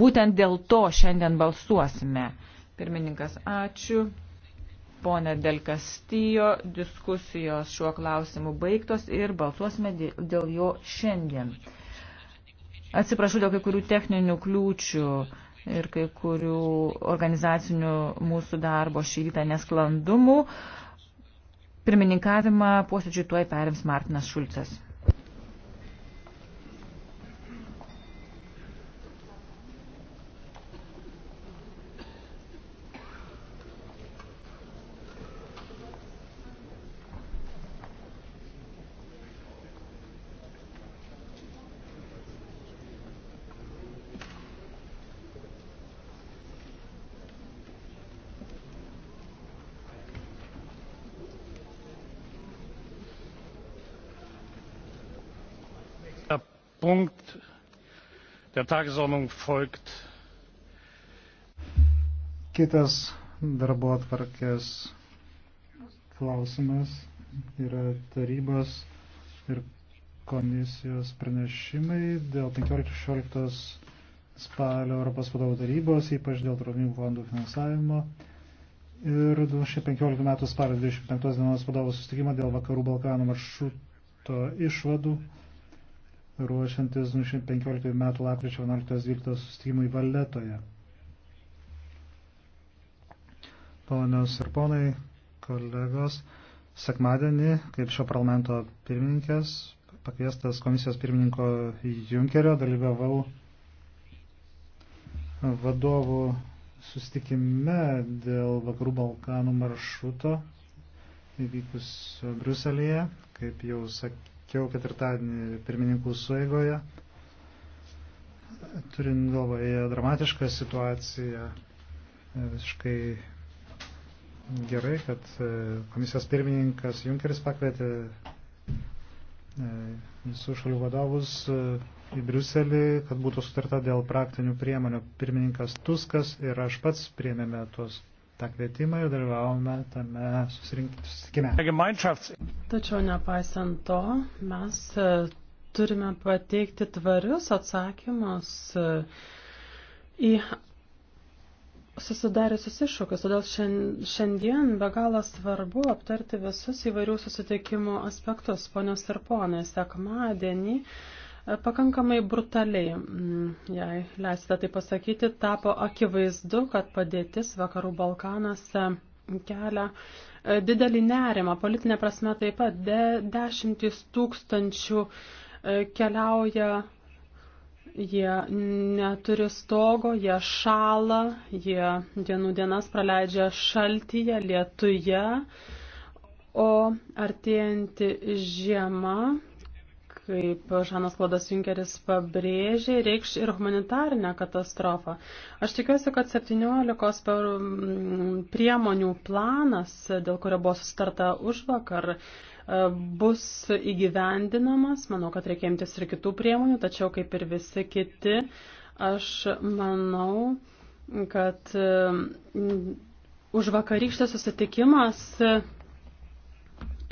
Būtent dėl to šiandien balsuosime. Pirmininkas, ačiū. Pone Del Castillo, diskusijos šiuo klausimu baigtos ir balsuosime dėl jo šiandien. Atsiprašau dėl kai kurių techninių kliūčių ir kai kurių organizacinių mūsų darbo šį rytą nesklandumų. Pirmininkavimą posėdžiui tuoj perims Martinas Šulcas. der Tagesordnung folgt. Kitas darbo atvarkės klausimas yra tarybos ir komisijos pranešimai dėl 15-16 spalio Europos vadovų tarybos, ypač dėl traumingų fondų finansavimo ir 2015 m. spalio 25 dienos vadovų sustikimo dėl vakarų Balkanų maršruto išvadų ruošiantis 2015 m. lapkričio 11-12 sustikimui valetoje. Ponios ir ponai, kolegos, sekmadienį, kaip šio parlamento pirmininkės, pakviestas komisijos pirmininko Junkerio, dalyvavau vadovų sustikime dėl Vakarų Balkanų maršruto įvykus Bruselėje, kaip jau sakiau jau ketvirtadienį pirmininkų sueigoje, turint galvoje dramatišką situaciją, visiškai gerai, kad e, komisijos pirmininkas Junkeris pakvietė e, visų šalių vadovus e, į Briuselį, kad būtų sutarta dėl praktinių priemonių. Pirmininkas Tuskas ir aš pats priemėme tuos tą kvietimą ir dalyvavome tame susirinkime. Tačiau nepaisant to, mes e, turime pateikti tvarius atsakymus e, į susidariusius iššūkius, todėl šiandien be galo svarbu aptarti visus įvairių susitikimų aspektus. Ponios ir ponai, sekmadienį pakankamai brutaliai, mm, jei leisite tai pasakyti, tapo akivaizdu, kad padėtis Vakarų Balkanose kelia e, didelį nerimą. Politinė prasme taip pat de, dešimtys tūkstančių e, keliauja, jie neturi stogo, jie šala, jie dienų dienas praleidžia šaltyje, lietuje, o artėjanti žiema kaip Žanas Klodas Junkeris pabrėžė, reikš ir humanitarinę katastrofą. Aš tikiuosi, kad 17 mm, priemonių planas, dėl kurio buvo sustarta už vakar, e, bus įgyvendinamas. Manau, kad reikia imtis ir kitų priemonių, tačiau kaip ir visi kiti, aš manau, kad mm, už vakarykštę susitikimas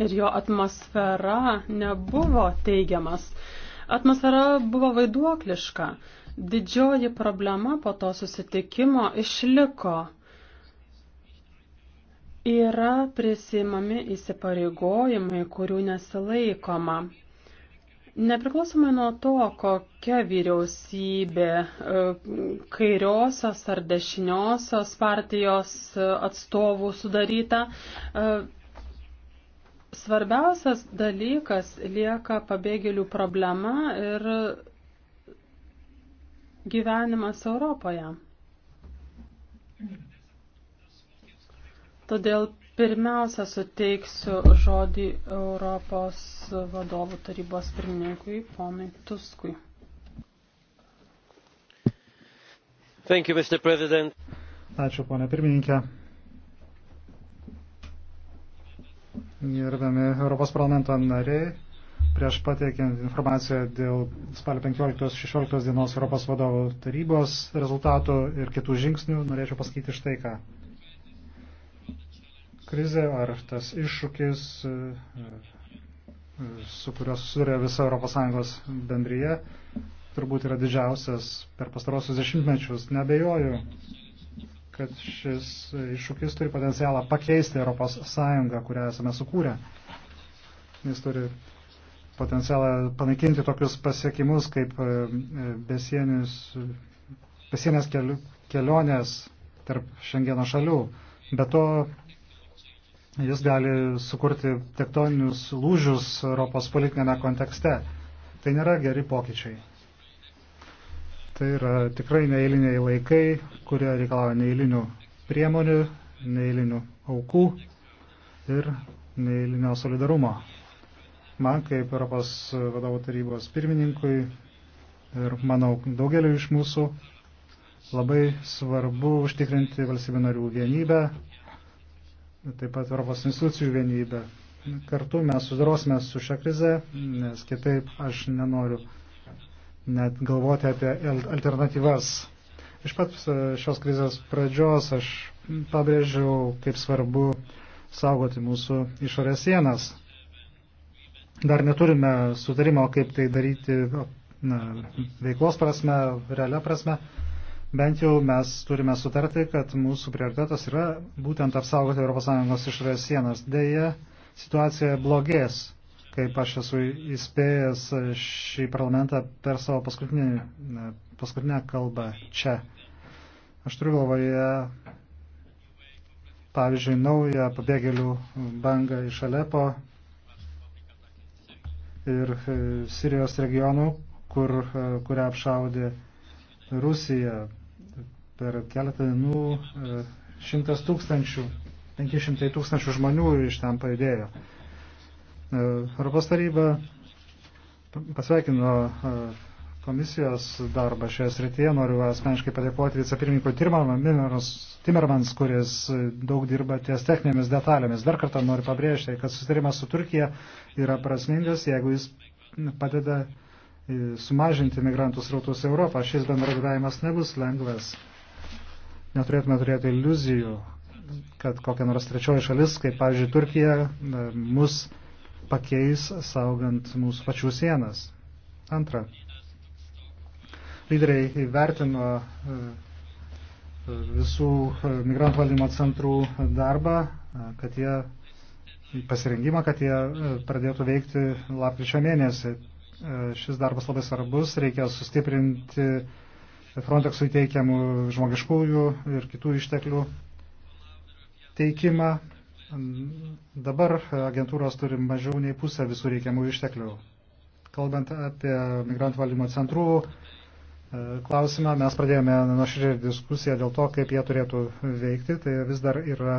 ir jo atmosfera nebuvo teigiamas. Atmosfera buvo vaiduokliška. Didžioji problema po to susitikimo išliko. Yra prisimami įsipareigojimai, kurių nesilaikoma. Nepriklausomai nuo to, kokia vyriausybė e, kairiosios ar dešiniosios partijos e, atstovų sudaryta, e, Svarbiausias dalykas lieka pabėgėlių problema ir gyvenimas Europoje. Todėl pirmiausia suteiksiu žodį Europos vadovų tarybos pirmininkui ponui Tuskui. Thank you, Mr. President. Ačiū, ponė pirmininkė. gerbiami Europos parlamento nariai, prieš pateikiant informaciją dėl spalio 15-16 dienos Europos vadovų tarybos rezultatų ir kitų žingsnių, norėčiau pasakyti štai ką. Krizė ar tas iššūkis, su kuriuo susidurė visa ES bendryje, turbūt yra didžiausias per pastarosius dešimtmečius. Nebejoju, kad šis iššūkis turi potencialą pakeisti Europos Sąjungą, kurią esame sukūrę. Jis turi potencialą panaikinti tokius pasiekimus kaip e, besienės kelionės tarp šengeno šalių. Be to, jis gali sukurti tektoninius lūžius Europos politinėme kontekste. Tai nėra geri pokyčiai. Tai yra tikrai neįliniai laikai, kurie reikalauja neįlinių priemonių, neįlinių aukų ir neįlinio solidarumo. Man kaip Europos vadovų tarybos pirmininkui ir manau daugeliu iš mūsų labai svarbu užtikrinti valstybių narių vienybę, taip pat Europos institucijų vienybę. Kartu mes sudarosime su šią krizę, nes kitaip aš nenoriu net galvoti apie alternatyvas. Iš pat e, šios krizės pradžios aš pabrėžiau, kaip svarbu saugoti mūsų išorės sienas. Dar neturime sutarimo, kaip tai daryti na, veiklos prasme, realia prasme. Bent jau mes turime sutarti, kad mūsų prioritetas yra būtent apsaugoti ES išorės sienas. Deja, situacija blogės kaip aš esu įspėjęs šį parlamentą per savo paskutinį, paskutinę kalbą čia. Aš turiu galvoje, pavyzdžiui, naują pabėgėlių bangą iš Alepo ir e, Sirijos regionų, kur, e, kurią apšaudė Rusija per keletą dienų e, šimtas tūkstančių, penki šimtai tūkstančių žmonių iš ten pajudėjo. Europos taryba pasveikino e, komisijos darbą šioje srityje. Noriu asmeniškai padėkoti vicepirmininkui Timmermans, kuris daug dirba ties techninėmis detalėmis. Dar kartą noriu pabrėžti, kad susitarimas su Turkija yra prasmingas, jeigu jis padeda e, sumažinti migrantų srautus Europą. Šis bendradarbiavimas nebus lengvas. Neturėtume turėti iliuzijų, kad kokia nors trečioji šalis, kaip pavyzdžiui Turkija, e, mus pakeis saugant mūsų pačių sienas. Antra. Lyderiai įvertino e, e, visų e, migrantų valdymo centrų darbą, kad jie pasirengimą, kad jie pradėtų veikti lapkričio mėnesį. Šis darbas labai svarbus, reikia sustiprinti Frontexui teikiamų žmogiškųjų ir kitų išteklių teikimą, Dabar agentūros turi mažiau nei pusę visų reikiamų išteklių. Kalbant apie migrantų valdymo centrų e, klausimą, mes pradėjome nuoširdžią diskusiją dėl to, kaip jie turėtų veikti. Tai vis dar yra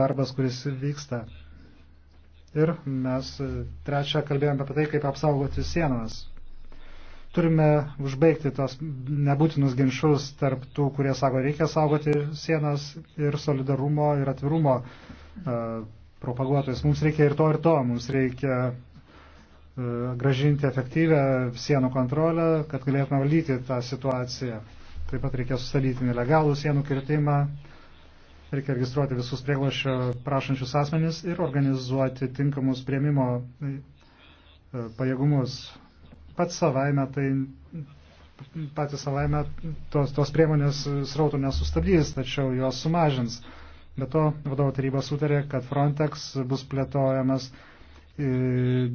darbas, kuris vyksta. Ir mes e, trečią kalbėjome apie tai, kaip apsaugoti sienas. Turime užbaigti tos nebūtinus ginčius tarp tų, kurie sako, reikia saugoti sienas ir solidarumo ir atvirumo propaguotojus. Mums reikia ir to, ir to. Mums reikia gražinti efektyvę sienų kontrolę, kad galėtume valdyti tą situaciją. Taip pat reikia sustabdyti nelegalų sienų kirtimą, reikia registruoti visus prieglošio prašančius asmenys ir organizuoti tinkamus prieimimo pajėgumus. Pats savaime tai patys savaime tos, tos priemonės srauto nesustabdys, tačiau juos sumažins. Be to, vadovų taryba sutarė, kad Frontex bus plėtojamas e,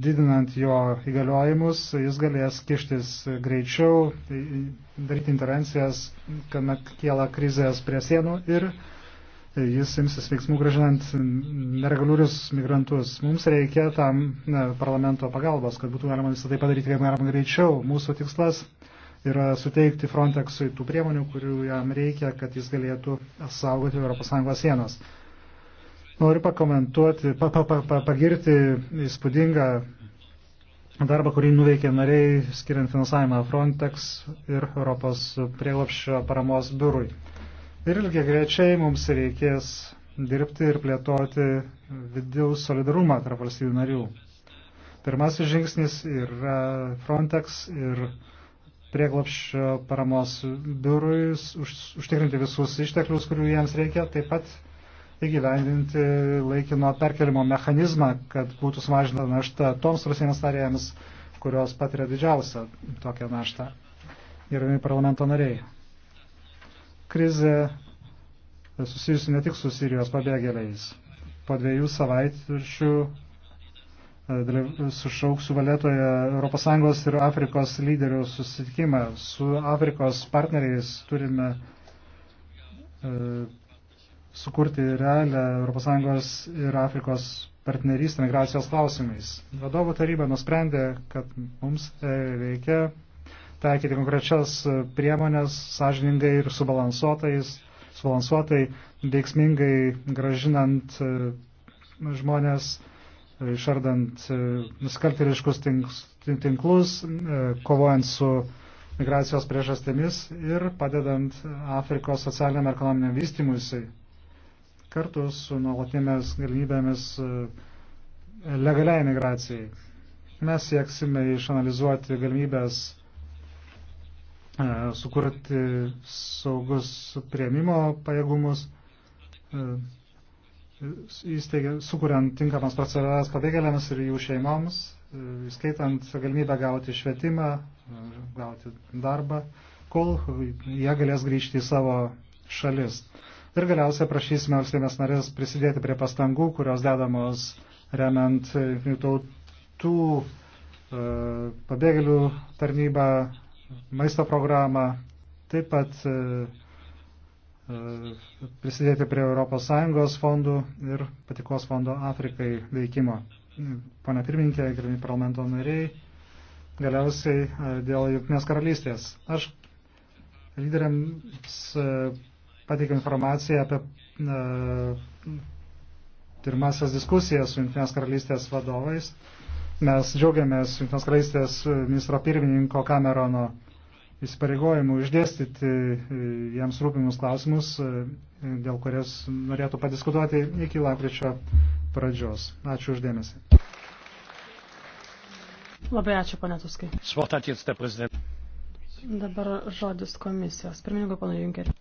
didinant jo įgaliojimus, jis galės kištis greičiau, tai daryti intervencijas, kad kėla krizės prie sienų ir e, jis imsis veiksmų gražinant nereguliarius migrantus. Mums reikia tam ne, parlamento pagalbos, kad būtų galima visą tai padaryti kaip galima greičiau. Mūsų tikslas yra suteikti Frontexui tų priemonių, kurių jam reikia, kad jis galėtų saugoti ES sienas. Noriu pakomentuoti, pa, pa, pa, pa, pagirti įspūdingą darbą, kurį nuveikė nariai, skiriant finansavimą Frontex ir Europos prieglopščio paramos biurui. Ir ilgiai grečiai mums reikės dirbti ir plėtoti vidaus solidarumą tarp valstybių narių. Pirmasis žingsnis yra Frontex ir prieglapščio paramos biurui už, užtikrinti visus išteklius, kurių jiems reikia, taip pat įgyvendinti laikino perkelimo mechanizmą, kad būtų sumažinta našta toms valstybėms narėjams, kurios patiria didžiausią tokią naštą. Gerbimi parlamento nariai. Krize susijusi ne tik su Sirijos pabėgėliais. Po dviejų savaičių sušauksiu valetoje ES ir Afrikos lyderių susitikimą. Su Afrikos partneriais turime e, sukurti realią ES ir Afrikos partnerystę migracijos klausimais. Vadovų taryba nusprendė, kad mums e, reikia taikyti konkrečias priemonės sąžiningai ir subalansuotai, veiksmingai gražinant e, žmonės išardant e, nusikaltėliškus tinklus, e, kovojant su migracijos priežastėmis ir padedant Afrikos socialiniam ir ekonominiam vystimuisi kartu su nuolatinėmis galimybėmis e, legaliai migracijai. Mes sieksime išanalizuoti galimybės sukurti saugus prieimimo pajėgumus, įsteigia, sukuriant tinkamas procedūras pabėgėliams ir jų šeimoms, e, skaitant galimybę gauti švietimą, e, gauti darbą, kol jie galės grįžti į savo šalis. Ir galiausiai prašysime valstybės narės prisidėti prie pastangų, kurios dedamos remiant tautų e, pabėgėlių tarnybą, maisto programą, taip pat E, prisidėti prie ES fondų ir patikos fondo Afrikai veikimo. Pone pirmininkė, gerbimi parlamento nariai, galiausiai e, dėl Junktinės karalystės. Aš lyderiams e, pateikiu informaciją apie pirmasias diskusijas su Junktinės karalystės vadovais. Mes džiaugiamės Junktinės karalystės ministro pirmininko Kamerono įsipareigojimų išdėstyti e, jiems rūpimus klausimus, e, dėl kurias norėtų padiskutuoti iki lapkričio pradžios. Ačiū uždėmesi. Labai ačiū, pane Tuskai. Dabar žodis komisijos. Pirmininko, pana Junkeri.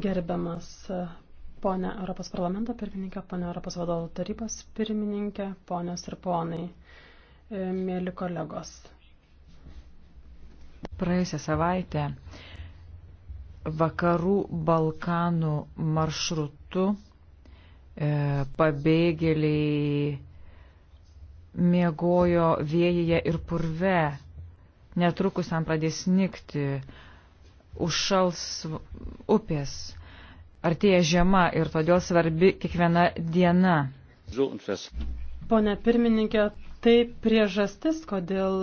Gerbiamas Pone Europos parlamento pirmininkė, pone Europos vadovų tarybos pirmininkė, ponios ir ponai, e, mėly kolegos. Praėjusią savaitę vakarų Balkanų maršrutu e, pabėgėliai mėgojo vėjyje ir purve. Netrukus jam pradės nikti, užšals upės artėja žiema ir todėl svarbi kiekviena diena. Pone pirmininkė, tai priežastis, kodėl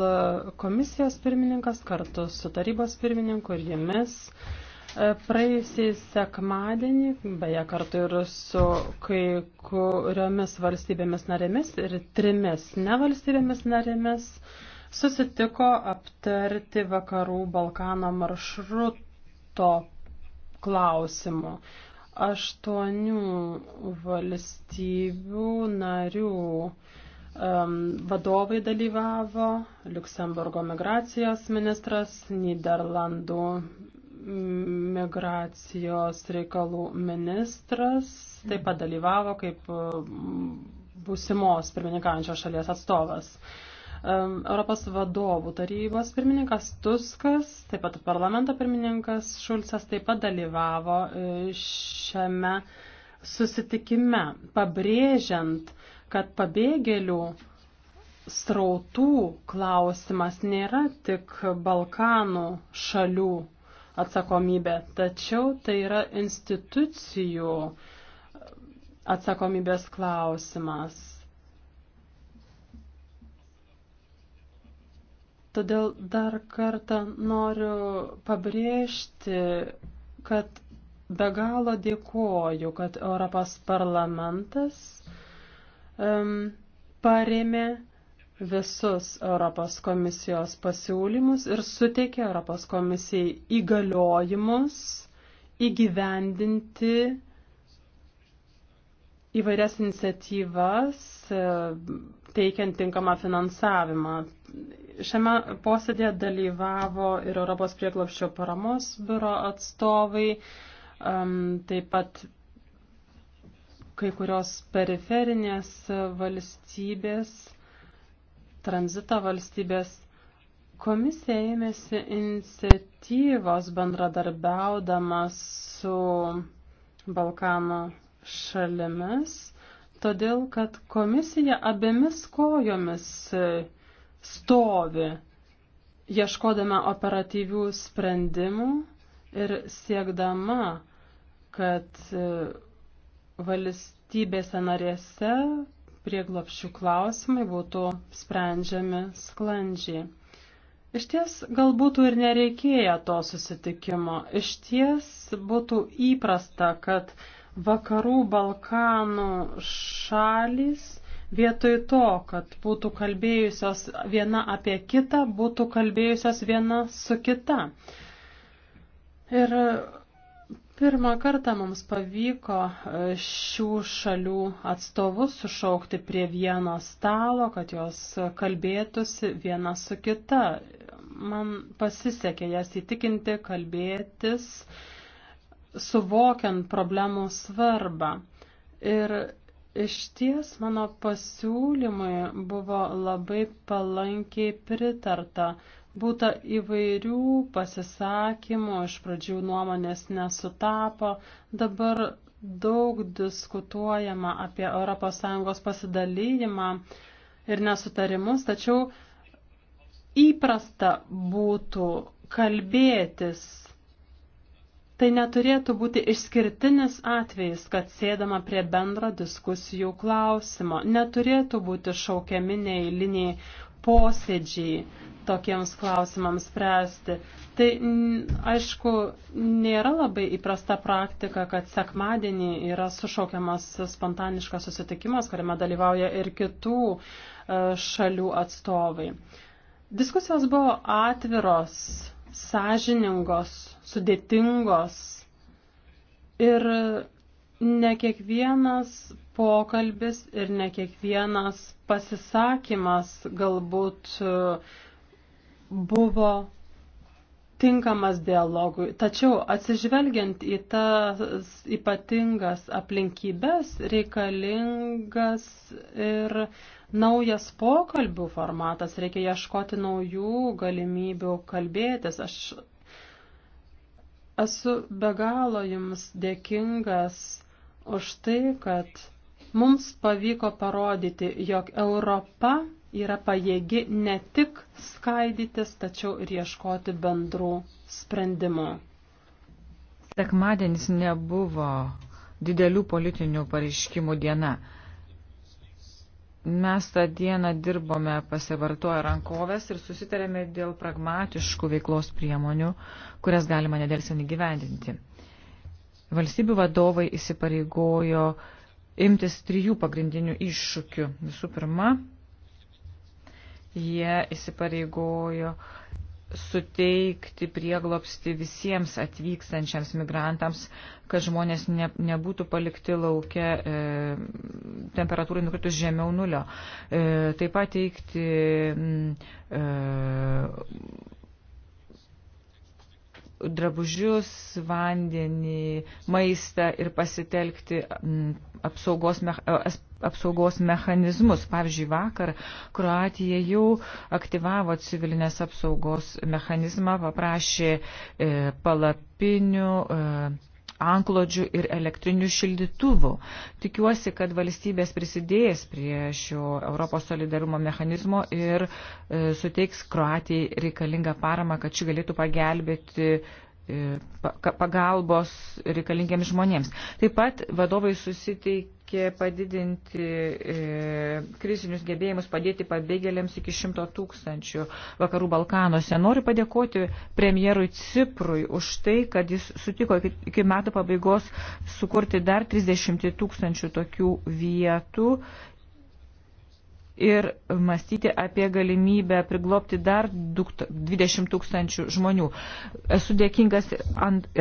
komisijos pirmininkas kartu su tarybos pirmininku ir jumis e, praėjusį sekmadienį, beje kartu ir su kai kuriomis valstybėmis narėmis ir trimis nevalstybėmis narėmis, susitiko aptarti vakarų Balkano maršruto klausimu aštuonių valstybių narių um, vadovai dalyvavo, Luksemburgo migracijos ministras, Niderlandų migracijos reikalų ministras, taip pat dalyvavo kaip um, būsimos pirmininkaujančios šalies atstovas. Uh, Europos vadovų tarybos pirmininkas Tuskas, taip pat parlamento pirmininkas Šulcas taip pat dalyvavo e, šiame susitikime, pabrėžiant, kad pabėgėlių srautų klausimas nėra tik Balkanų šalių atsakomybė, tačiau tai yra institucijų atsakomybės klausimas. Todėl dar kartą noriu pabrėžti, kad be galo dėkoju, kad Europos parlamentas um, paremė visus Europos komisijos pasiūlymus ir suteikė Europos komisijai įgaliojimus įgyvendinti įvairias iniciatyvas, teikiant tinkamą finansavimą Šiame posėdėje dalyvavo ir Europos prieglopščio paramos biuro atstovai, taip pat kai kurios periferinės valstybės, tranzito valstybės. Komisija ėmėsi iniciatyvos bendradarbiaudama su Balkanų šalimis, todėl kad komisija abiemis kojomis stovi, ieškodama operatyvių sprendimų ir siekdama, kad e, valstybėse narėse prieglopščių klausimai būtų sprendžiami sklandžiai. Iš ties gal būtų ir nereikėję to susitikimo. Iš ties būtų įprasta, kad vakarų Balkanų šalis Vietoj to, kad būtų kalbėjusios viena apie kitą, būtų kalbėjusios viena su kita. Ir Pirmą kartą mums pavyko e, šių šalių atstovus sušaukti prie vieno stalo, kad jos kalbėtųsi viena su kita. Man pasisekė jas įtikinti, kalbėtis, suvokiant problemų svarbą. Ir Iš ties mano pasiūlymai buvo labai palankiai pritarta. Būta įvairių pasisakymų, iš pradžių nuomonės nesutapo, dabar daug diskutuojama apie ES pasidalyjimą ir nesutarimus, tačiau įprasta būtų kalbėtis Tai neturėtų būti išskirtinis atvejis, kad sėdama prie bendro diskusijų klausimo. Neturėtų būti šaukiami neįliniai posėdžiai tokiems klausimams spręsti. Tai, aišku, nėra labai įprasta praktika, kad sekmadienį yra sušaukiamas spontaniškas susitikimas, kuriame dalyvauja ir kitų e, šalių atstovai. Diskusijos buvo atviros, sąžiningos, sudėtingos ir ne kiekvienas pokalbis ir ne kiekvienas pasisakymas galbūt e, buvo tinkamas dialogui. Tačiau atsižvelgiant į tas ypatingas aplinkybės reikalingas ir naujas pokalbių formatas, reikia ieškoti naujų galimybių kalbėtis. Aš Esu be galo jums dėkingas už tai, kad mums pavyko parodyti, jog Europa yra pajėgi ne tik skaidytis, tačiau ir ieškoti bendrų sprendimų. Sekmadienis nebuvo didelių politinių pareiškimų diena. Mes tą dieną dirbome pasivartoję rankovės ir susitarėme dėl pragmatiškų veiklos priemonių, kurias galima nedelsiant įgyvendinti. Valstybių vadovai įsipareigojo imtis trijų pagrindinių iššūkių. Visų pirma, jie įsipareigojo suteikti prieglopsti visiems atvykstančiams migrantams, kad žmonės ne, nebūtų palikti laukia e, temperatūrai nukritus žemiau nulio. E, taip pat teikti e, drabužius, vandenį, maistą ir pasitelkti mm, apsaugos, mecha, e, apsaugos mechanizmus. Pavyzdžiui, vakar Kroatija jau aktyvavo civilinės apsaugos mechanizmą, paprašė e, palapinių. E, anklodžių ir elektrinių šildytuvų. Tikiuosi, kad valstybės prisidės prie šio Europos solidarumo mechanizmo ir e, suteiks Kroatijai reikalingą paramą, kad ši galėtų pagelbėti E, pagalbos reikalingiems žmonėms. Taip pat vadovai susiteikė padidinti e, krizinius gebėjimus, padėti pabėgėliams iki šimto tūkstančių vakarų Balkanuose. Noriu padėkoti premjerui Ciprui už tai, kad jis sutiko iki, iki metų pabaigos sukurti dar 30 tūkstančių tokių vietų ir mąstyti apie galimybę priglopti dar 20 tūkstančių žmonių. Esu dėkingas ir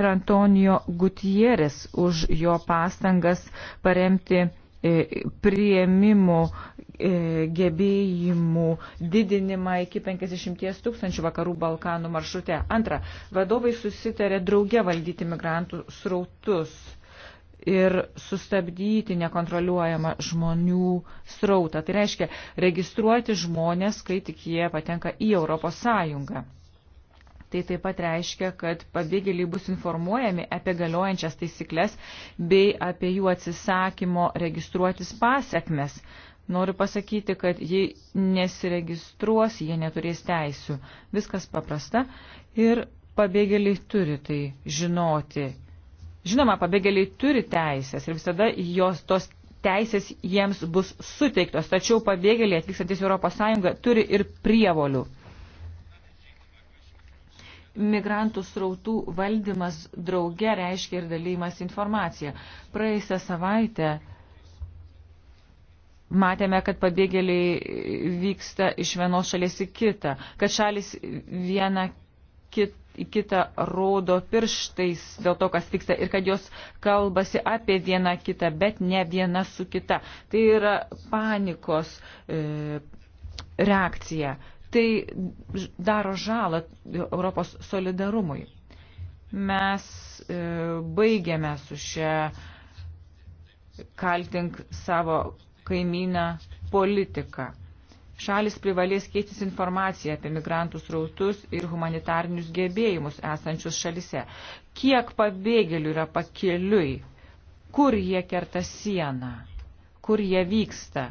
Antonijo Gutierrez už jo pastangas paremti e, prieimimų e, gebėjimų didinimą iki 50 tūkstančių vakarų Balkanų maršrute. Antra, vadovai susitarė drauge valdyti migrantų srautus ir sustabdyti nekontroliuojamą žmonių srautą. Tai reiškia registruoti žmonės, kai tik jie patenka į Europos Sąjungą. Tai taip pat reiškia, kad pabėgėliai bus informuojami apie galiojančias taisyklės bei apie jų atsisakymo registruotis pasiekmes. Noriu pasakyti, kad jei nesiregistruos, jie neturės teisių. Viskas paprasta ir pabėgėliai turi tai žinoti Žinoma, pabėgėliai turi teisės ir visada jos tos teisės jiems bus suteiktos, tačiau pabėgėliai atvykstantis Europos Sąjungą turi ir prievolių. Migrantų srautų valdymas drauge reiškia ir dalymas informacija. Praėjusią savaitę matėme, kad pabėgėliai vyksta iš vienos šalies į kitą, kad šalis viena kit, į kitą rodo pirštais dėl to, kas vyksta ir kad jos kalbasi apie vieną kitą, bet ne viena su kita. Tai yra panikos e, reakcija. Tai daro žalą Europos solidarumui. Mes e, baigėme su šia kaltink savo kaimyną politiką. Šalis privalės keistis informaciją apie migrantų srautus ir humanitarnius gebėjimus esančius šalise. Kiek pabėgėlių yra pakeliui? Kur jie kerta sieną? Kur jie vyksta?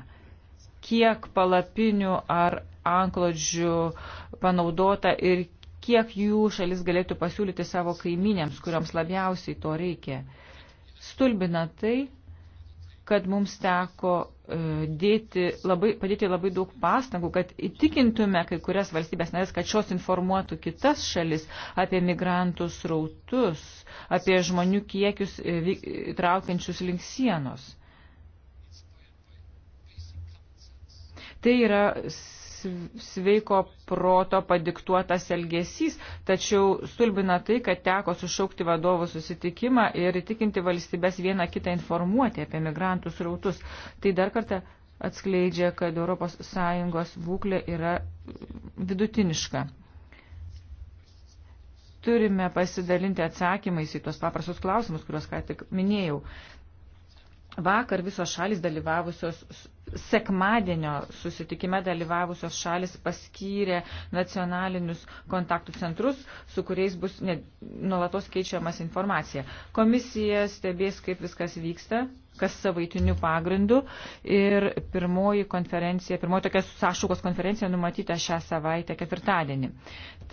Kiek palapinių ar anklodžių panaudota ir kiek jų šalis galėtų pasiūlyti savo kaiminėms, kuriams labiausiai to reikia? Stulbina tai, kad mums teko e, dėti labai, padėti labai daug pastangų, kad įtikintume kai kurias valstybės narės, kad šios informuotų kitas šalis apie migrantų srautus, apie žmonių kiekius e, traukiančius link sienos. Tai yra sveiko proto padiktuotas elgesys, tačiau stulbina tai, kad teko sušaukti vadovų susitikimą ir įtikinti valstybės vieną kitą informuoti apie migrantų srautus. Tai dar kartą atskleidžia, kad ES būklė yra vidutiniška. Turime pasidalinti atsakymais į tuos paprastus klausimus, kuriuos ką tik minėjau. Vakar visos šalis dalyvavusios, sekmadienio susitikime dalyvavusios šalis paskyrė nacionalinius kontaktų centrus, su kuriais bus ne, nuolatos keičiamas informacija. Komisija stebės, kaip viskas vyksta, kas savaitiniu pagrindu ir pirmoji konferencija, pirmoji tokia sąšaukos konferencija numatyta šią savaitę ketvirtadienį.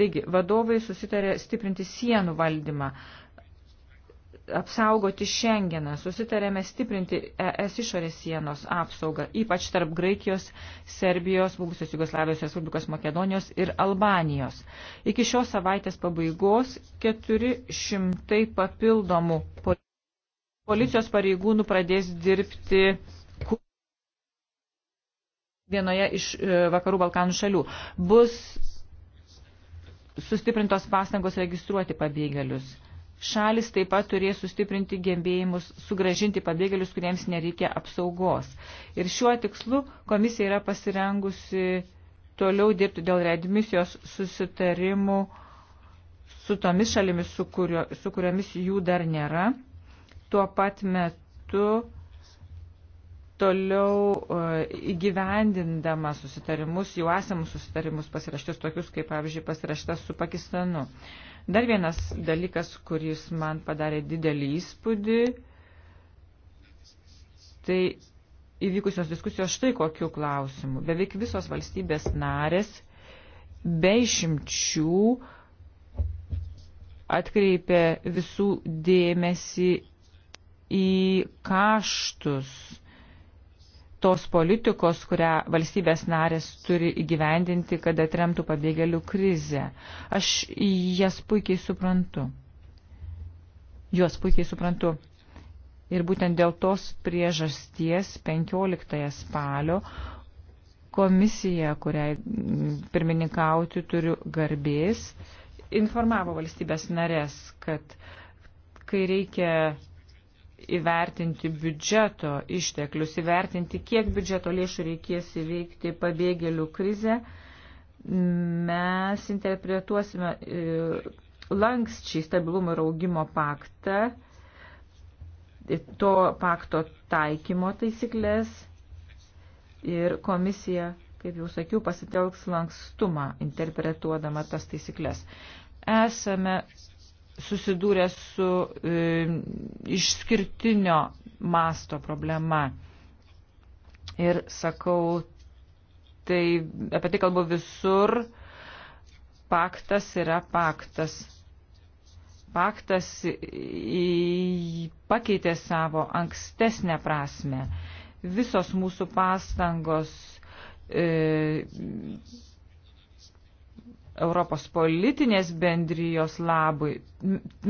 Taigi, vadovai susitarė stiprinti sienų valdymą. Uh, apsaugoti Šengeną, susitarėme stiprinti ES išorės sienos apsaugą, ypač tarp Graikijos, Serbijos, buvusios Jugoslavijos Respublikos Makedonijos ir Albanijos. Iki šios savaitės pabaigos 400 papildomų policijos pareigūnų pradės dirbti vienoje iš e, vakarų Balkanų šalių. Bus sustiprintos pastangos registruoti pabėgėlius Šalis taip pat turės sustiprinti gebėjimus sugražinti pabėgėlius, kuriems nereikia apsaugos. Ir šiuo tikslu komisija yra pasirengusi toliau dirbti dėl readmisijos susitarimų su tomis šalimis, su, kurio, su kuriomis jų dar nėra. Tuo pat metu toliau e, įgyvendindama susitarimus, jau esamus susitarimus pasiraštus tokius, kaip pavyzdžiui pasiraštas su Pakistanu. Uh, Dar vienas dalykas, kuris man padarė didelį įspūdį, tai įvykusios diskusijos štai kokiu klausimu. Beveik visos valstybės narės be išimčių atkreipė visų dėmesį į kaštus tos politikos, kurią valstybės narės turi įgyvendinti, kad atremtų pabėgėlių krizę. Aš jas puikiai suprantu. Juos puikiai suprantu. Ir būtent dėl tos priežasties 15 spalio komisija, kuriai pirmininkauti turiu garbės, informavo valstybės narės, kad kai reikia įvertinti biudžeto išteklius, įvertinti, kiek biudžeto lėšų reikės įveikti pabėgėlių krizę, mes interpretuosime e, lankščiai stabilumo ir augimo paktą, e, to pakto taikymo taisyklės ir komisija, kaip jau sakiau, pasitelks lankstumą interpretuodama tas taisyklės. Esame susidūrė su e, išskirtinio masto problema. Ir sakau, tai apie tai kalbu visur, paktas yra paktas. Paktas į, pakeitė savo ankstesnę prasme. Visos mūsų pastangos e, Europos politinės bendrijos labui.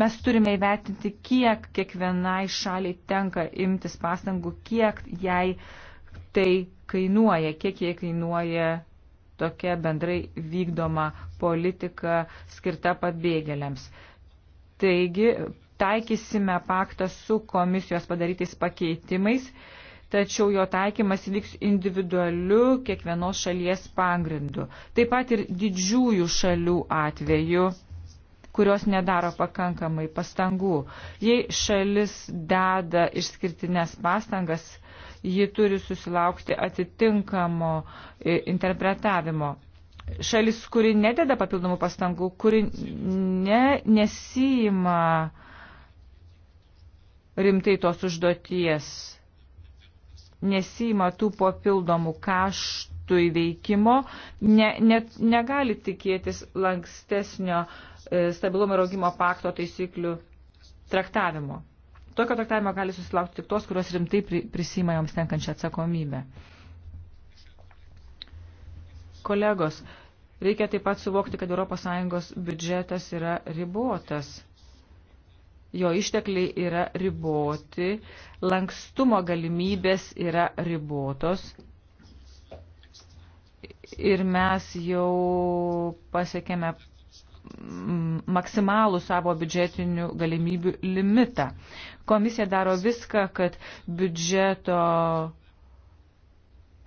Mes turime įvertinti, kiek kiekvienai šaliai tenka imtis pastangų, kiek jai tai kainuoja, kiek jai kainuoja tokia bendrai vykdoma politika skirta pabėgėliams. Taigi, taikysime paktą su komisijos padarytais pakeitimais tačiau jo taikymas vyks individualiu kiekvienos šalies pagrindu. Taip pat ir didžiųjų šalių atveju kurios nedaro pakankamai pastangų. Jei šalis deda išskirtinės pastangas, ji turi susilaukti atitinkamo e, interpretavimo šalis, kuri nededa papildomų pastangų, kuri ne, nesijima rimtai tos užduoties nesima tų papildomų kaštų įveikimo, ne, ne, negali tikėtis lankstesnio e, stabilumo ir augimo pakto taisyklių traktavimo. Tokio traktavimo gali susilaukti tik tos, kurios rimtai prisima joms tenkančią atsakomybę. Kolegos, reikia taip pat suvokti, kad ES biudžetas yra ribotas jo ištekliai yra riboti, lankstumo galimybės yra ribotos. Ir mes jau pasiekėme mm, maksimalų savo biudžetinių galimybių limitą. Komisija daro viską, kad biudžeto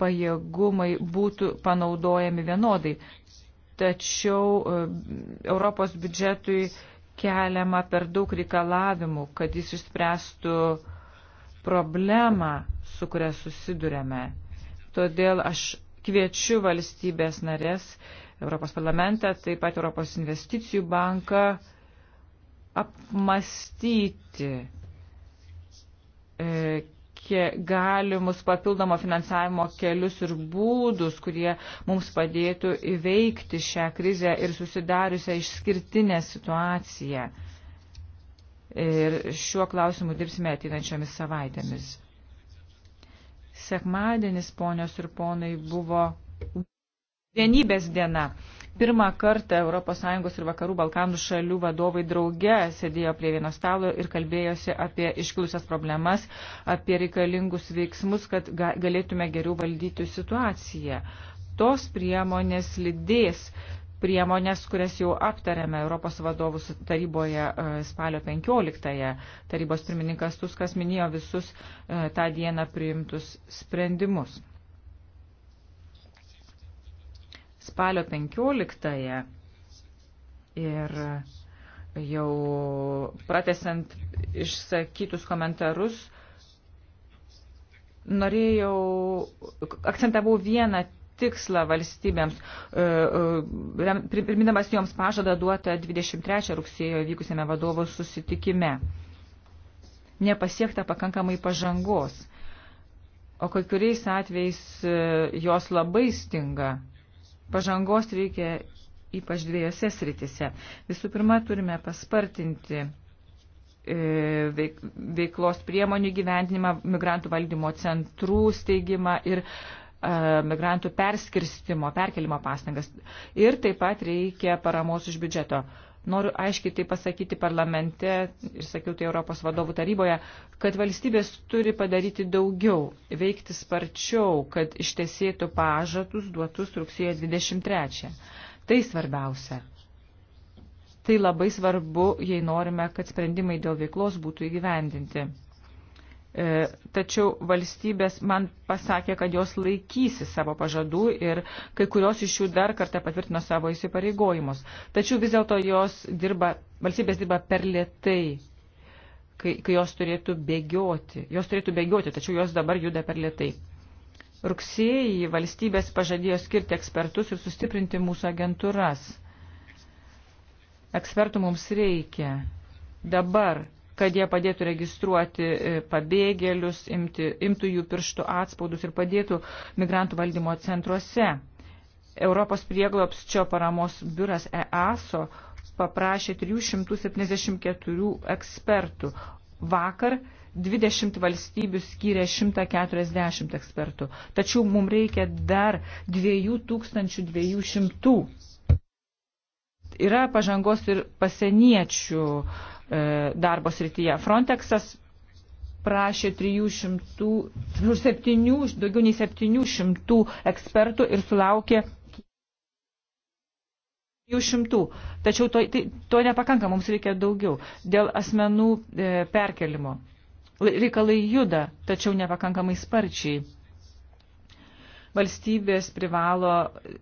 pajėgumai būtų panaudojami vienodai. Tačiau e, Europos biudžetui keliama per daug reikalavimų, kad jis išspręstų problemą, su kuria susidurėme. Todėl aš kviečiu valstybės narės, Europos parlamentą, taip pat Europos investicijų banką apmastyti e, galimus papildomo finansavimo kelius ir būdus, kurie mums padėtų įveikti šią krizę ir susidariusią išskirtinę situaciją. Ir šiuo klausimu dirbsime ateinančiomis savaitėmis. Sekmadienis, ponios ir ponai, buvo vienybės diena. Pirmą kartą ES ir Vakarų Balkanų šalių vadovai drauge sėdėjo prie vieno stalo ir kalbėjosi apie iškilusias problemas, apie reikalingus veiksmus, kad galėtume geriau valdyti situaciją. Tos priemonės lydės priemonės, kurias jau aptarėme Europos vadovų taryboje e, spalio 15-ąją. Tarybos pirmininkas Tuskas minėjo visus e, tą dieną priimtus sprendimus. spalio 15-ąją ir jau pratesant išsakytus komentarus, norėjau, akcentavau vieną tikslą valstybėms, e, e, primindamas joms pažadą duotą 23 rugsėjo vykusėme vadovo susitikime. Nepasiekta pakankamai pažangos, o kai kuriais atvejais e, jos labai stinga pažangos reikia ypač dviejose sritise. Visų pirma, turime paspartinti e, veiklos priemonių gyvendinimą, migrantų valdymo centrų steigimą ir e, migrantų perskirstimo, perkelimo pastangas. Ir taip pat reikia paramos iš biudžeto. Noriu aiškiai tai pasakyti parlamente ir sakiau tai Europos vadovų taryboje, kad valstybės turi padaryti daugiau, veikti sparčiau, kad ištesėtų pažadus duotus rugsėjo 23. Tai svarbiausia. Tai labai svarbu, jei norime, kad sprendimai dėl veiklos būtų įgyvendinti. E, tačiau valstybės man pasakė, kad jos laikysi savo pažadų ir kai kurios iš jų dar kartą patvirtino savo įsipareigojimus. Tačiau vis dėlto jos dirba, valstybės dirba per lietai, kai, kai jos turėtų bėgioti. Jos turėtų bėgioti, tačiau jos dabar juda per lietai. Rugsėjį valstybės pažadėjo skirti ekspertus ir sustiprinti mūsų agentūras. Ekspertų mums reikia. Dabar kad jie padėtų registruoti e, pabėgėlius, imti, imtų jų pirštų atspaudus ir padėtų migrantų valdymo centruose. Europos prieglopsčio paramos biuras EASO paprašė 374 ekspertų. Vakar 20 valstybių skyrė 140 ekspertų. Tačiau mums reikia dar 2200. Yra pažangos ir pasieniečių uh, E, darbo srityje. Frontexas prašė 300, 7, nu, daugiau nei 700 ekspertų ir sulaukė 200. Tačiau to, tai, to nepakanka, mums reikia daugiau. Dėl asmenų e, perkelimo. Reikalai juda, tačiau nepakankamai sparčiai valstybės privalo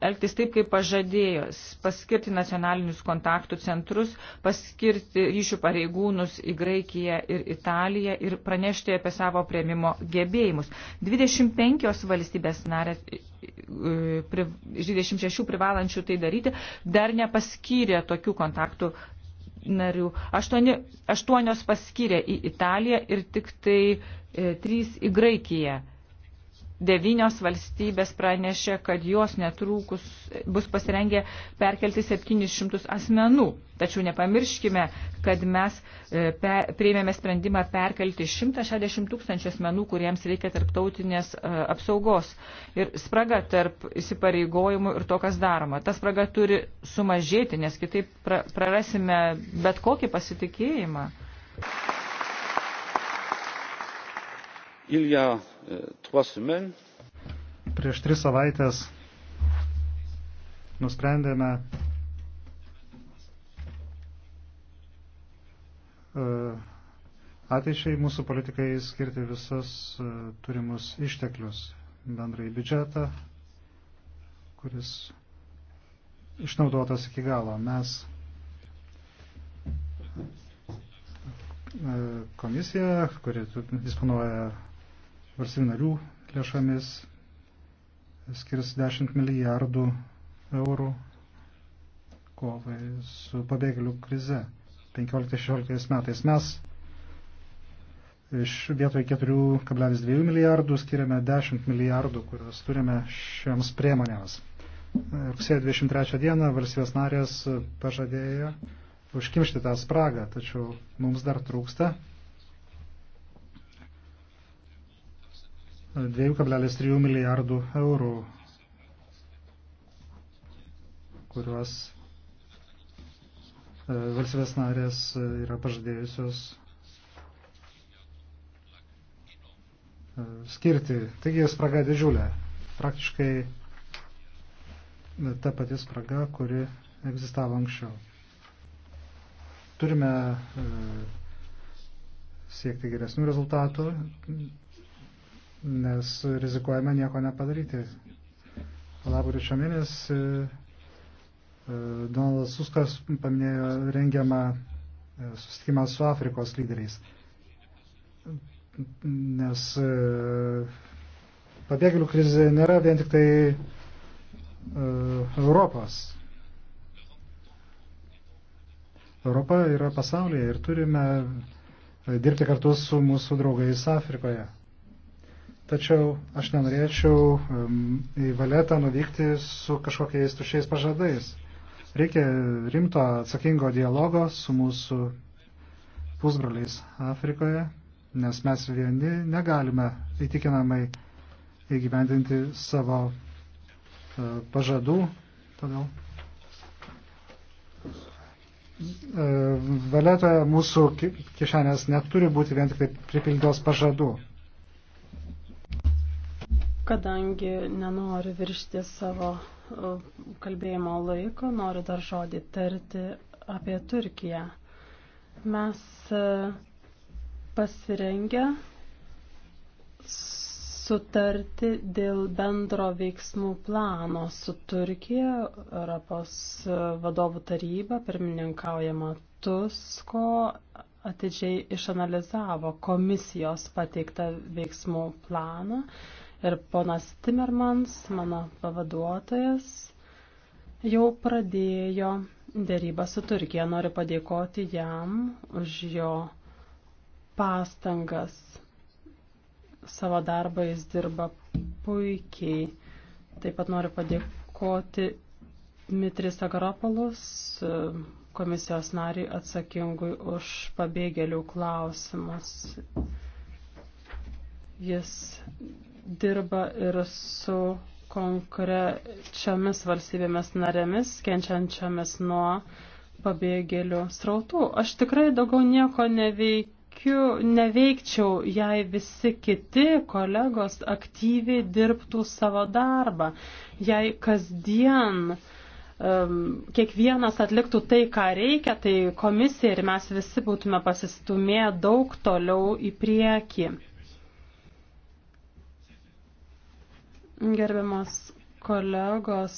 elgtis taip, kaip pažadėjos, paskirti nacionalinius kontaktų centrus, paskirti ryšių pareigūnus į Graikiją ir Italiją ir pranešti apie savo prieimimo gebėjimus. 25 valstybės narės iš 26 privalančių tai daryti dar nepaskyrė tokių kontaktų narių. Aštuoni, aštuonios paskyrė į Italiją ir tik tai e, trys į Graikiją devynios valstybės pranešė, kad jos netrūkus bus pasirengę perkelti 700 asmenų. Tačiau nepamirškime, kad mes e, pe, prieimėme sprendimą perkelti 160 tūkstančių asmenų, kuriems reikia tarptautinės e, apsaugos. Ir spraga tarp įsipareigojimų ir to, kas daroma. Ta spraga turi sumažėti, nes kitaip pra, prarasime bet kokį pasitikėjimą. Il y a E, Prieš tris savaitės nusprendėme e, ateičiai mūsų politikai skirti visas e, turimus išteklius bendrai biudžetą, kuris išnaudotas iki galo. Mes komisija, kuri disponuoja valstybių narių lėšomis skirs 10 milijardų eurų kovai su pabėgėlių krize 15-16 metais. Mes iš vietoj 4,2 milijardų skiriame 10 milijardų, kuriuos turime šiems priemonėms. Rugsėjo 23 dieną valstybės narės pažadėjo užkimšti tą spragą, tačiau mums dar trūksta 2,3 milijardų eurų, kuriuos e, valstybės narės e, yra pažadėjusios e, skirti. Taigi spraga didžiulė. Praktiškai ta pati spraga, kuri egzistavo anksčiau. Turime siekti geresnių rezultatų, nes rizikuojame nieko nepadaryti. Lapkričio mėnesį e, Donaldas Suskas paminėjo rengiamą e, susitikimą su Afrikos lyderiais, nes e, pabėgėlių krizė nėra vien tik tai Europos. Europa yra pasaulyje ir turime dirbti kartu su mūsų draugais Afrikoje. Tačiau aš nenorėčiau į valetą nuvykti su kažkokiais tušiais pažadais. Reikia rimto atsakingo dialogo su mūsų pusbroliais Afrikoje, nes mes vieni negalime įtikinamai įgyvendinti savo e, pažadų. Todėl e, valetoje mūsų kišenės neturi būti vien tik tai pripildytos pažadų. Kadangi nenoriu viršti savo e, kalbėjimo laiko, noriu dar žodį tarti apie Turkiją. Mes e, pasirengę sutarti dėl bendro veiksmų plano su Turkija, Europos e, vadovų taryba, pirmininkaujama Tusko, atidžiai išanalizavo komisijos pateiktą veiksmų planą ir ponas Timmermans, mano pavaduotojas, jau pradėjo dėrybą su Turkija. Noriu padėkoti jam už jo pastangas. Savo darbą jis dirba puikiai. Taip pat noriu padėkoti Dmitris Agaropolus, komisijos nariui atsakingui už pabėgėlių klausimus. Jis dirba ir su konkrečiomis valstybėmis narėmis, kenčiančiamis nuo pabėgėlių srautų. Aš tikrai daugiau nieko neveikiu, neveikčiau, jei visi kiti kolegos aktyviai dirbtų savo darbą, jei kasdien um, kiekvienas atliktų tai, ką reikia, tai komisija ir mes visi būtume pasistumėję daug toliau į priekį. Gerbiamas kolegos,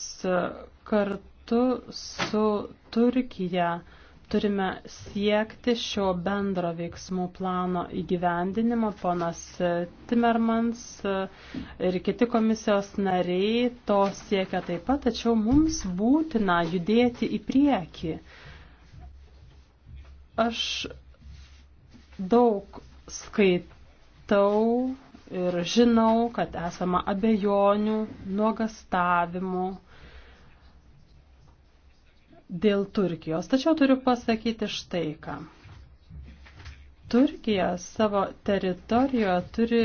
kartu su Turkija turime siekti šio bendro veiksmų plano įgyvendinimo. Ponas Timmermans ir kiti komisijos nariai to siekia taip pat, tačiau mums būtina judėti į priekį. Aš daug skaitau ir žinau, kad esama abejonių, nuogastavimų dėl Turkijos. Tačiau turiu pasakyti štai ką. Turkija savo teritorijoje turi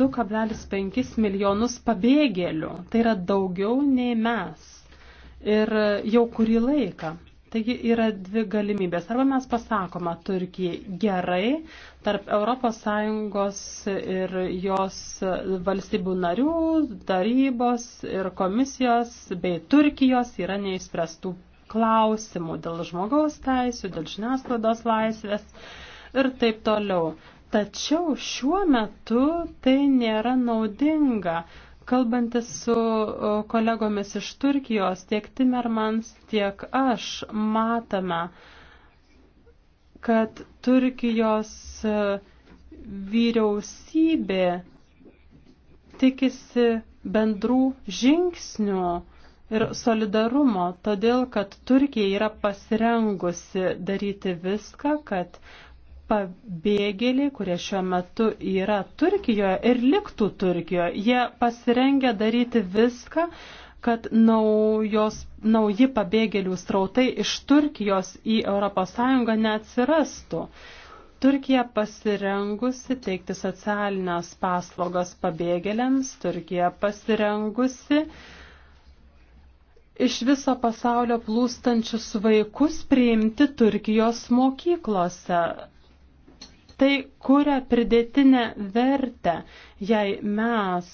2,5 milijonus pabėgėlių. Tai yra daugiau nei mes. Ir jau kurį laiką Taigi yra dvi galimybės. Arba mes pasakome Turkijai gerai, tarp ES ir jos valstybių narių, tarybos ir komisijos bei Turkijos yra neįspręstų klausimų dėl žmogaus teisų, dėl žiniasklaidos laisvės ir taip toliau. Tačiau šiuo metu tai nėra naudinga. Kalbantis su kolegomis iš Turkijos, tiek Timmermans, tiek aš matome, kad Turkijos e, vyriausybė tikisi bendrų žingsnių ir solidarumo, todėl kad Turkija yra pasirengusi daryti viską, kad pabėgėliai, kurie šiuo metu yra Turkijoje ir liktų Turkijoje. Jie pasirengia daryti viską, kad naujos, nauji pabėgėlių strautai iš Turkijos į ES neatsirastų. Turkija pasirengusi teikti socialinės paslaugas pabėgėliams, Turkija pasirengusi iš viso pasaulio plūstančius vaikus priimti Turkijos mokyklose. Tai kuria pridėtinę vertę, jei mes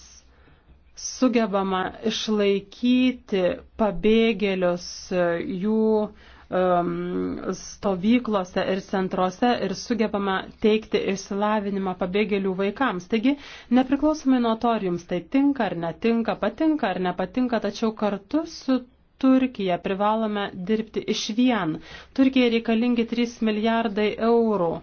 sugebama išlaikyti pabėgėlius jų um, stovyklose ir centruose ir sugebama teikti išsilavinimą pabėgėlių vaikams. Taigi, nepriklausomai nuo to, ar jums tai tinka ar netinka, patinka ar nepatinka, tačiau kartu su Turkija privalome dirbti iš vien. Turkija reikalingi 3 milijardai eurų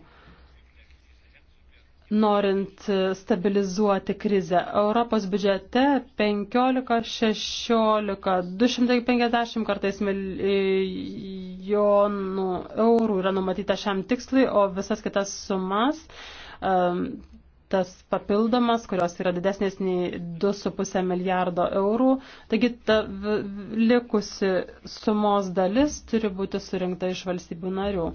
norint stabilizuoti krizę. Europos biudžete 15, 16, 250 kartais milijonų eurų yra numatyta šiam tikslui, o visas kitas sumas um, tas papildomas, kurios yra didesnės nei 2,5 milijardo eurų. Taigi ta likusi sumos dalis turi būti surinkta iš valstybių narių.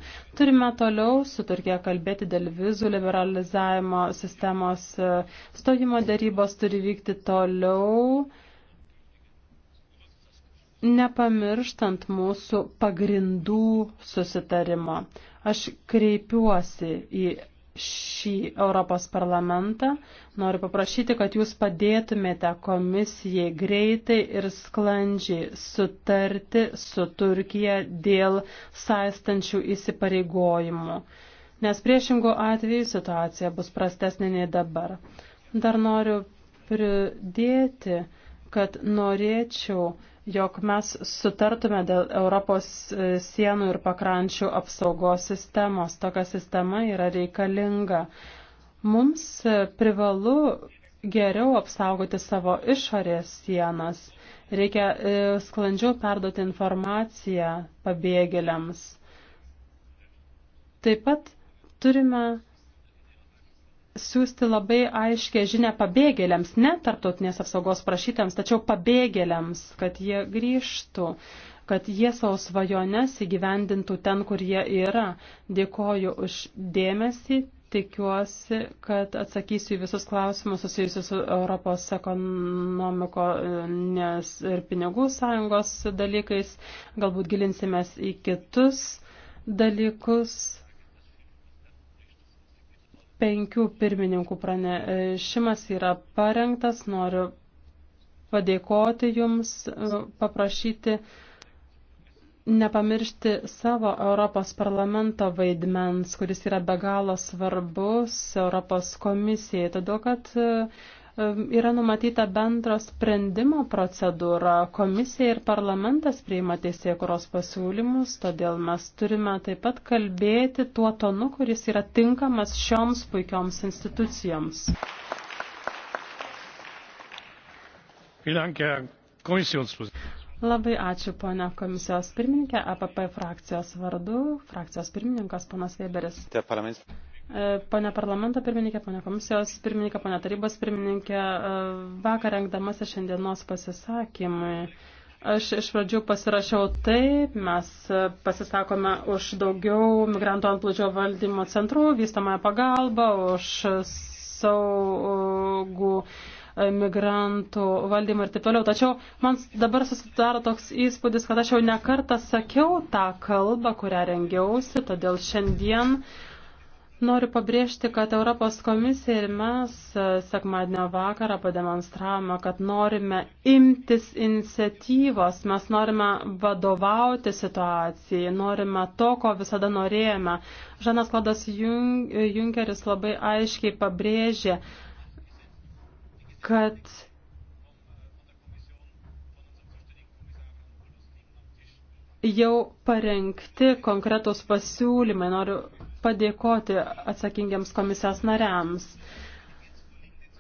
Turime toliau su Turkija kalbėti dėl vizų liberalizavimo sistemos. Stojimo darybos turi vykti toliau. Nepamirštant mūsų pagrindų susitarimo, aš kreipiuosi į šį Europos parlamentą. Noriu paprašyti, kad jūs padėtumėte komisijai greitai ir sklandžiai sutarti su Turkija dėl saistančių įsipareigojimų, nes priešingų atveju situacija bus prastesnė nei dabar. Dar noriu pridėti, kad norėčiau jog mes sutartume dėl Europos e, sienų ir pakrančių apsaugos sistemos. Tokia sistema yra reikalinga. Mums e, privalu geriau apsaugoti savo išorės sienas. Reikia e, sklandžiau perduoti informaciją pabėgėliams. Taip pat turime siūsti labai aiškę žinę pabėgėliams, ne tarptautinės apsaugos prašytams, tačiau pabėgėliams, kad jie grįžtų, kad jie savo svajones įgyvendintų ten, kur jie yra. Dėkoju už dėmesį, tikiuosi, kad atsakysiu į visus klausimus susijusius su Europos ekonomikos ir pinigų sąjungos dalykais, galbūt gilinsimės į kitus dalykus penkių pirmininkų pranešimas yra parengtas. Noriu padėkoti Jums, e, paprašyti nepamiršti savo Europos parlamento vaidmens, kuris yra be galo svarbus Europos komisijai, todėl kad e, yra numatyta bendro sprendimo procedūra. Komisija ir parlamentas priima teisėkuros pasiūlymus, todėl mes turime taip pat kalbėti tuo tonu, kuris yra tinkamas šioms puikioms institucijoms. Labai ačiū, ponia komisijos pirmininkė, APP frakcijos vardu, frakcijos pirmininkas, ponas Weberis. E, pane parlamento pirmininkė, pane komisijos pirmininkė, pane tarybos pirmininkė, e, vakar rengdamasi šiandienos pasisakymui. Aš iš pradžių pasirašiau taip, mes e, pasisakome už daugiau migrantų antplūdžio valdymo centrų, vystamąją pagalbą, už saugų migrantų valdymą ir taip toliau. Tačiau man dabar susidaro toks įspūdis, kad aš jau nekartą sakiau tą kalbą, kurią rengiausi, todėl šiandien uh, Noriu pabrėžti, kad Europos komisija ir mes e, sekmadienio vakarą pademonstravome, kad norime imtis iniciatyvos, mes norime vadovauti situacijai, norime to, ko visada norėjome. Žanas Klaudas Jun e, Junkeris labai aiškiai pabrėžė, kad jau parengti konkretus pasiūlymai. Noriu padėkoti atsakingiams komisijos nariams.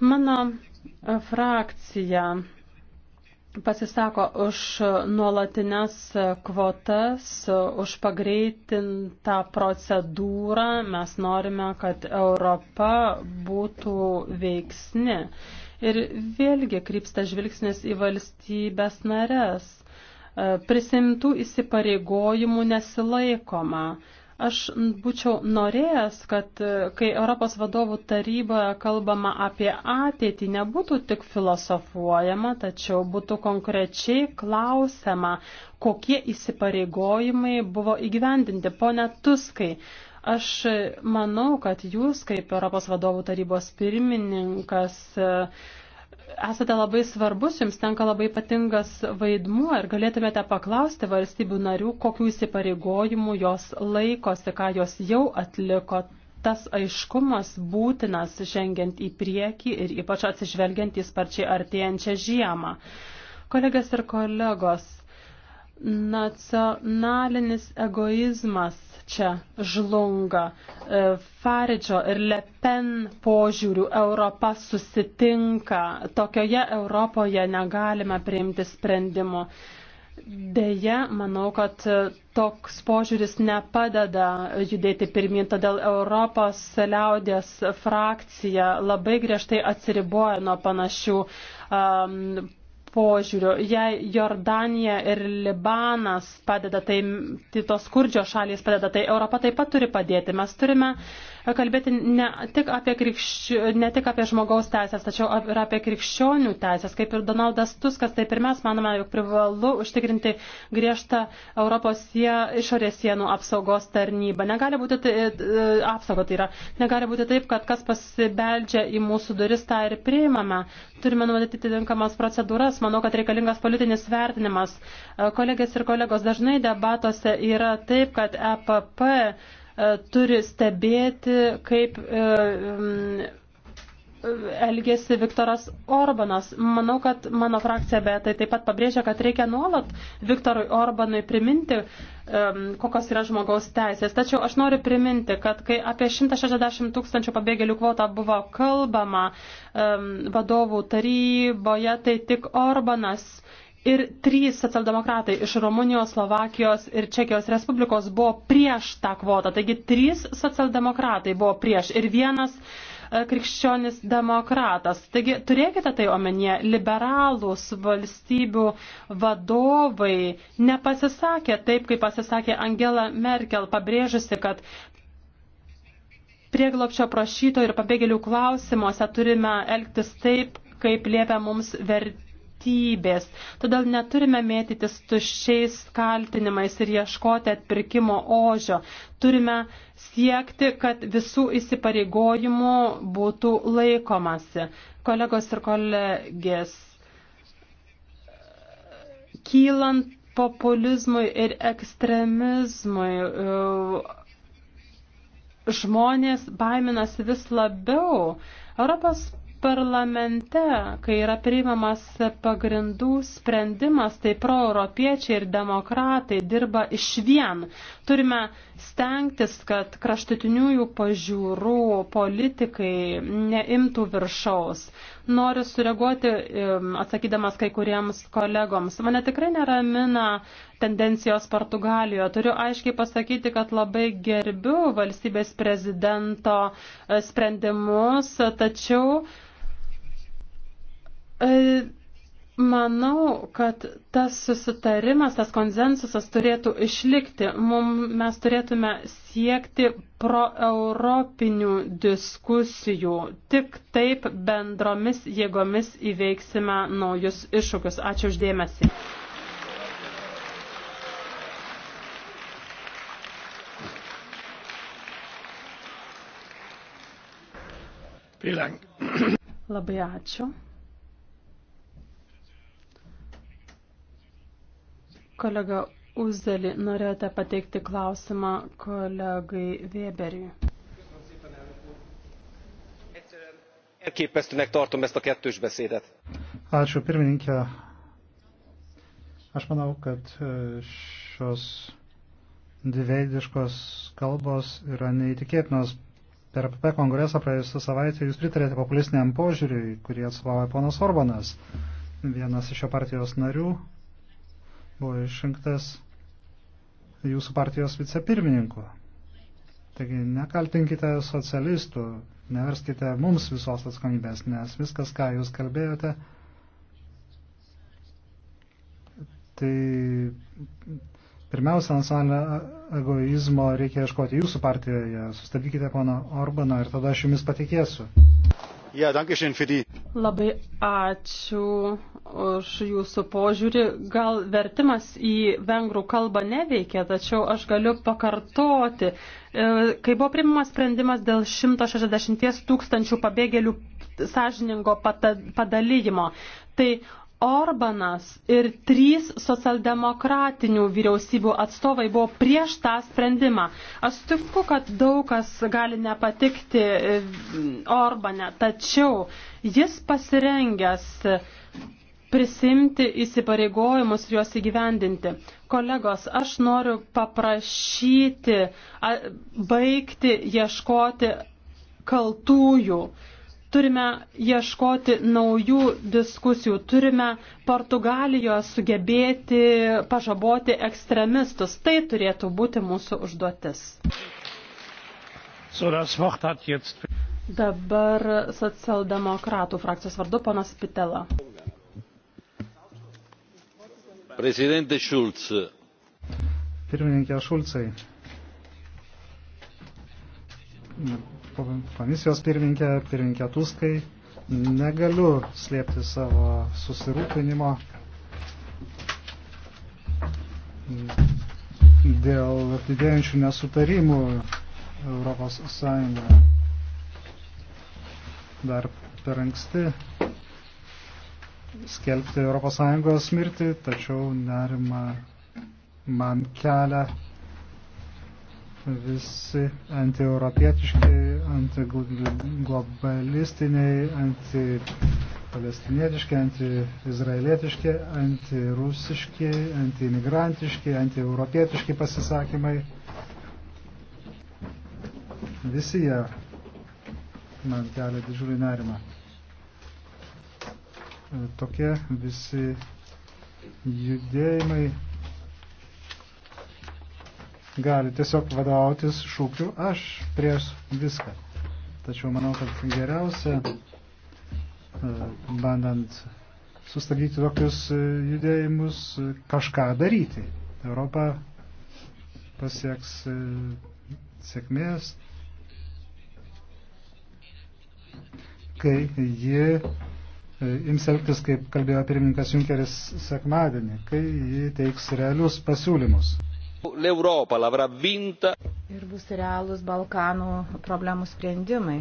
Mano e, frakcija pasisako už nuolatines kvotas, už pagreitintą procedūrą. Mes norime, kad Europa būtų veiksni. Ir vėlgi krypsta žvilgsnis į valstybės nares. E, prisimtų įsipareigojimų nesilaikoma. Aš būčiau norėjęs, kad e, kai Europos vadovų taryboje kalbama apie ateitį, nebūtų tik filosofuojama, tačiau būtų konkrečiai klausima, kokie įsipareigojimai buvo įgyvendinti. Pone Tuskai, Aš manau, kad jūs kaip Europos vadovų tarybos pirmininkas e, esate labai svarbus, jums tenka labai ypatingas vaidmuo ir galėtumėte paklausti valstybių narių, kokių įsipareigojimų jos laikosi, ką jos jau atliko. Tas aiškumas būtinas žengiant į priekį ir ypač atsižvelgiant į sparčiai artėjančią žiemą. Kolegas ir kolegos, nacionalinis egoizmas čia žlunga. E, Faridžio ir Lepen požiūrių Europa susitinka. Tokioje Europoje negalime priimti sprendimų. Deja, manau, kad toks požiūris nepadeda judėti pirmin, todėl Europos liaudės frakcija labai griežtai atsiriboja nuo panašių um, požiūriu. Jei Jordanija ir Libanas padeda, tai, tai tos skurdžios šalys padeda, tai Europa taip pat turi padėti. Mes turime uh, kalbėti ne tik apie, krikšči, ne tik apie žmogaus teisės, tačiau ir apie krikščionių teisės. Kaip ir Donaldas Tuskas, taip ir mes manome, jog privalu užtikrinti griežtą Europos sie, išorės sienų apsaugos tarnybą. Negali būti, tai, e, apsaugo tai yra, negali būti taip, kad kas pasibeldžia į mūsų duris, tą ir priimame. Turime numatyti atitinkamas procedūras. Manau, kad reikalingas politinis vertinimas. E, kolegės ir kolegos, dažnai debatuose yra taip, kad EPP E, turi stebėti, kaip e, mm, elgėsi Viktoras Orbanas. Manau, kad mano frakcija betai taip pat pabrėžia, kad reikia nuolat Viktorui Orbanui priminti, um, kokios yra žmogaus teisės. Tačiau aš noriu priminti, kad kai apie 160 tūkstančių pabėgėlių kvotą buvo kalbama um, vadovų taryboje, tai tik Orbanas ir trys socialdemokratai iš Rumunijos, Slovakijos ir Čekijos Respublikos buvo prieš tą kvotą. Taigi trys socialdemokratai buvo prieš ir vienas e, krikščionis demokratas. Taigi turėkite tai omenyje, liberalūs valstybių vadovai nepasisakė taip, kaip pasisakė Angela Merkel, pabrėžusi, kad prieglopščio prašyto ir pabėgėlių klausimuose turime elgtis taip, kaip liepia mums vertė valstybės. Todėl neturime mėtytis tuščiais kaltinimais ir ieškoti atpirkimo ožio. Turime siekti, kad visų įsipareigojimų būtų laikomasi. Kolegos ir kolegės, kylant populizmui ir ekstremizmui, e, žmonės baiminasi vis labiau. Europos parlamente, kai yra priimamas pagrindų sprendimas, tai proeuropiečiai ir demokratai dirba iš vien. Turime stengtis, kad kraštutiniųjų pažiūrų politikai neimtų viršaus. Noriu sureaguoti, atsakydamas kai kuriems kolegoms. Mane tikrai neramina tendencijos Portugalijoje. Turiu aiškiai pasakyti, kad labai gerbiu valstybės prezidento e, sprendimus, tačiau E, manau, kad tas susitarimas, tas konsensusas turėtų išlikti. Mum, mes turėtume siekti proeuropinių diskusijų. Tik taip bendromis jėgomis įveiksime naujus iššūkius. Ačiū uždėmesi. Labai ačiū. Kolega Uzeli, norėjote pateikti klausimą kolegai Weberiui. Elképesztőnek tartom ezt a kettős beszédet. Ačiū pirmininkė. Aš manau, kad e, šios dviveidiškos kalbos yra neįtikėtinos. Per PP kongresą praėjusią savaitę jūs pritarėte populistiniam požiūriui, kurį atstovauja ponas Orbanas, vienas iš jo partijos narių, buvo išrinktas jūsų partijos vicepirmininku. Taigi nekaltinkite socialistų, neverskite mums visos atsakomybės, nes viskas, ką jūs kalbėjote, tai pirmiausia, nacionalinio egoizmo reikia ieškoti jūsų partijoje. Sustabdykite pono Orbano ir tada aš jumis patikėsiu. Ja, die... Labai ačiū už jūsų požiūrį. Gal vertimas į vengrų kalbą neveikia, tačiau aš galiu pakartoti. E, kai buvo priimamas sprendimas dėl 160 tūkstančių pabėgėlių sąžiningo padalyjimo, tai Orbanas ir trys socialdemokratinių vyriausybių atstovai buvo prieš tą sprendimą. Aš sutinku, kad daug kas gali nepatikti e, Orbane, tačiau jis pasirengęs prisimti įsipareigojimus ir juos įgyvendinti. Kolegos, aš noriu paprašyti baigti ieškoti kaltųjų turime ieškoti naujų diskusijų, turime Portugalijos sugebėti pažaboti ekstremistus. Tai turėtų būti mūsų užduotis. So, Dabar socialdemokratų frakcijos vardu ponas Pitela. Prezidentė Šulc. Pirmininkė Šulcai komisijos pirmininkė, pirmininkė Tuskai, negaliu slėpti savo susirūpinimo dėl didėjančių nesutarimų Europos Sąjungoje. Dar per anksti skelbti Europos Sąjungos mirtį, tačiau nerima man kelia visi antieuropietiški, antiglobalistiniai, antipalestinietiški, antiizraelietiški, antirusiški, antiimigrantiški, antieuropietiški pasisakymai. Visi jie man kelia didžiulį nerimą. Tokie visi judėjimai gali tiesiog vadovautis šūkiu aš prieš viską. Tačiau manau, kad geriausia, e, bandant sustabdyti tokius e, judėjimus, e, kažką daryti. Europa pasieks sėkmės, kai ji ims elgtis, kaip kalbėjo pirmininkas Junkeris sekmadienį, kai ji teiks realius pasiūlymus. L'Europa l'avrà vinta. Ir bus realūs Balkanų problemų sprendimai.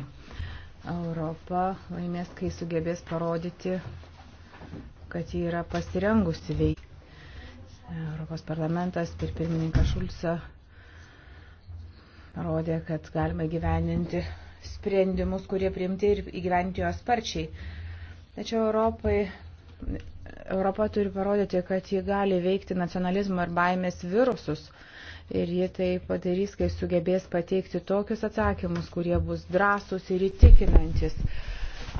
Europa laimės, kai sugebės parodyti, kad ji yra pasirengusi veikti. Europos parlamentas per pirmininką Šulcą parodė, kad galima gyveninti sprendimus, kurie priimti ir įgyventi juos sparčiai. Tačiau Europai Europa turi parodyti, kad ji gali veikti nacionalizmo ir baimės virusus. Ir ji tai padarys, kai sugebės pateikti tokius atsakymus, kurie bus drąsus ir įtikinantis.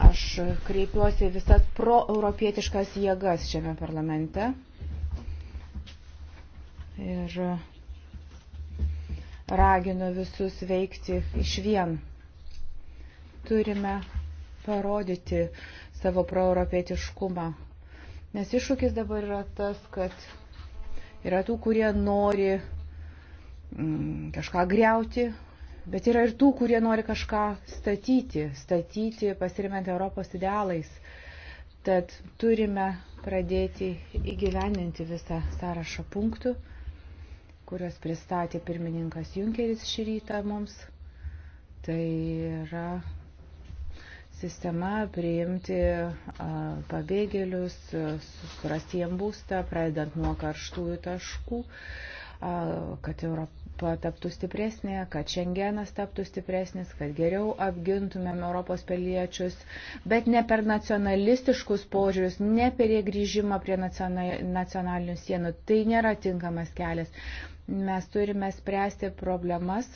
Aš kreipiuosi visas proeuropietiškas jėgas šiame parlamente. Ir raginu visus veikti iš vien. Turime parodyti savo proeuropietiškumą Nes iššūkis dabar yra tas, kad yra tų, kurie nori mm, kažką griauti, Bet yra ir tų, kurie nori kažką statyti, statyti pasirimant Europos idealais. Tad turime pradėti įgyveninti visą sąrašą punktų, kuriuos pristatė pirmininkas Junkeris šį rytą mums. Tai yra sistema priimti pabėgėlius, surasti jiems būstą, pradedant nuo karštųjų taškų, kad Europa taptų stipresnė, kad Šengenas taptų stipresnis, kad geriau apgintumėm Europos piliečius, bet ne per nacionalistiškus požiūrius, ne per grįžimą prie nacionalinių sienų. Tai nėra tinkamas kelias. Mes turime spręsti problemas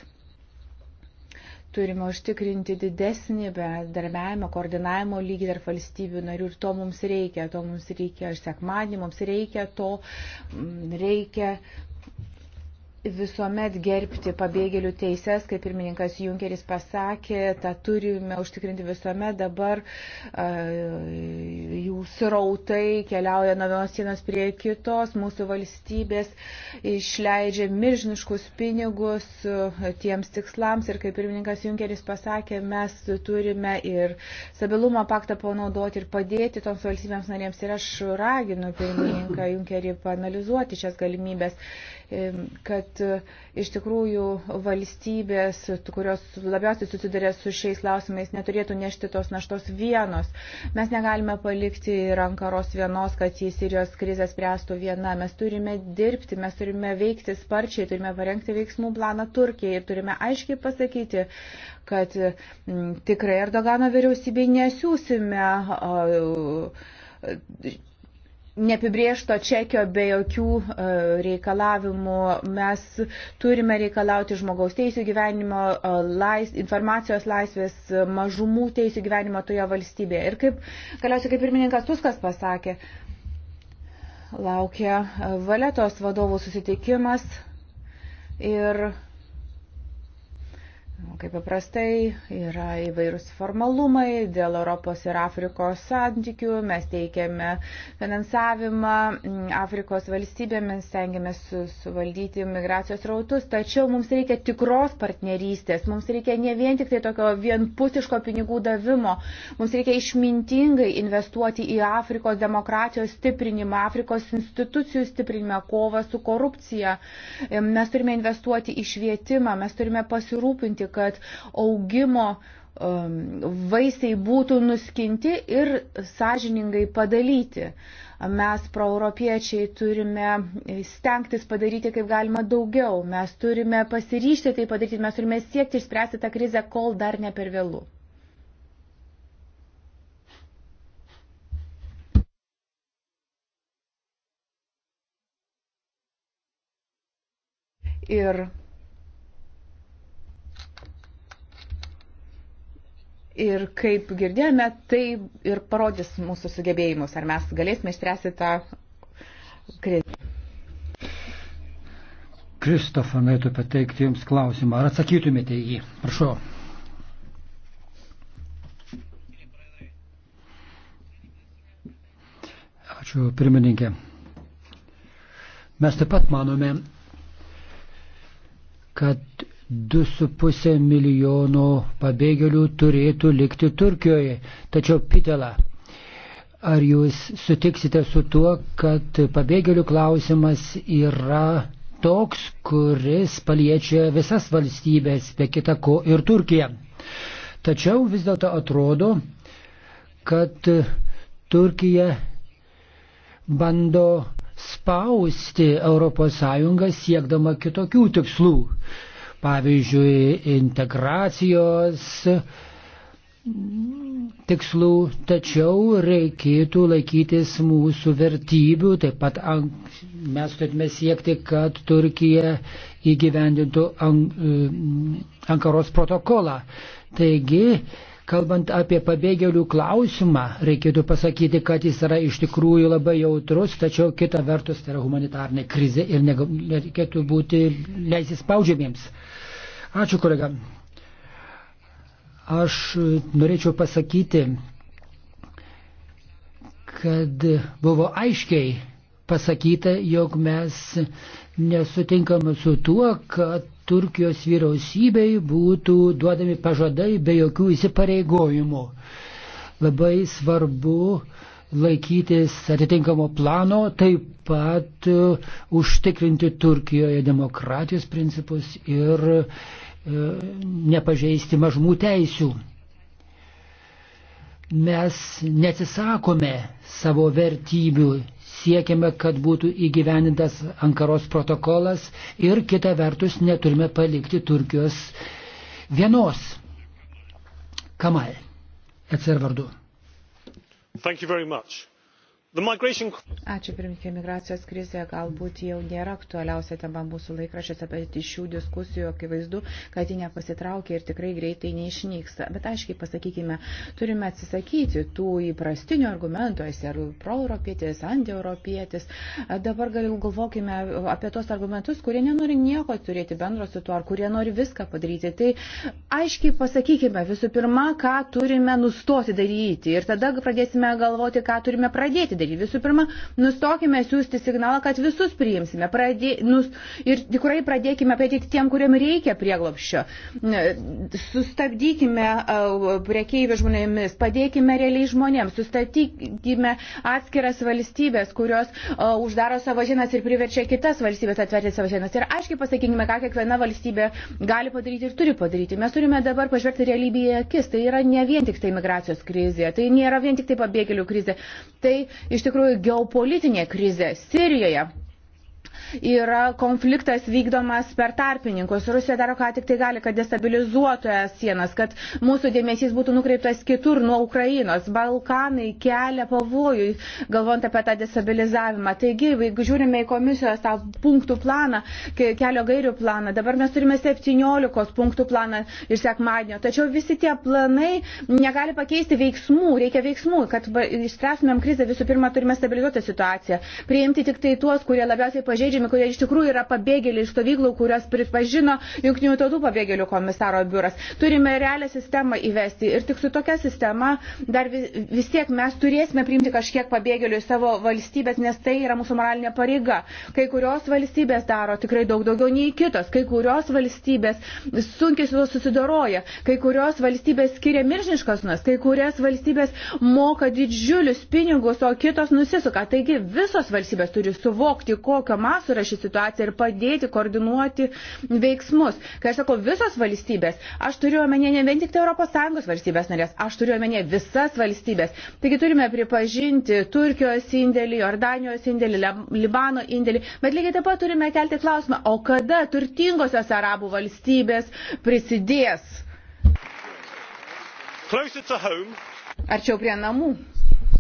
Turime užtikrinti didesnį bendarbiavimo, koordinavimo lygį tarp valstybių narių ir to mums reikia, to mums reikia ir sekmadienį, mums reikia to, reikia visuomet gerbti pabėgėlių teises, kaip pirmininkas Junkeris pasakė, tą turime užtikrinti visuomet. Dabar jų srautai keliauja nuo vienos sienos prie kitos, mūsų valstybės išleidžia miržniškus pinigus tiems tikslams ir kaip pirmininkas Junkeris pasakė, mes turime ir stabilumo paktą panaudoti ir padėti toms valstybėms narėms. Ir aš raginu pirmininką Junkerį panalizuoti šias galimybės, kad kad e, iš tikrųjų valstybės, kurios labiausiai susiduria su šiais klausimais, neturėtų nešti tos naštos vienos. Mes negalime palikti rankaros vienos, kad jis Sirijos krizę spręstų viena. Mes turime dirbti, mes turime veikti sparčiai, turime parengti veiksmų planą Turkijai ir turime aiškiai pasakyti, kad m, tikrai Erdogano vyriausybei nesiūsime. A, a, neapibriešto čekio be jokių e, reikalavimų. Mes turime reikalauti žmogaus teisų gyvenimo, e, lais, informacijos laisvės, e, mažumų teisų gyvenimo toje valstybėje. Ir kaip, galiausiai kaip pirmininkas Tuskas pasakė, laukia Valetos vadovų susitikimas ir kaip paprastai, yra įvairūs formalumai dėl Europos ir Afrikos santykių, mes teikiame finansavimą Afrikos valstybėmis, stengiamės suvaldyti migracijos rautus, tačiau mums reikia tikros partnerystės, mums reikia ne vien tik tai tokio vienpusiško pinigų davimo, mums reikia išmintingai investuoti į Afrikos demokratijos stiprinimą, Afrikos institucijų stiprinimą, kovą su korupcija, mes turime investuoti į švietimą, mes turime pasirūpinti, kad augimo um, vaisiai būtų nuskinti ir sąžiningai padalyti. Mes, proeuropiečiai, turime stengtis padaryti kaip galima daugiau. Mes turime pasiryšti tai padaryti, mes turime siekti išspręsti tą krizę, kol dar ne per vėlų. Ir Ir kaip girdėjome, tai ir parodys mūsų sugebėjimus, ar mes galėsime išspręsti tą krizę. Kristofą norėtų pateikti Jums klausimą. Ar atsakytumėte į jį? Prašau. Ačiū, pirmininkė. Mes taip pat manome, kad 2,5 milijono pabėgėlių turėtų likti Turkijoje. Tačiau Pitela, ar jūs sutiksite su tuo, kad pabėgėlių klausimas yra toks, kuris paliečia visas valstybės, be kita ko ir Turkiją? Tačiau vis dėlto atrodo, kad Turkija bando spausti ES siekdama kitokių tikslų pavyzdžiui, integracijos tikslų, tačiau reikėtų laikytis mūsų vertybių, taip pat mes turėtume siekti, kad Turkija įgyvendintų e, Ankaros protokolą. Taigi, kalbant apie pabėgėlių klausimą, reikėtų pasakyti, kad jis yra iš tikrųjų labai jautrus, tačiau kita vertus tai yra humanitarnė krizė ir nereikėtų būti leisis spaudžiamiems. Ačiū, kolega. Aš norėčiau pasakyti, kad buvo aiškiai pasakyta, jog mes nesutinkame su tuo, kad Turkijos vyriausybei būtų duodami pažadai be jokių įsipareigojimų. Labai svarbu laikytis atitinkamo plano, taip pat užtikrinti Turkijoje demokratijos principus ir uh, E, nepažeisti mažmų teisių. Mes neatsisakome savo vertybių, siekiame, kad būtų įgyvenintas Ankaros protokolas ir kita vertus neturime palikti Turkijos vienos. Kamal, atsirvardu. Thank you very much. Migration... Ačiū pirmininkė, migracijos krizė galbūt jau nėra aktualiausia tema mūsų laikrašiuose, bet iš šių diskusijų akivaizdu, kad ji nepasitraukia ir tikrai greitai neišnyksta. Bet aiškiai pasakykime, turime atsisakyti tų įprastinių argumentų, esi ar er proeuropietis, antieuropietis. Dabar galim galvokime apie tos argumentus, kurie nenori nieko turėti bendro su tuo, ar kurie nori viską padaryti. Tai aiškiai pasakykime visų pirma, ką turime nustoti daryti ir tada pradėsime galvoti, ką turime pradėti daryti padaryti. Visų pirma, nustokime siūsti signalą, kad visus priimsime pradė, nus, ir tikrai pradėkime pateikti tiem, kuriam reikia prieglopščio. Sustabdykime priekeivių žmonėmis, padėkime realiai žmonėms, sustatykime atskiras valstybės, kurios uždaro savo žienas ir priverčia kitas valstybės atverti savo žienas. Ir aiškiai pasakykime, ką kiekviena valstybė gali padaryti ir turi padaryti. Mes turime dabar pažvelgti realybėje akis. Tai yra ne vien tik tai migracijos krizė, tai nėra vien tik tai pabėgėlių krizė. Tai iš tikrųjų geopolitinė krizė Sirijoje yra konfliktas vykdomas per tarpininkus. Rusija daro ką tik tai gali, kad destabilizuotų sienas, kad mūsų dėmesys būtų nukreiptas kitur nuo Ukrainos. Balkanai kelia pavojų, galvojant apie tą destabilizavimą. Taigi, jeigu žiūrime į komisijos tą punktų planą, kelio gairių planą, dabar mes turime 17 punktų planą iš sekmadienio. Tačiau visi tie planai negali pakeisti veiksmų, reikia veiksmų, kad išspręstumėm krizę, visų pirma turime stabilizuoti situaciją, priimti tik tai tuos, kurie labiausiai pažeidžiami sugražinami, kurie iš tikrųjų yra pabėgėliai iš stovyklų, kurios pripažino Junktinių tautų pabėgėlių komisaro biuras. Turime realią sistemą įvesti ir tik su tokia sistema dar vis, vis tiek mes turėsime priimti kažkiek pabėgėlių į savo valstybės, nes tai yra mūsų moralinė pareiga. Kai kurios valstybės daro tikrai daug daugiau nei kitos, kai kurios valstybės sunkiai su to susidoroja, kai kurios valstybės skiria milžiniškas nuos, kai kurias valstybės moka didžiulius pinigus, o kitos nusisuka. Taigi visos valstybės turi suvokti, kokio maso yra ši situacija ir padėti koordinuoti veiksmus. Kai aš sakau visos valstybės, aš turiu omenyje ne vien tik tai ES valstybės narės, aš turiu omenyje visas valstybės. Taigi turime pripažinti Turkijos indėlį, Jordanijos indėlį, Libano indėlį, bet lygiai taip pat turime kelti klausimą, o kada turtingosios arabų valstybės prisidės? Arčiau prie namų.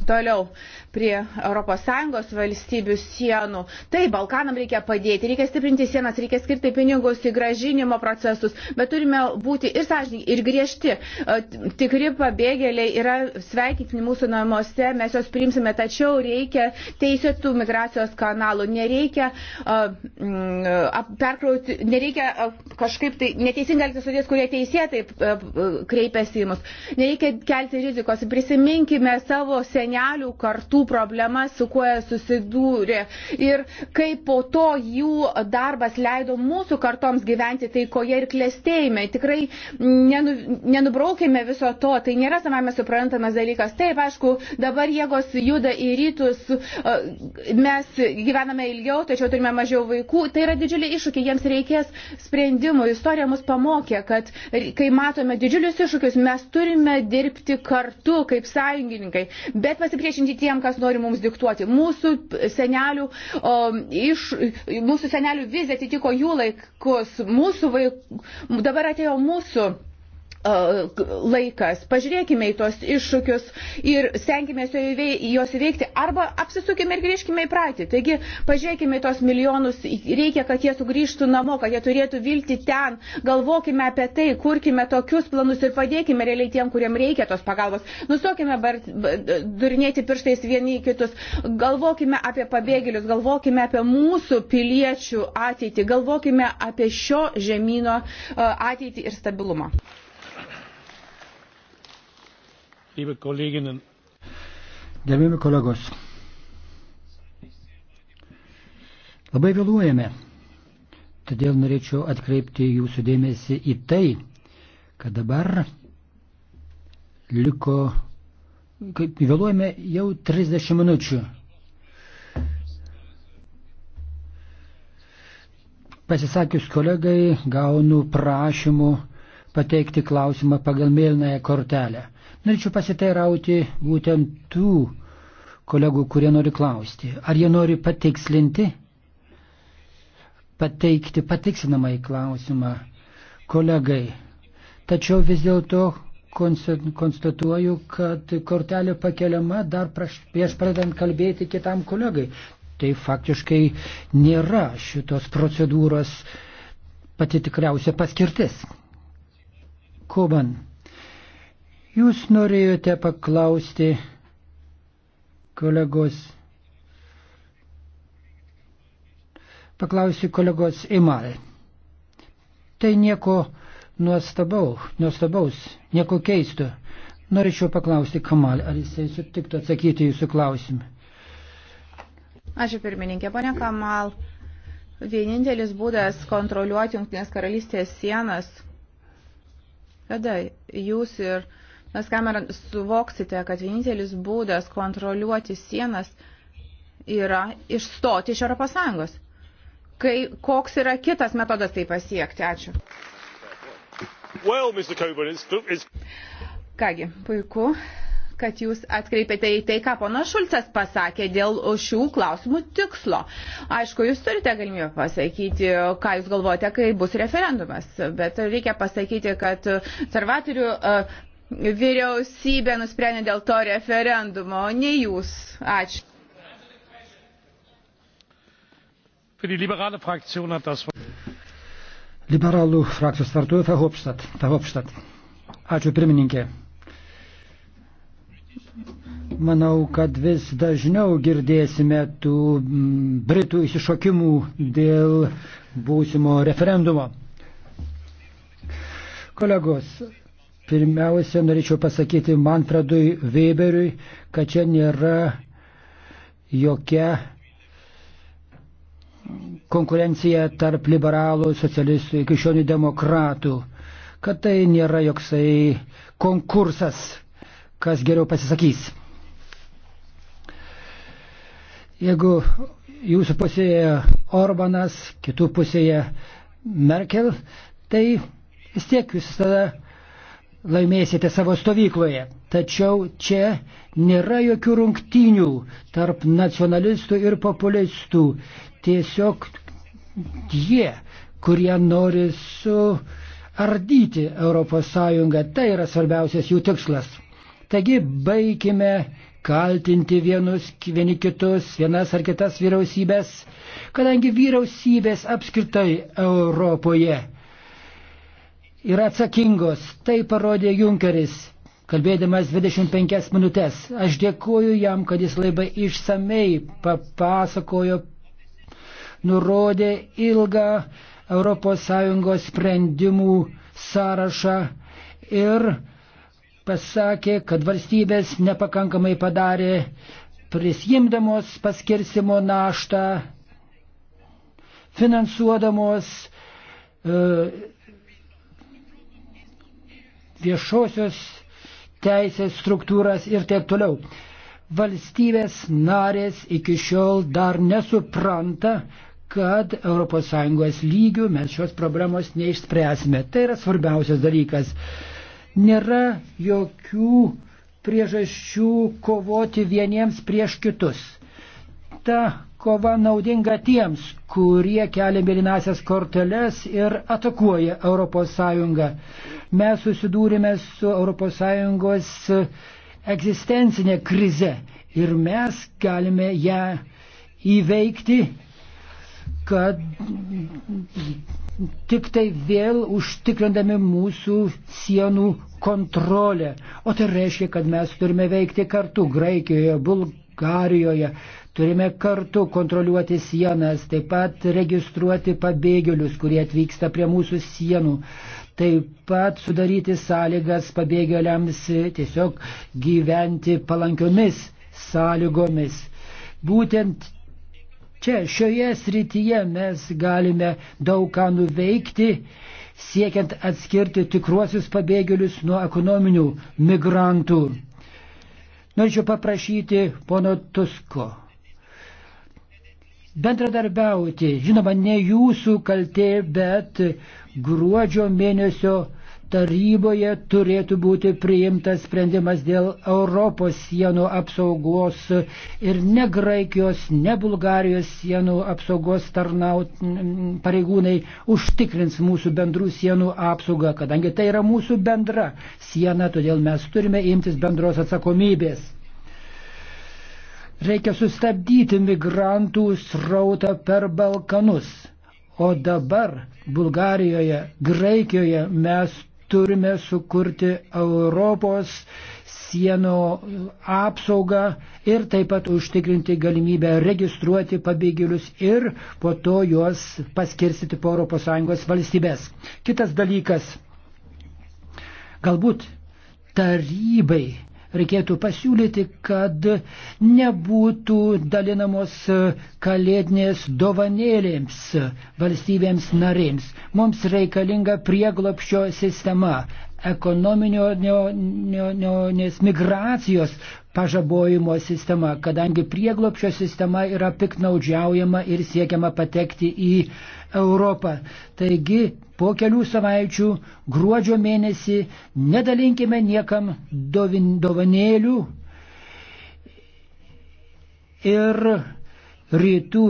Toliau prie ES valstybių sienų. Taip, Balkanam reikia padėti, reikia stiprinti sienas, reikia skirti pinigus į gražinimo procesus, bet turime būti ir sąžininkai, ir griežti. E, tikri pabėgėliai yra sveikintini mūsų namuose, mes juos priimsime, tačiau reikia teisėtų migracijos kanalų, nereikia, uh, perkrauti, nereikia uh, kažkaip tai neteisingai elgtis su tais, kurie teisėtai uh, kreipiasi į mus. Nereikia kelti rizikos, prisiminkime savo senelių kartų jų problemas, su kuo jie susidūrė ir kaip po to jų darbas leido mūsų kartoms gyventi taikoje ir klėstėjime. Tikrai nenu, nenubraukime viso to, tai nėra savame suprantamas dalykas. Taip, aišku, dabar jėgos juda į rytus, e, mes gyvename ilgiau, tačiau turime mažiau vaikų. Tai yra didžiuliai iššūkiai, jiems reikės sprendimų. Istorija mus pamokė, kad kai matome didžiulius iššūkius, mes turime dirbti kartu kaip sąjungininkai, bet pasipriešinti tiem, kas kas nori mums diktuoti. Mūsų senelių, o, iš, mūsų senelių vizija atitiko jų laikus, mūsų vaikų, dabar atėjo mūsų Uh, laikas. Pažiūrėkime į tos iššūkius ir stenkime juos įveikti arba apsisukime ir grįžkime į praeitį. Taigi pažiūrėkime į tos milijonus, reikia, kad jie sugrįžtų namo, kad jie turėtų vilti ten. Galvokime apie tai, kurkime tokius planus ir padėkime realiai tiem, kuriem reikia tos pagalbos. Nustokime bar, durinėti pirštais vieni kitus. Galvokime apie pabėgėlius, galvokime apie mūsų piliečių ateitį, galvokime apie šio žemynų uh, ateitį ir stabilumą liebe Kolleginnen. Gerbimi kolegos, labai vėluojame, todėl norėčiau atkreipti jūsų dėmesį į tai, kad dabar liko, kaip vėluojame jau 30 minučių. Pasisakius kolegai, gaunu prašymų pateikti klausimą pagal mėlynąją kortelę. Norėčiau pasiteirauti būtent tų kolegų, kurie nori klausti. Ar jie nori patikslinti, pateikti patikslinamai klausimą kolegai. Tačiau vis dėlto konstatuoju, kad kortelė pakeliama dar praš, prieš pradedant kalbėti kitam kolegai. Tai faktiškai nėra šitos procedūros pati tikriausia paskirtis. Koban. Jūs norėjote paklausti kolegos. Paklausiu kolegos Imal. Tai nieko nuostabau, nuostabaus, nieko keisto. Norėčiau paklausti Kamal, ar jisai sutiktų atsakyti jūsų klausimą. Ačiū pirmininkė, ponia Kamal. Vienintelis būdas kontroliuoti Junktinės karalystės sienas, kada jūs ir uh, Mes kamerą suvoksite, kad vienintelis būdas kontroliuoti sienas yra išstoti iš Europos Sąjungos. Kai, koks yra kitas metodas tai pasiekti? Ačiū. Well, Mr. Coburn, it's, it's... Kągi, puiku, kad jūs atkreipėte į tai, ką ponas Šulcas pasakė dėl šių klausimų tikslo. Aišku, jūs turite galimybę pasakyti, ką jūs galvojate, kai bus referendumas, bet reikia pasakyti, kad conservatorių uh, vyriausybė nusprendė dėl to referendumo, o ne jūs. Ačiū. Liberalų frakcijos vartų Fehopštat. Fehopštat. Ačiū pirmininkė. Manau, kad vis dažniau girdėsime tų Britų įsišokimų dėl būsimo referendumo. Kolegos, Pirmiausia, norėčiau pasakyti Manfredui Weberiui, kad čia nėra jokia konkurencija tarp liberalų, socialistų ir krikščionių demokratų, kad tai nėra joksai konkursas, kas geriau pasisakys. Jeigu jūsų pusėje Orbanas, kitų pusėje Merkel, tai vis tiek jūs tada laimėsite savo stovykloje. Tačiau čia nėra jokių rungtynių tarp nacionalistų ir populistų. Tiesiog jie, kurie nori suardyti ES, tai yra svarbiausias jų tikslas. Taigi baigime kaltinti vienus, vieni kitus, vienas ar kitas vyriausybės, kadangi vyriausybės apskritai Europoje yra atsakingos. Tai parodė Junkeris, kalbėdamas 25 minutės. Aš dėkuoju jam, kad jis labai išsamei papasakojo, nurodė ilgą ES sprendimų sąrašą ir pasakė, kad valstybės nepakankamai padarė prisimdamos paskirsimo naštą, finansuodamos e, viešosios teisės struktūras ir taip toliau. Valstybės narės iki šiol dar nesupranta, kad ES lygių mes šios problemos neišspręsime. Tai yra svarbiausias dalykas. Nėra jokių priežasčių kovoti vieniems prieš kitus. Ta kova naudinga tiems, kurie kelia mėlynasias korteles ir atakuoja ES. Mes susidūrėme su ES egzistencinė krize ir mes galime ją įveikti, kad tik tai vėl užtikrindami mūsų sienų kontrolę. O tai reiškia, kad mes turime veikti kartu Graikijoje, Bulgarijoje, Turime kartu kontroliuoti sienas, taip pat registruoti pabėgėlius, kurie atvyksta prie mūsų sienų, taip pat sudaryti sąlygas pabėgėliams tiesiog gyventi palankiomis sąlygomis. Būtent čia, šioje srityje mes galime daug ką nuveikti, siekiant atskirti tikruosius pabėgėlius nuo ekonominių migrantų. Norėčiau paprašyti pono Tusko bendradarbiauti. Žinoma, ne jūsų kaltė, bet gruodžio mėnesio taryboje turėtų būti priimtas sprendimas dėl Europos sienų apsaugos ir ne Graikijos, ne Bulgarijos sienų apsaugos tarnaut pareigūnai užtikrins mūsų bendrų sienų apsaugą, kadangi tai yra mūsų bendra siena, todėl mes turime imtis bendros atsakomybės. Reikia sustabdyti migrantų srautą per Balkanus. O dabar Bulgarijoje, Graikijoje mes turime sukurti Europos sienų apsaugą ir taip pat užtikrinti galimybę registruoti pabėgėlius ir po to juos paskirstyti po ES valstybės. Kitas dalykas. Galbūt tarybai reikėtų pasiūlyti, kad nebūtų dalinamos kalėdinės dovanėlėms valstybėms narėms. Mums reikalinga prieglopščio sistema, ekonominio nes migracijos pažabojimo sistema, kadangi prieglopščio sistema yra piknaudžiaujama ir siekiama patekti į Europą. Taigi po kelių savaičių, gruodžio mėnesį, nedalinkime niekam dovin, dovanėlių. Ir rytų.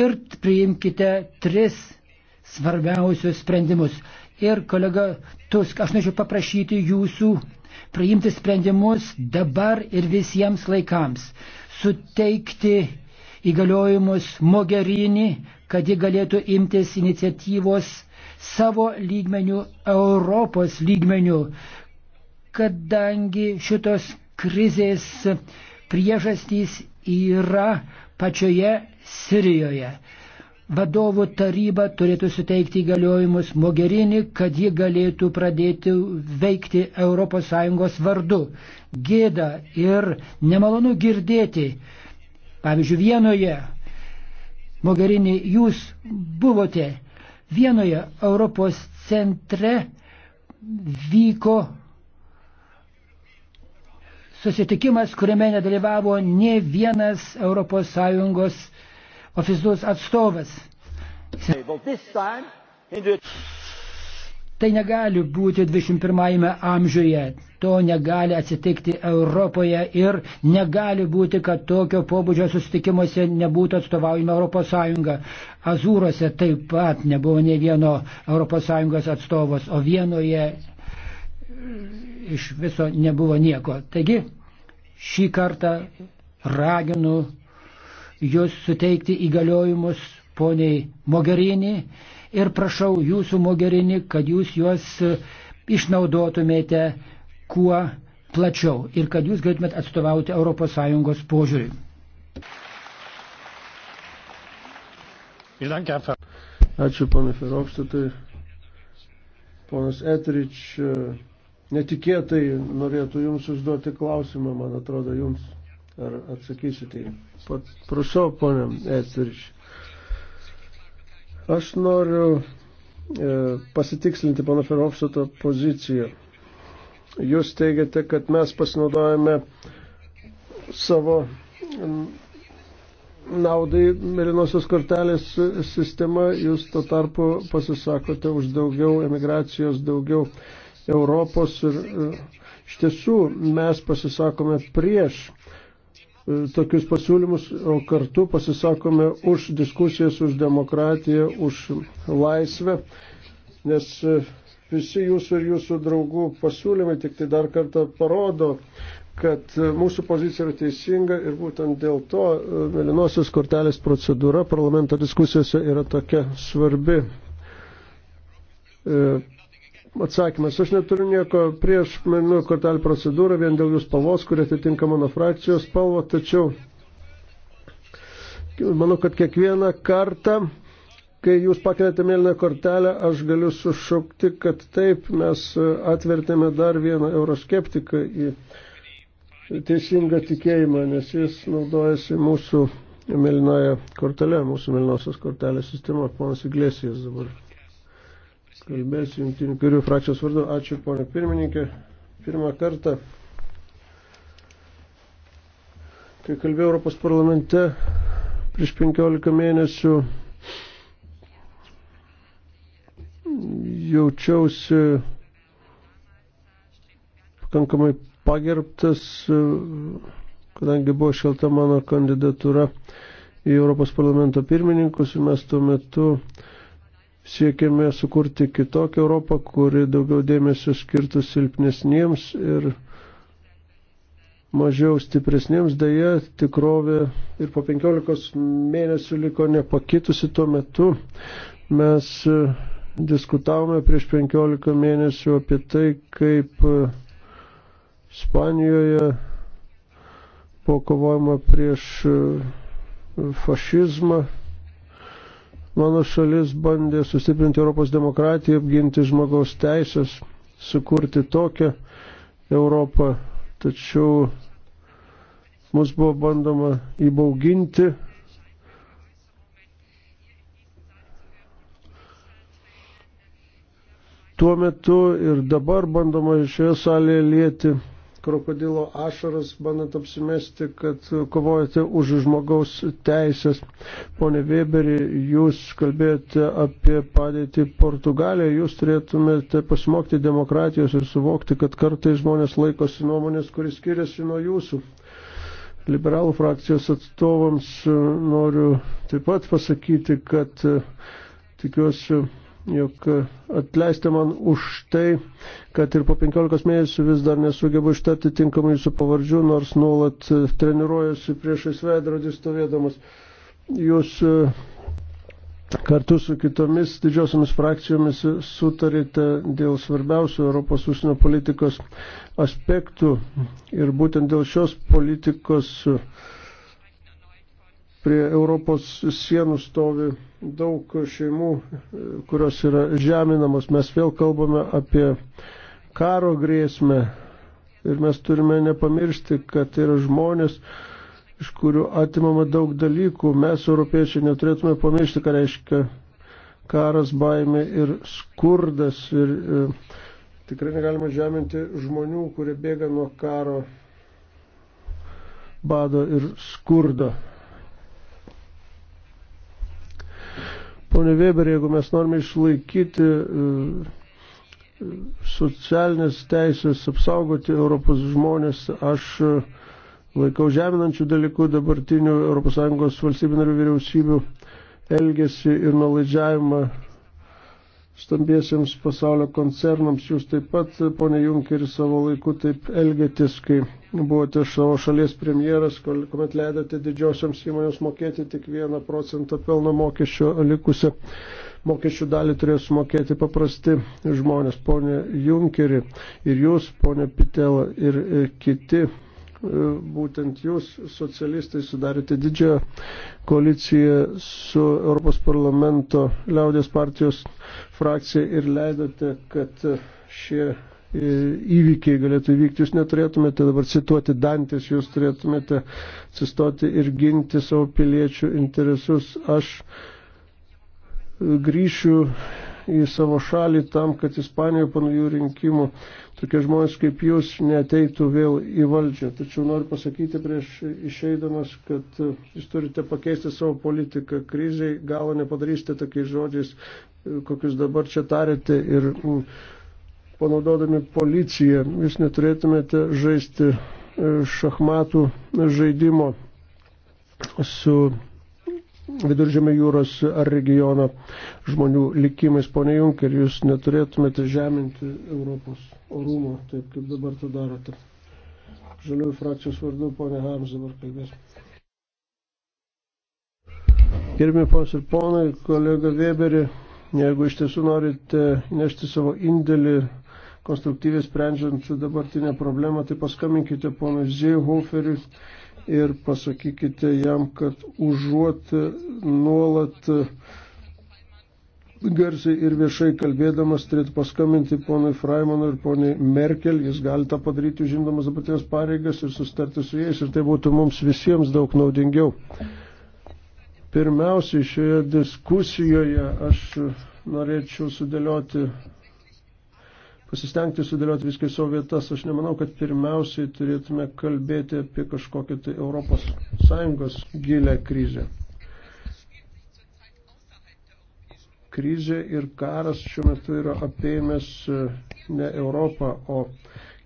Ir priimkite tris svarbiausius sprendimus. Ir kolega Tusk, aš norėčiau paprašyti jūsų priimti sprendimus dabar ir visiems laikams. Suteikti įgaliojimus Mogherini, kad ji galėtų imtis iniciatyvos savo lygmenių, Europos lygmenių, kadangi šitos krizės priežastys yra pačioje Sirijoje. Vadovų taryba turėtų suteikti įgaliojimus Mogerini, kad ji galėtų pradėti veikti ES vardu. Gėda ir nemalonu girdėti. Pavyzdžiui, Vienoje Mogherini, jūs buvote vienoje Europos centre vyko susitikimas, kuriame nedalyvavo ne vienas ES oficialus atstovas. Tai negali būti 21 amžiuje. To negali atsitikti Europoje ir negali būti, kad tokio pobūdžio susitikimuose nebūtų atstovaujama ES. Azūrose taip pat nebuvo ne vieno ES atstovos, o vienoje iš viso nebuvo nieko. Taigi šį kartą raginu jūs suteikti įgaliojimus poniai Mogherini ir prašau jūsų Mogherini, kad jūs juos išnaudotumėte kuo plačiau ir kad jūs galėtumėt atstovauti ES požiūriui. Ačiū, ponai Ferovštatai. Ponas Etrič e, netikėtai norėtų Jums užduoti klausimą, man atrodo, Jums. Ar atsakysite į pat? Prašau, ponė Etrič. Aš noriu e, pasitikslinti pono Ferovštato poziciją. Jūs teigiate, kad mes pasinaudojame savo naudai mėlynosios kortelės sistema, jūs to tarpu pasisakote už daugiau emigracijos, daugiau Europos ir iš tiesų mes pasisakome prieš e, tokius pasiūlymus, o kartu pasisakome už diskusijas, už demokratiją, už laisvę, nes e, Visi jūsų ir jūsų draugų pasiūlymai tik tai dar kartą parodo, kad e, mūsų pozicija yra teisinga ir būtent dėl to e, mėlynosios kortelės procedūra parlamento diskusijose yra tokia svarbi. E, atsakymas, aš neturiu nieko prieš mėlynų kortelį procedūrą, vien dėl jūs spalvos, kurie atitinka mano frakcijos spalvą, tačiau manau, kad kiekvieną kartą Kai jūs pakvietėte mėlyną kortelę, aš galiu sušaukti, kad taip mes atvertėme dar vieną euroskeptiką į teisingą tikėjimą, nes jis naudojasi mūsų mėlynoje kortelė, mūsų mėlynosios kortelės sistema, ponas Iglesijas dabar. Kalbėsiu jungtinių karių frakcijos vardu. Ačiū, ponė pirmininkė. Pirmą kartą, kai kalbėjau Europos parlamente prieš 15 mėnesių, jaučiausi pakankamai pagerbtas, kadangi buvo šelta mano kandidatūra į Europos parlamento pirmininkus ir mes tuo metu siekėme sukurti kitokią Europą, kuri daugiau dėmesio skirtų silpnesniems ir mažiau stipresniems dėja tikrovė ir po 15 mėnesių liko nepakitusi tuo metu. Mes Diskutavome prieš 15 mėnesių apie tai, kaip e, Ispanijoje po kovojimo prieš e, fašizmą mano šalis bandė sustiprinti Europos demokratiją, apginti žmogaus teisės, sukurti tokią Europą, tačiau mus buvo bandoma įbauginti Tuo metu ir dabar bandoma šioje salėje lieti krokodilo ašaras, bandant apsimesti, kad kovojate už žmogaus teisės. Pone Weberi, jūs kalbėjote apie padėtį Portugalijoje, jūs turėtumėte pasimokti demokratijos ir suvokti, kad kartai žmonės laikosi nuomonės, kuris skiriasi nuo jūsų. Liberalų frakcijos atstovams noriu taip pat pasakyti, kad tikiuosi jog atleisti man už tai, kad ir po 15 mėnesių vis dar nesugebu ištarti tinkamai jūsų pavardžių, nors nuolat e, treniruojasi priešais veidrodį stovėdamas. Jūs e, kartu su kitomis didžiosiomis frakcijomis sutarėte dėl svarbiausių Europos užsienio politikos aspektų ir būtent dėl šios politikos Prie Europos sienų stovi daug šeimų, kurios yra žeminamos. Mes vėl kalbame apie karo grėsmę ir mes turime nepamiršti, kad yra žmonės, iš kurių atimama daug dalykų. Mes, europiečiai, neturėtume pamiršti, ką reiškia karas, baimė ir skurdas. Ir, ir, e, tikrai negalima žeminti žmonių, kurie bėga nuo karo, bado ir skurdo. Pone Weber, jeigu mes norime išlaikyti e, e, socialinės teisės, apsaugoti Europos žmonės, aš e, laikau žeminančių dalykų dabartinių ES valstybių narių vyriausybių elgesį ir nalaidžiavimą stambiesiems pasaulio koncernams. Jūs taip pat, ponė Junkeri, savo laiku taip elgėtis, kai buvote savo šalies premjeras, kuomet leidote didžiosiams įmonėms mokėti tik vieną procentą pelno mokesčio, likusią mokesčių dalį turės sumokėti paprasti žmonės, ponė Junkeri ir jūs, ponė Pitela ir e, kiti būtent jūs, socialistai, sudarėte didžiąją koaliciją su Europos parlamento liaudės partijos frakcija ir leidote, kad šie e, įvykiai galėtų įvykti. Jūs neturėtumėte dabar cituoti Dantis, jūs turėtumėte atsistoti ir ginti savo piliečių interesus. Aš grįšiu į savo šalį tam, kad Ispanijoje po naujų rinkimų tokie žmonės kaip jūs neteitų vėl į valdžią. Tačiau noriu pasakyti prieš išeidamas, kad e, jūs turite pakeisti savo politiką kriziai, galo nepadarysite tokiais žodžiais, e, kokius dabar čia tarėte ir panaudodami policiją. Jūs neturėtumėte žaisti e, šachmatų žaidimo su viduržėme jūros ar regiono žmonių likimais. Pone Junker, jūs neturėtumėte žeminti Europos orumo, taip kaip dabar to darote. Žaliųjų frakcijos vardu, ponė Hams dabar kalbės. Gerbimi pons ir ponai, kolega Weberi, jeigu iš tiesų norite nešti savo indėlį konstruktyviai sprendžiant dabartinę problemą, tai paskambinkite ponui Zėjhoferiui ir pasakykite jam, kad užuot nuolat garsiai ir viešai kalbėdamas turėtų paskambinti ponui Freimanui ir poniai Merkel, jis gali tą padaryti užimdamas dabartinės pareigas ir sustarti su jais ir tai būtų mums visiems daug naudingiau. Pirmiausiai šioje diskusijoje aš norėčiau sudėlioti pasistengti sudėlioti viską į savo vietas. Aš nemanau, kad pirmiausiai turėtume kalbėti apie kažkokią tai Europos Sąjungos gilę krizę. Krizė ir karas šiuo metu yra apėmęs e, ne Europą, o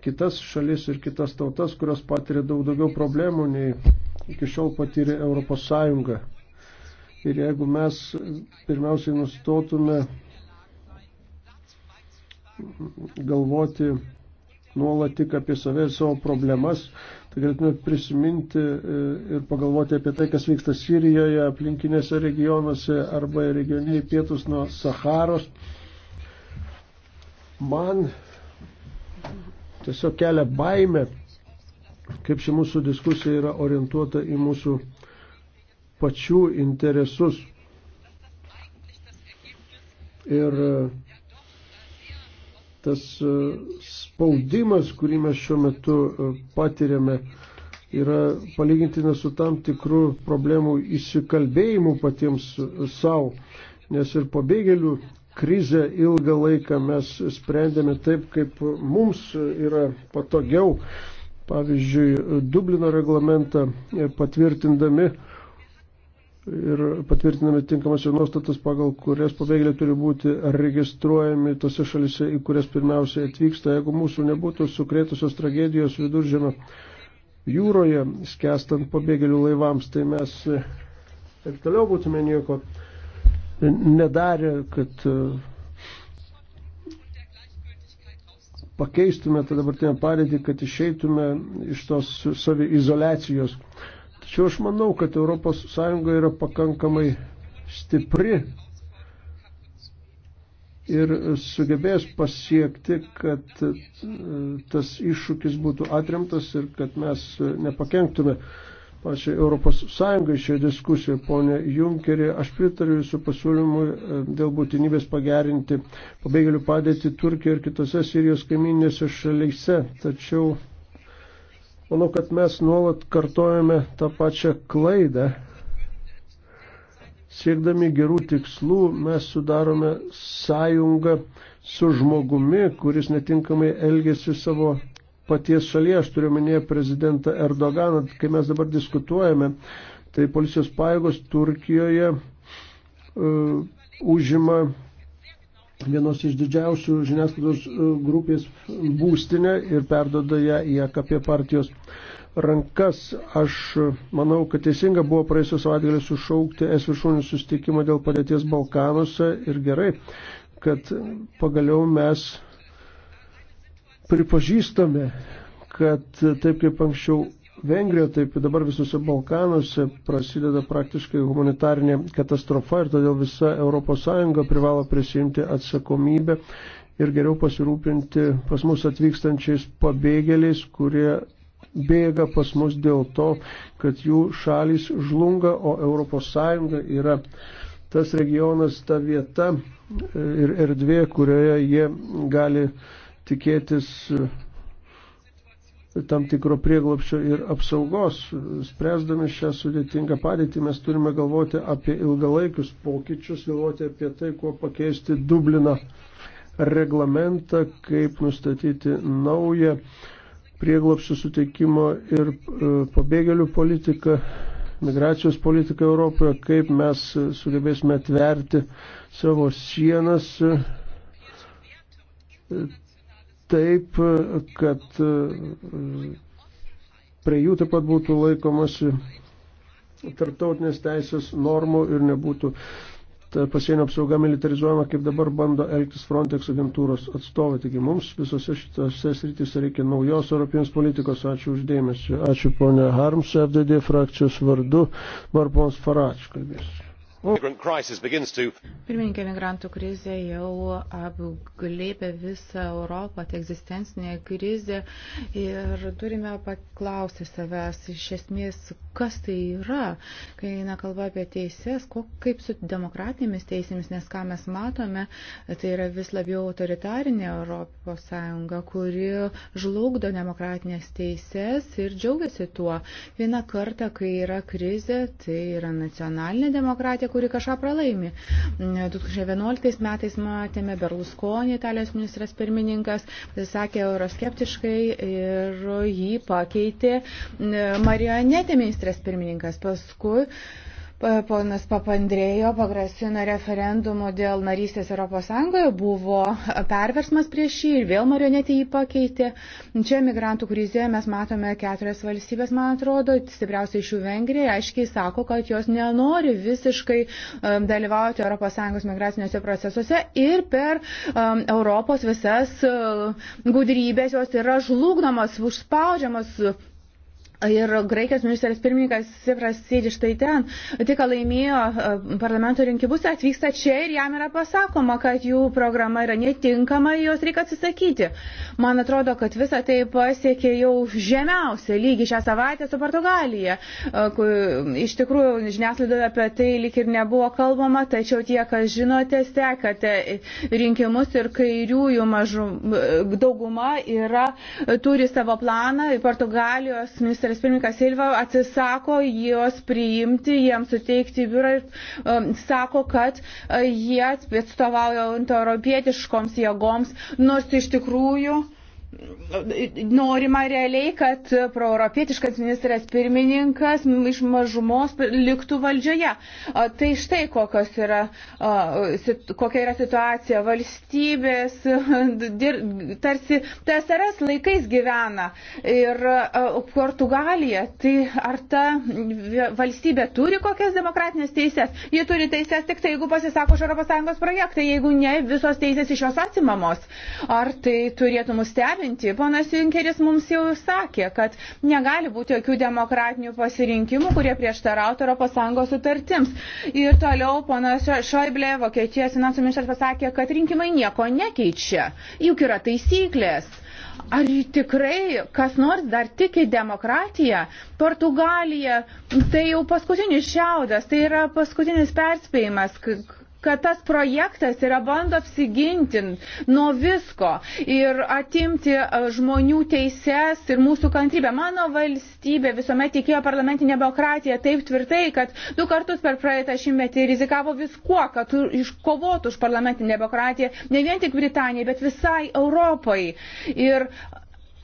kitas šalis ir kitas tautas, kurios patiria daug daugiau problemų nei iki šiol patyrė Europos Sąjunga. Ir jeigu mes pirmiausiai nustotume galvoti nuolat tik apie save ir savo problemas, tai galėtume prisiminti e, ir pagalvoti apie tai, kas vyksta Sirijoje, aplinkinėse regionuose arba regioniai pietus nuo Saharos. Man tiesiog kelia baime, kaip ši mūsų diskusija yra orientuota į mūsų pačių interesus. Ir e, tas e, spaudimas, kurį mes šiuo metu e, patiriame, yra palygintina su tam tikrų problemų įsikalbėjimu patiems e, savo, nes ir pabėgėlių krizę ilgą laiką mes sprendėme taip, kaip mums yra patogiau. Pavyzdžiui, Dublino reglamentą patvirtindami ir patvirtiname tinkamas jau nuostatas, pagal kurias pabėgėliai turi būti registruojami tose šalise, į kurias pirmiausiai atvyksta. Jeigu mūsų nebūtų sukrėtusios tragedijos viduržėme jūroje, skestant pabėgėlių laivams, tai mes ir toliau būtume nieko nedarę, kad uh, pakeistume tą dabartinę padėtį, kad išeitume iš tos saviizolacijos. izolacijos Tačiau aš manau, kad ES yra pakankamai stipri ir sugebės pasiekti, kad e, tas iššūkis būtų atremtas ir kad mes nepakenktume pačiai Europos Sąjungai šioje diskusijoje, ponė Junkerį. Aš pritariu jūsų pasiūlymui e, dėl būtinybės pagerinti pabėgėlių padėtį Turkijoje ir kitose Sirijos kaiminėse šalyse, tačiau Manau, kad mes nuolat kartojame tą pačią klaidą. Siekdami gerų tikslų mes sudarome sąjungą su žmogumi, kuris netinkamai elgėsi savo paties šalyje. Aš turiu minėję prezidentą Erdoganą, kai mes dabar diskutuojame, tai policijos paėgos Turkijoje uh, užima vienos iš didžiausių žiniasklaidos e, grupės būstinę ir perdoda ją į AKP partijos rankas. Aš e, manau, kad teisinga buvo praėjusios savaitgalį sušaukti S viršūnių sustikimą dėl padėties Balkanuose ir gerai, kad pagaliau mes pripažįstame, kad taip kaip anksčiau Vengrija, taip ir dabar visose Balkanuose prasideda praktiškai humanitarinė katastrofa ir todėl visa ES privalo prisimti atsakomybę ir geriau pasirūpinti pas mus atvykstančiais pabėgėliais, kurie bėga pas mus dėl to, kad jų šalis žlunga, o ES yra tas regionas, ta vieta ir erdvė, kurioje jie gali tikėtis tam tikro prieglopščio ir apsaugos. Spręsdami šią sudėtingą padėtį mes turime galvoti apie ilgalaikius pokyčius, galvoti apie tai, kuo pakeisti Dublino reglamentą, kaip nustatyti naują prieglopščio suteikimo ir e, pabėgėlių politiką, migracijos politiką Europoje, kaip mes sugebėsime atverti savo sienas e, taip, kad prie jų taip pat būtų laikomasi tarptautinės teisės normų ir nebūtų pasienio apsauga militarizuojama, kaip dabar bando elgtis Frontex agentūros atstovai. Taigi mums visose šitose srityse reikia naujos europinės politikos. Ačiū uždėmesį. Ačiū ponia Harms, FDD frakcijos vardu, Varpons Farač kalbės. Pirmininkė migrantų krizė jau apglėpia visą Europą, tai egzistencinė krizė ir turime paklausti savęs iš esmės, kas tai yra, kai eina kalba apie teises, ko, kaip su demokratinėmis teisėmis, nes ką mes matome, tai yra vis labiau autoritarinė Europos Sąjunga, kuri žlugdo demokratinės teises ir džiaugiasi tuo. Vieną kartą, kai yra krizė, tai yra nacionalinė demokratija, kuri kažką pralaimi. 2011 mm, metais matėme Berlusconį, Italijos ministras pirmininkas, sakė euroskeptiškai ir jį pakeitė mm, marionetė ministras pirmininkas. Paskui uh, ponas Papandrėjo pagrasino referendumu dėl narystės ES, buvo perversmas prieš jį ir vėl marionetė jį pakeitė. Čia migrantų krizėje mes matome keturias valstybės, man atrodo, stipriausiai iš jų Vengrija, aiškiai sako, kad jos nenori visiškai um, dalyvauti ES migraciniuose procesuose ir per um, Europos visas uh, gudrybės jos yra žlugdomas, užspaudžiamas Ir Graikijos ministras pirmininkas Sipras sėdi štai ten, tik laimėjo e, parlamento rinkimus, atvyksta čia ir jam yra pasakoma, kad jų programa yra netinkama, jos reikia atsisakyti. Man atrodo, kad visa tai pasiekė jau žemiausią lygį šią savaitę su Portugalija. E, iš tikrųjų, žiniaslaidoje apie tai lik ir nebuvo kalbama, tačiau tie, kas žinote, sekate rinkimus ir kairiųjų mažum, e, dauguma yra, turi savo planą. Portugalijos ministras ministras pirmininkas Silva atsisako juos priimti, jiems suteikti biurą ir um, sako, kad uh, jie atstovauja antieuropietiškoms jėgoms, nors iš tikrųjų uh, norima realiai, kad proeuropietiškas ministras pirmininkas iš mažumos liktų valdžioje. Tai štai yra, kokia yra situacija. Valstybės tarsi TSRS laikais gyvena ir Portugalija. Tai ar ta valstybė turi kokias demokratinės teises? Jie turi teises tik tai, jeigu pasisako už ES projektą, jeigu ne, visos teisės iš jos atimamos. Ar tai turėtų mus stebinti? pažeminti. Ponas Junkeris mums jau sakė, kad negali būti jokių demokratinių pasirinkimų, kurie prieštarautų ES sutartims. Ir toliau ponas Šoiblė, Vokietijos finansų ministras, pasakė, kad rinkimai nieko nekeičia. Juk yra taisyklės. Ar tikrai kas nors dar tiki demokratiją? Portugalija, tai jau paskutinis šiaudas, tai yra paskutinis perspėjimas, kad tas projektas yra bando apsiginti nuo visko ir atimti e, žmonių teises ir mūsų kantrybę. Mano valstybė visuomet tikėjo parlamentinė demokratija taip tvirtai, kad du kartus per praeitą šimtmetį rizikavo viskuo, kad iškovotų už parlamentinę demokratiją ne vien tik Britanijai, bet visai Europai. Ir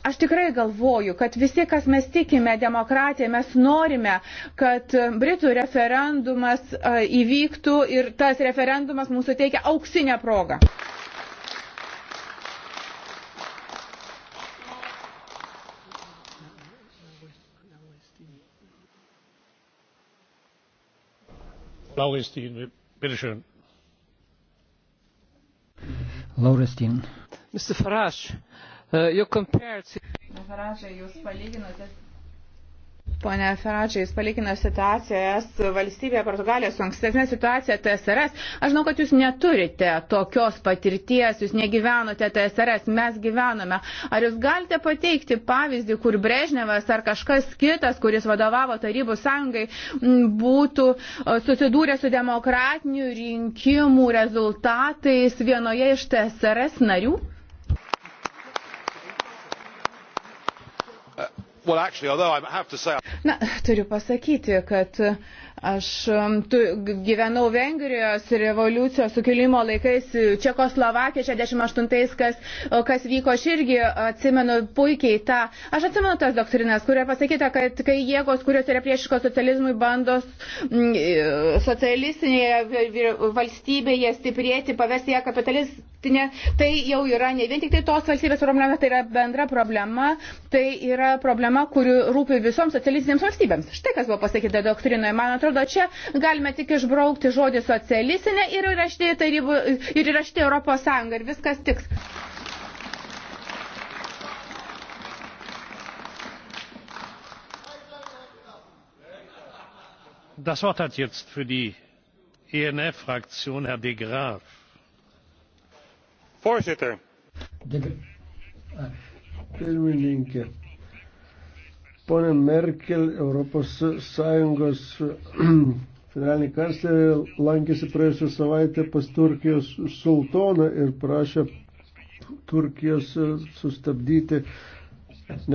Aš tikrai galvoju, kad visi, kas mes tikime demokratiją, mes norime, kad Britų referendumas e, įvyktų ir tas referendumas mums suteikia auksinę progą. Lauristin, bitteschön. Lauristin. Mr. Farage, Uh, compared... Faradžai, jūs palyginote. Pone Feradžiai, jūs palikino situaciją es valstybėje Portugalija su ankstesnė situacija TSRS. Aš žinau, kad jūs neturite tokios patirties, jūs negyvenote TSRS, mes gyvenome. Ar jūs galite pateikti pavyzdį, kur Brežnevas ar kažkas kitas, kuris vadovavo Tarybų sąjungai, būtų susidūrę su demokratinių rinkimų rezultatais vienoje iš TSRS narių? Na, turiu pasakyti, kad Aš tu, gyvenau Vengrijos revoliucijos sukilimo laikais, Čekoslovakija 68, kas, kas vyko, aš irgi atsimenu puikiai tą. Aš atsimenu tas doktrinas, kurioje pasakyta, kad kai jėgos, kurios yra priešiškos socializmui, bando socialistinėje valstybėje stiprėti, pavesti ją kapitalistinę, tai jau yra ne vien tik tai tos valstybės problema, tai yra bendra problema, tai yra problema, kuri rūpi visoms socialistinėms valstybėms. Štai kas buvo pasakyta doktrinoje. Man atrodo, atrodo, čia galime tik išbraukti žodį socialistinė ir įrašti, tarybų, ir įrašti Europos Sąjungą ir viskas tiks. Das Wort hat jetzt für die enf fractie herr de graaf voorzitter ah, pirmininke Pone Merkel, ES federalinė kanclerė lankėsi praėjusią savaitę pas Turkijos sultoną ir prašė Turkijos sustabdyti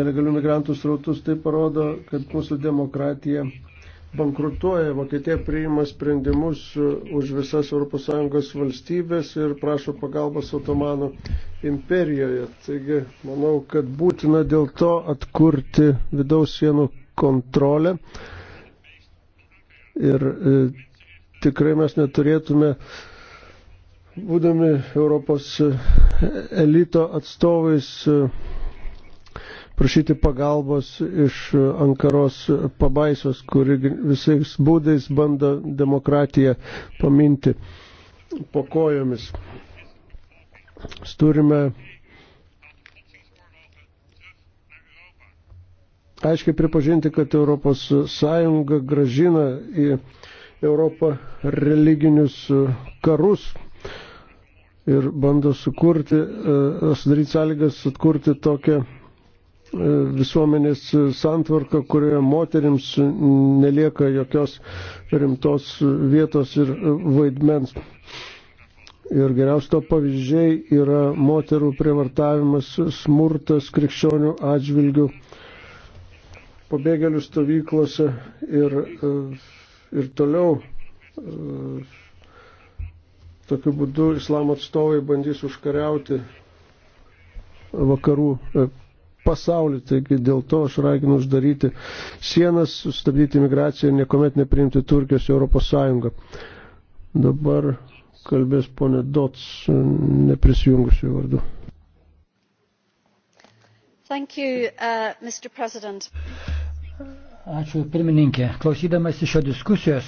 nelegalių migrantų srautus. Tai parodo, kad mūsų demokratija bankrutuoja, Vokietija priima sprendimus uh, už visas ES valstybės ir prašo pagalbos Otomano imperijoje. Taigi, manau, kad būtina dėl to atkurti vidaus sienų kontrolę. Ir e, tikrai mes neturėtume, būdami Europos uh, elito atstovais, e, prašyti pagalbos iš Ankaros pabaisos, kuri visais būdais bando demokratiją paminti po kojomis. Turime aiškiai pripažinti, kad Europos Sąjunga gražina į Europą religinius karus ir bando sukurti, e, sudaryti sąlygas atkurti tokią E, visuomenės santvarka, kurioje moterims nelieka jokios rimtos vietos ir vaidmens. Ir geriausi to pavyzdžiai yra moterų prievartavimas, smurtas krikščionių atžvilgių, pabėgėlių stovyklose ir, e, ir toliau. E, tokiu būdu islamo atstovai bandys užkariauti vakarų pasaulį. Taigi dėl to aš raginu uždaryti sienas, sustabdyti imigraciją ir niekuomet nepriimti Turkijos į Europos Sąjungą. Dabar kalbės ponė Dots, neprisijungusių vardu. Thank you, uh, Mr. President. Ačiū pirmininkė. Klausydamas iš šio diskusijos,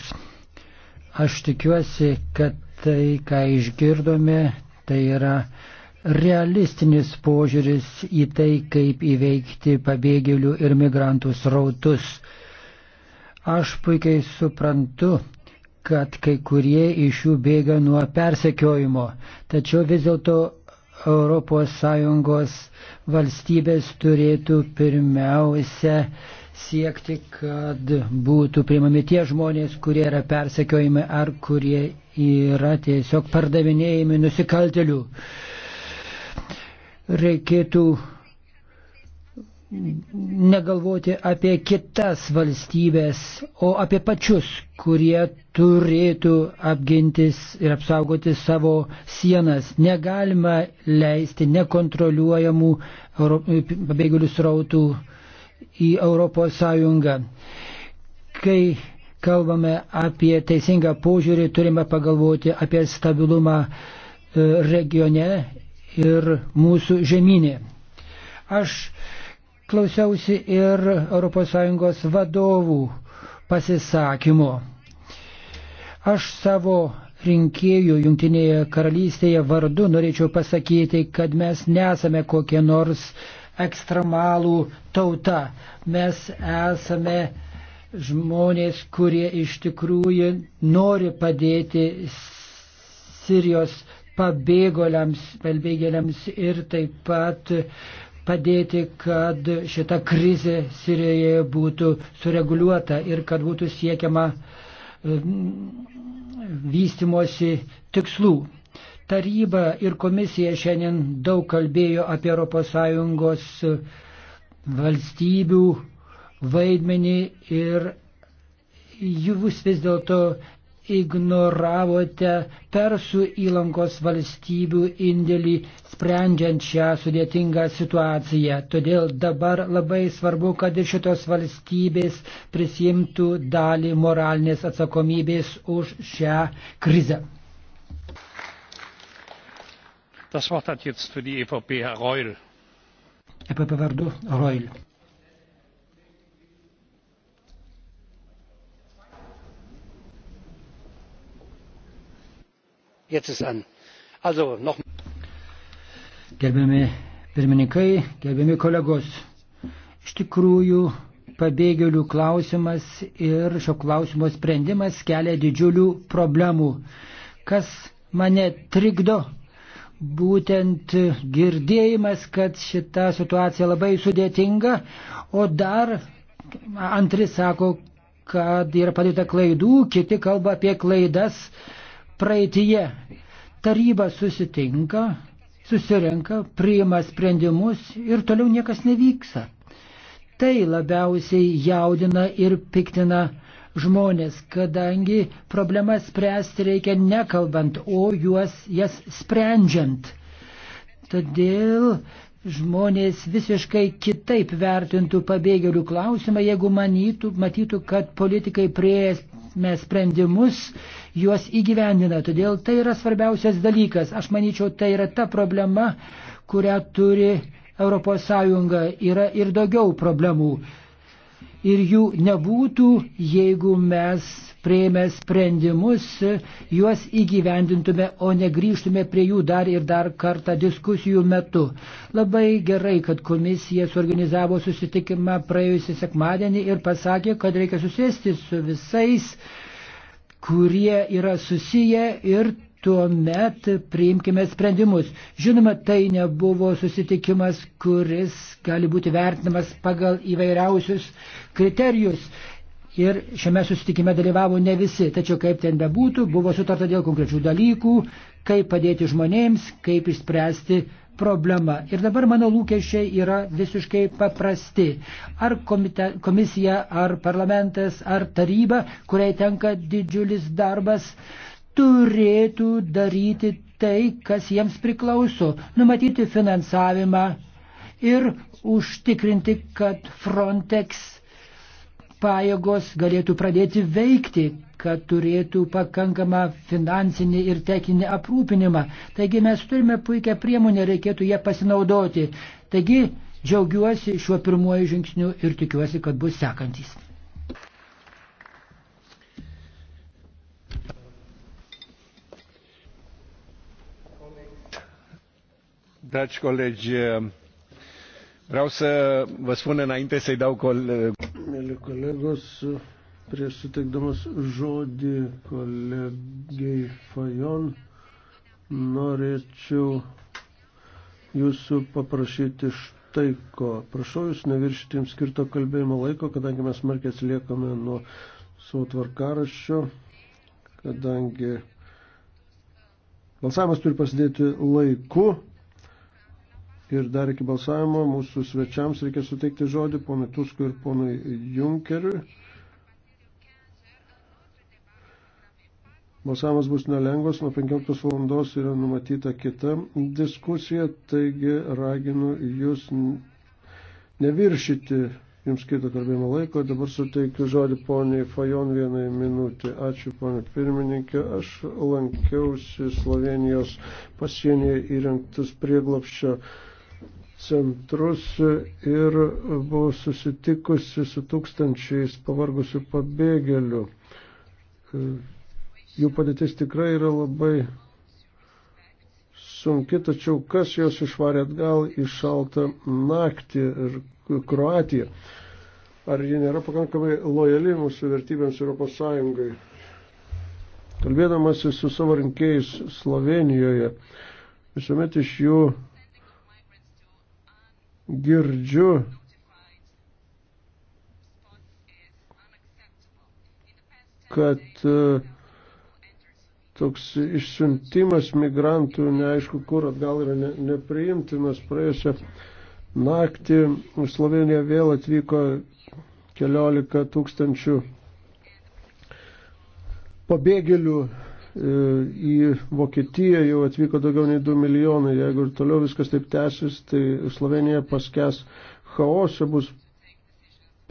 aš tikiuosi, kad tai, ką išgirdome, tai yra uh, realistinis požiūris į tai, kaip įveikti pabėgėlių ir migrantų srautus. Aš puikiai suprantu, kad kai kurie iš jų bėga nuo persekiojimo, tačiau vis dėlto ES valstybės turėtų pirmiausia siekti, kad būtų priimami tie žmonės, kurie yra persekiojami ar kurie yra tiesiog pardavinėjami nusikaltelių reikėtų negalvoti apie kitas valstybės, o apie pačius, kurie turėtų apgintis ir apsaugoti savo sienas. Negalima leisti nekontroliuojamų pabėgėlių srautų į ES. Kai kalbame apie teisingą požiūrį, turime pagalvoti apie stabilumą e, regione ir mūsų žemynė. Aš klausiausi ir ES vadovų pasisakymo. Aš savo rinkėjų Junktinėje karalystėje vardu norėčiau pasakyti, kad mes nesame kokie nors ekstremalų tauta. Mes esame žmonės, kurie iš tikrųjų nori padėti Sirijos pabėgoliams, palbėgėliams ir taip pat padėti, kad šita krizė Sirijoje būtų sureguliuota ir kad būtų siekiama vystimosi tikslų. Taryba ir komisija šiandien daug kalbėjo apie ES valstybių vaidmenį ir jūs vis dėlto ignoravote Persų įlankos valstybių indėlį sprendžiant šią sudėtingą situaciją. Todėl dabar labai svarbu, kad ir šitos valstybės prisimtų dalį moralinės atsakomybės už šią krizę. Das Wort hat jetzt für die EVP Herr Reul. EPP vardu Reul. jetzt ist an. Also, noch. Gerbiami pirmininkai, gerbiami kolegos, iš tikrųjų pabėgėlių klausimas ir šio klausimo sprendimas kelia didžiulių problemų. Kas mane trikdo, būtent girdėjimas, kad šita situacija labai sudėtinga, o dar antri sako, kad yra padaryta klaidų, kiti kalba apie klaidas, praeitie. Taryba susitinka, susirenka, priima sprendimus ir toliau niekas nevyksta. Tai labiausiai jaudina ir piktina žmonės, kadangi problemas spręsti reikia nekalbant, o juos jas sprendžiant. Todėl žmonės visiškai kitaip vertintų pabėgėlių klausimą, jeigu manytų, matytų, kad politikai prie, sprendimus, juos įgyvendina. Todėl tai yra svarbiausias dalykas. Aš manyčiau, tai yra ta problema, kurią turi ES. Yra ir daugiau problemų. Ir jų nebūtų, jeigu mes prieimę sprendimus, juos įgyvendintume, o negryžtume prie jų dar ir dar kartą diskusijų metu. Labai gerai, kad komisija suorganizavo susitikimą praėjusią sekmadienį ir pasakė, kad reikia susėsti su visais, kurie yra susiję ir tuomet priimkime sprendimus. Žinoma, tai nebuvo susitikimas, kuris gali būti vertinamas pagal įvairiausius kriterijus ir šiame susitikime dalyvavo ne visi, tačiau kaip ten bebūtų, buvo sutarta dėl konkrečių dalykų, kaip padėti žmonėms, kaip išspręsti problemą. Ir dabar mano lūkesčiai yra visiškai paprasti. Ar komite, komisija, ar parlamentas, ar taryba, kuriai tenka didžiulis darbas, turėtų daryti tai, kas jiems priklauso, numatyti finansavimą ir užtikrinti, kad Frontex pajėgos galėtų pradėti veikti, kad turėtų pakankamą finansinį ir techninį aprūpinimą. Taigi mes turime puikią priemonę, reikėtų ją pasinaudoti. Taigi džiaugiuosi šiuo pirmuoju žingsniu ir tikiuosi, kad bus sekantis. Dragi colegi, Vreau să vă spun înainte să-i dau col... Mėly kolegos, prieš suteikdamas žodį kolegiai Fajon, norėčiau jūsų paprašyti štai ko. Prašau jūs neviršyti jums skirto kalbėjimo laiko, kadangi mes smarkiai atsiliekame nuo savo tvarkaraščio, kadangi balsavimas turi prasidėti laiku. Ir dar iki balsavimo mūsų svečiams reikia suteikti žodį ponui Tuskui ir ponui Junkeriui. Balsavimas bus nelengvas, nuo 15 valandos yra numatyta kita diskusija, taigi raginu jūs neviršyti jums skirtą kalbėjimo laiko. Dabar suteikiu žodį poniai Fajon vienai minutį. Ačiū, ponė pirmininkė. Aš lankiausi Slovenijos pasienyje įrengtus prieglopščio centrus ir buvo susitikusi su tūkstančiais pavargusių pabėgėlių. Jų padėtis tikrai yra labai sunki, tačiau kas juos išvarė atgal į šaltą naktį ir Kroatiją? Ar ji nėra pakankamai lojali mūsų vertybėms Europos Sąjungai? Kalbėdamasis su savo rinkėjais Slovenijoje, visuomet iš jų girdžiu kad e, toks išsiuntimas migrantų neaišku kur atgal yra ne, nepriimtinas. Praėjusią naktį į Sloveniją vėl atvyko keliolika tūkstančių pabėgėlių E, į Vokietiją jau atvyko daugiau nei 2 milijonai. Jeigu ir toliau viskas taip tęsis, tai Slovenija paskes chaose, bus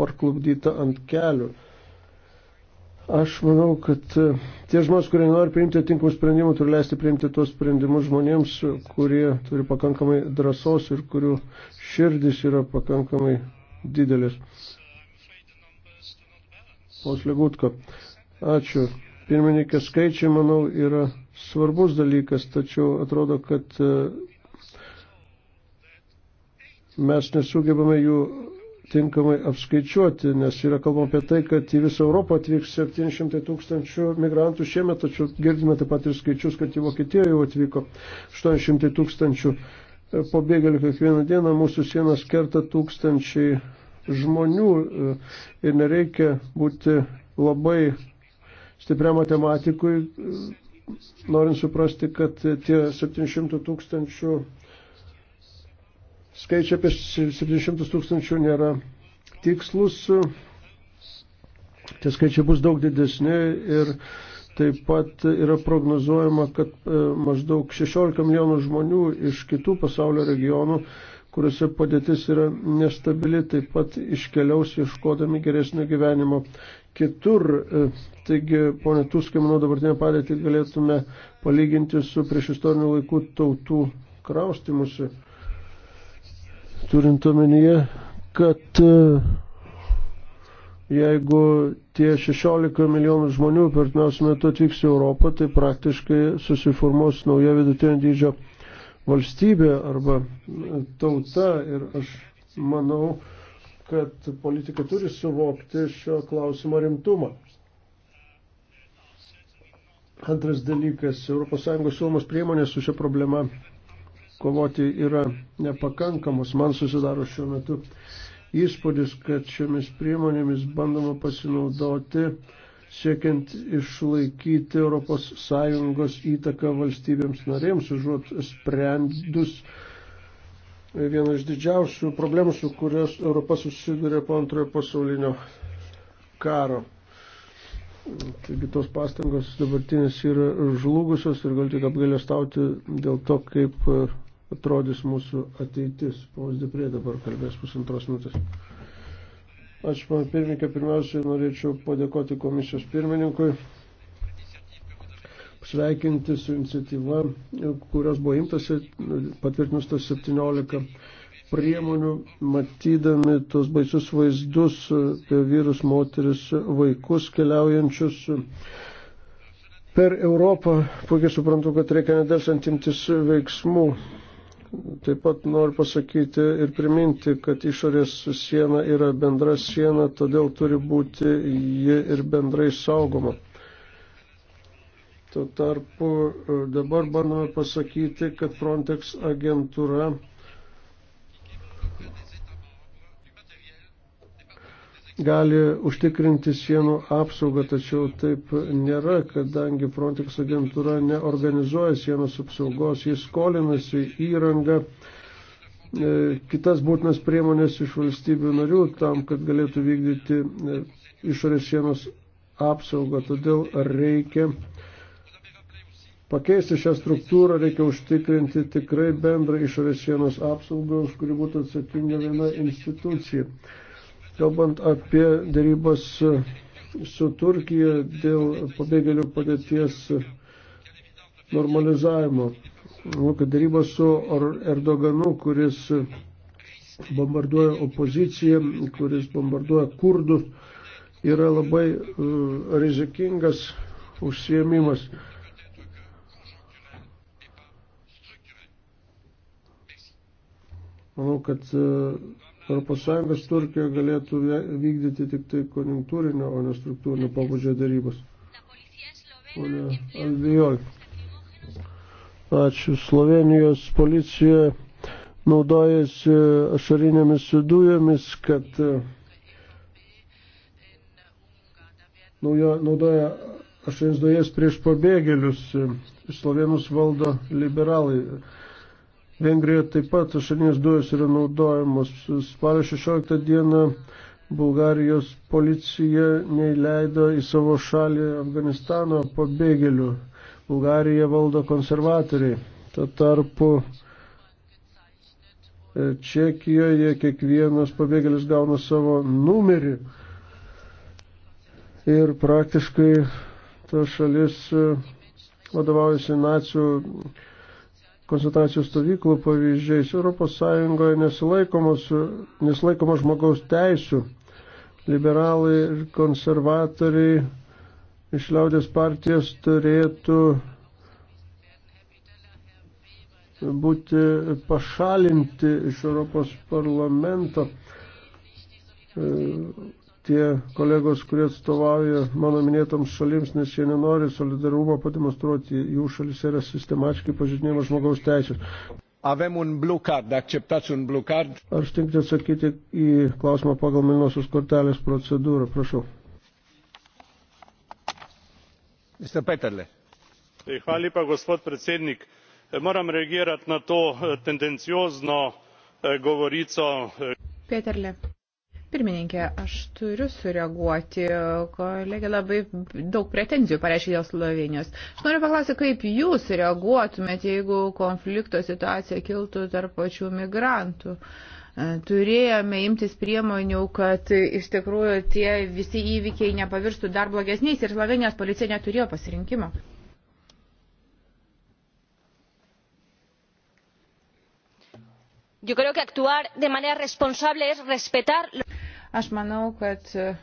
parklubdyta ant kelių. Aš manau, kad e, tie žmonės, kurie nori priimti tinkamus sprendimus, turi leisti priimti tuos sprendimus žmonėms, kurie turi pakankamai drąsos ir kurių širdis yra pakankamai didelis. Poslegutko. Ačiū. Pirmininkė skaičiai, manau, yra svarbus dalykas, tačiau atrodo, kad e, mes nesugebame jų tinkamai apskaičiuoti, nes yra kalbama apie tai, kad į visą Europą atvyks 700 tūkstančių migrantų šiemet, tačiau girdime taip pat ir skaičius, kad į Vokietiją jau atvyko 800 tūkstančių pabėgėlių kiekvieną dieną, mūsų sienas kerta tūkstančiai žmonių e, ir nereikia būti labai stipriam matematikui, norint suprasti, kad tie 700 tūkstančių skaičiai apie 700 tūkstančių nėra tikslus, tie skaičiai bus daug didesni ir taip pat yra prognozuojama, kad e, maždaug 16 milijonų žmonių iš kitų pasaulio regionų kuriuose padėtis yra nestabili, taip pat iškeliaus ieškodami geresnio gyvenimo kitur. E, taigi, ponė Tuskai, manau, dabartinę padėtį galėtume palyginti su prieš istorinių laikų tautų kraustimusi, turint omenyje, kad e, jeigu tie 16 milijonų žmonių per pirmiausiu metu atvyks į Europą, tai praktiškai susiformuos nauja vidutinio dydžio valstybė arba tauta ir aš manau, kad politikai turi suvokti šio klausimo rimtumą. Antras dalykas, ES siūlomos priemonės su šia problema kovoti yra nepakankamos. Man susidaro šiuo metu įspūdis, kad šiomis priemonėmis bandoma pasinaudoti siekiant išlaikyti ES įtaką valstybėms narėms, užuot sprendus viena iš didžiausių problemų, su kurios Europa susiduria po antrojo pasaulinio karo. Taigi tos pastangos dabartinės yra žlugusios ir gal tik apgailę stauti dėl to, kaip atrodys mūsų ateitis. Ponas Diprė dabar kalbės pusantros minutės. Ačiū, man pirmininkė, pirmiausiai norėčiau padėkoti komisijos pirmininkui sveikinti su iniciatyva, kurios buvo imtasi patvirtinus tas 17 priemonių, matydami tos baisius vaizdus apie vyrus, moteris, vaikus keliaujančius per Europą. Puikiai suprantu, kad reikia nedelsant imtis veiksmų. Taip pat noriu pasakyti ir priminti, kad išorės siena yra bendra siena, todėl turi būti ji ir bendrai saugoma. Tuo tarpu e, dabar bandome pasakyti, kad Frontex agentūra gali užtikrinti sienų apsaugą, tačiau taip nėra, kadangi Frontex agentūra neorganizuoja sienos apsaugos, jis skolinasi įrangą, e, kitas būtinas priemonės iš valstybių narių tam, kad galėtų vykdyti e, išorės sienos apsaugą, todėl reikia Pakeisti šią struktūrą reikia užtikrinti tikrai bendrą išorės sienos apsaugą, už kuri būtų atsakinga viena institucija. Kalbant apie darybas su Turkija dėl pabėgėlių padėties normalizavimo, manau, kad darybas su Erdoganu, kuris bombarduoja opoziciją, kuris bombarduoja kurdus, yra labai uh, rizikingas užsiemimas. Uh, Manau, kad ES Turkija galėtų vykdyti tik tai konjunktūrinio, o ne struktūrinio pabudžio darybos. Pone Alvijoj. Ačiū. Slovenijos policija naudojasi ašarinėmis dujomis, kad e, naudoja ašarins dujas prieš pabėgėlius. Slovenus valdo liberalai Vengrijoje taip pat ašarinės dujos yra naudojamos. Spalio 16 dieną Bulgarijos policija neįleido į savo šalį Afganistano pabėgėlių. Bulgariją valdo konservatoriai. Tuo tarpu e, Čekijoje kiekvienas pabėgėlis gauna savo numerį ir praktiškai ta šalis e, vadovaujasi nacijų koncentracijos stovyklų pavyzdžiais. Europos Sąjungoje nesilaikoma žmogaus teisų. Liberalai ir konservatoriai iš liaudės partijas turėtų būti pašalinti iš Europos parlamento tie kolegos, kurie atstovauja mano minėtoms šalims, nes jie nenori solidarumo pademonstruoti, jų šalis yra sistematiškai pažydinėjimas žmogaus teisės. Avem un blue card, acceptați un blue card? Ar stinkti atsakyti į klausimą pagal Milnosios kortelės procedūrą, prašau. Mr. Peterle. Hvala lepa, gospod predsednik. E, moram reagirati na to e, tendenciozno e, govorico. Peterle. Pirmininkė, aš turiu sureaguoti. Kolegė labai daug pretenzijų pareiškė dėl Slovenijos. Aš noriu paklausyti, kaip jūs reaguotumėte, jeigu konflikto situacija kiltų tarp pačių migrantų. Turėjome imtis priemonių, kad iš tikrųjų tie visi įvykiai nepavirstų dar blogesniais ir Slovenijos policija neturėjo pasirinkimo. yo creo que actuar de manera responsable es respetar Aš manau, kad e,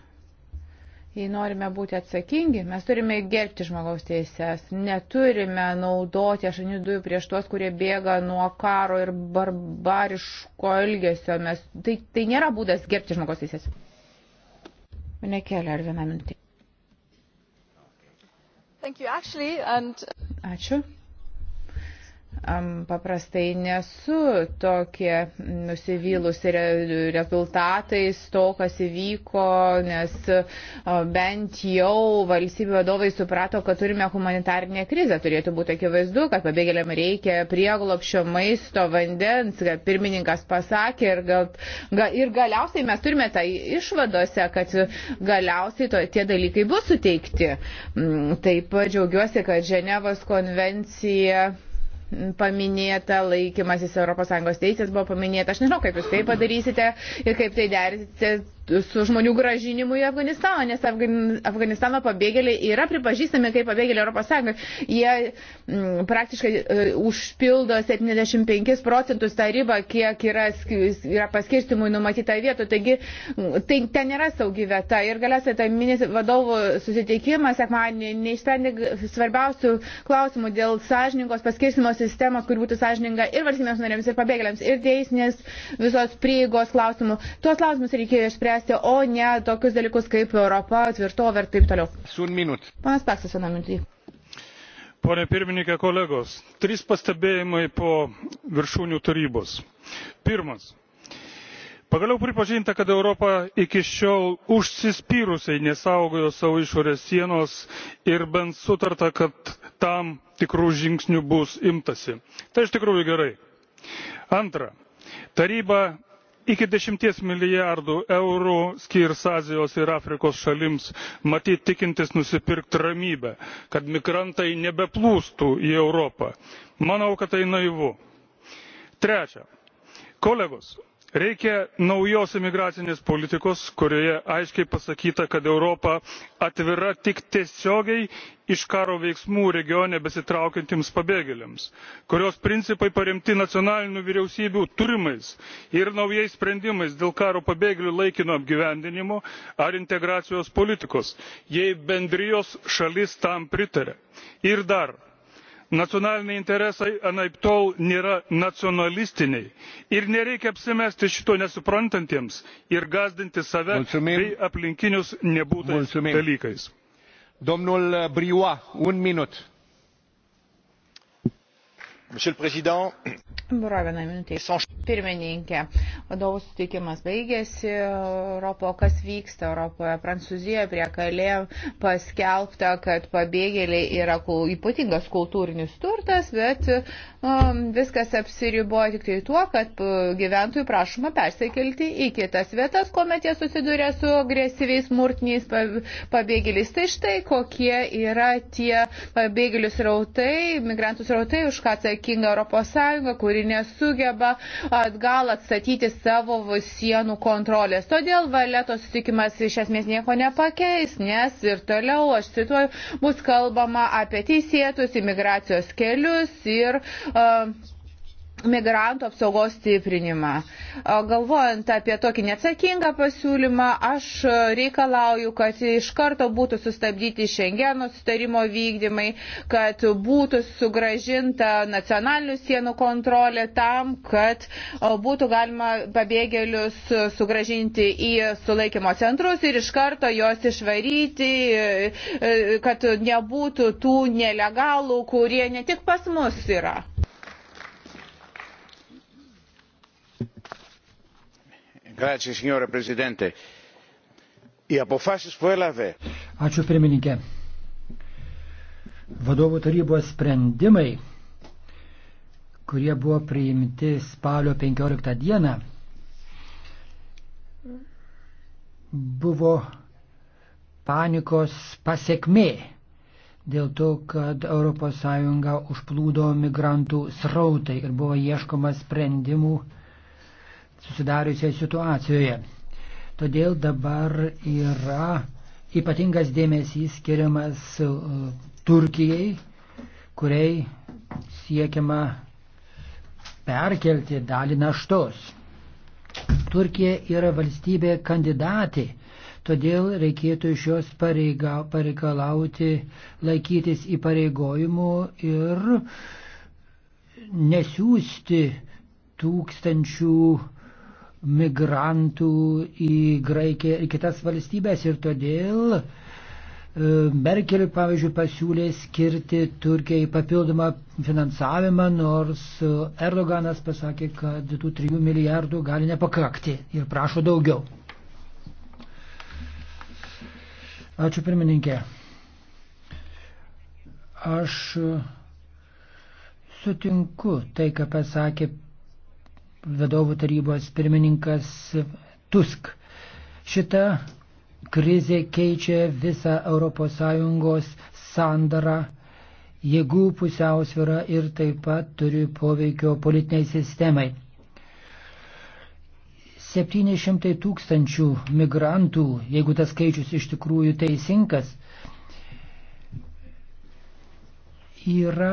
jei norime būti atsakingi, mes turime gerbti žmogaus teises, neturime naudoti ašanių dujų prieš tuos, kurie bėga nuo karo ir barbariško elgesio. Mes, tai, tai nėra būdas gerbti žmogaus teises. Mane kelia ar vieną minutį. And... Ačiū paprastai nesu tokie nusivylusi rezultatais to, kas įvyko, nes bent jau valstybių vadovai suprato, kad turime humanitarnę krizę. Turėtų būti akivaizdu, kad pabėgėliam reikia prieglopšio maisto, vandens, kaip pirmininkas pasakė, ir, gal, ga, ir galiausiai mes turime tą tai išvadose, kad galiausiai to, tie dalykai bus suteikti. Mm, taip pat džiaugiuosi, kad Ženevos konvencija paminėta, laikymasis ES teisės buvo paminėta. Aš nežinau, kaip jūs tai padarysite ir kaip tai dersite su žmonių gražinimu į Afganistaną, nes Afganistano pabėgėliai yra pripažįstami kaip pabėgėliai Europos Sąjungoje. Jie m, mm, praktiškai e, užpildo 75 procentus tą ribą, kiek yra, yra paskirstimui numatyta vietų. Taigi mm, tai, ten nėra saugi vieta. Ir galiausiai ta minis vadovų susitikimas sekmadienį neišsprendė svarbiausių klausimų dėl sąžiningos paskirstimo sistemos, kur būtų sąžininga ir valstybėms norėms, ir pabėgėliams, ir teisinės visos prieigos klausimų. Tuos klausimus reikėjo išspręsti spręsti, o ne tokius dalykus kaip Europa, tvirtovė ir taip toliau. Sun minut. Panas Paksas, vieną minutį. Pone pirmininkė, kolegos, trys pastebėjimai po viršūnių tarybos. Pirmas pagaliau pripažinta kad europa iki šiol užsispyrusiai nesaugojo savo išorės sienos ir bent sutarta kad tam tikrų žingsnių bus imtasi. tai iš tikrųjų gerai. antra taryba iki dešimt milijardų eurų skirs azijos ir afrikos šalims matyt tikintis nusipirkti ramybę kad migrantai nebeplūstų į europą. manau kad tai naivu. trečia kolegos reikia naujos imigracinės politikos kurioje aiškiai pasakyta kad europa atvira tik tiesiogiai iš karo veiksmų regione besitraukiantiems pabėgėliams kurios principai paremti nacionalinių vyriausybių turimais ir naujais sprendimais dėl karo pabėgėlių laikino apgyvendinimo ar integracijos politikos jei bendrijos šalis tam pritaria. ir dar nacionaliniai interesai anaiptol nėra nacionalistiniai ir nereikia apsimesti šito nesuprantantiems ir gąsdinti save bei aplinkinius nebūtais dalykais monsieur le président pirmininke vadovų susitikimas baigėsi europo kas vyksta europoje prancūzijoje prie kalė paskelbta kad pabėgėliai yra ypatingas kultūrinis turtas bet um, viskas apsiriboja tik tai tuo kad gyventojų prašoma persikelti į kitas vietas kuomet jie susiduria su agresyviais smurtiniais pabėgėliais tai štai kokie yra tie pabėgėlių srautai migrantų srautai už ką atsakingi atsakinga ES, kuri nesugeba atgal atstatyti savo sienų kontrolės. Todėl valeto sutikimas iš esmės nieko nepakeis, nes ir toliau, aš cituoju, bus kalbama apie teisėtus imigracijos kelius ir uh, migrantų apsaugos stiprinimą. Galvojant apie tokį neatsakingą pasiūlymą, aš reikalauju, kad iš karto būtų sustabdyti Šengeno sutarimo vykdymai, kad būtų sugražinta nacionalinių sienų kontrolė tam, kad būtų galima pabėgėlius sugražinti į sulaikymo centrus ir iš karto juos išvaryti, e, e, kad nebūtų tų nelegalų, kurie ne tik pas mus yra. Ačiū pirmininkė. Vadovų tarybos sprendimai, kurie buvo priimti spalio 15 dieną, buvo panikos pasiekmė dėl to, kad ES užplūdo migrantų srautai ir buvo ieškoma sprendimų susidariusioje situacijoje. Todėl dabar yra ypatingas dėmesys skiriamas e, Turkijai, kuriai siekiama perkelti dalį naštos. Turkija yra valstybė kandidatė, todėl reikėtų iš jos pareiga, pareikalauti laikytis įpareigojimų ir nesiųsti tūkstančių migrantų į Graikiją ir kitas valstybės ir todėl e, Merkel, pavyzdžiui, pasiūlė skirti Turkijai papildomą finansavimą, nors Erdoganas pasakė, kad tų 3 milijardų gali nepakakti ir prašo daugiau. Ačiū pirmininkė. Aš sutinku tai, ką pasakė vadovų tarybos pirmininkas Tusk. Šita krizė keičia visą ES sandarą, jėgų pusiausvyrą ir taip pat turi poveikio politiniai sistemai. 700 tūkstančių migrantų, jeigu tas skaičius iš tikrųjų teisingas, yra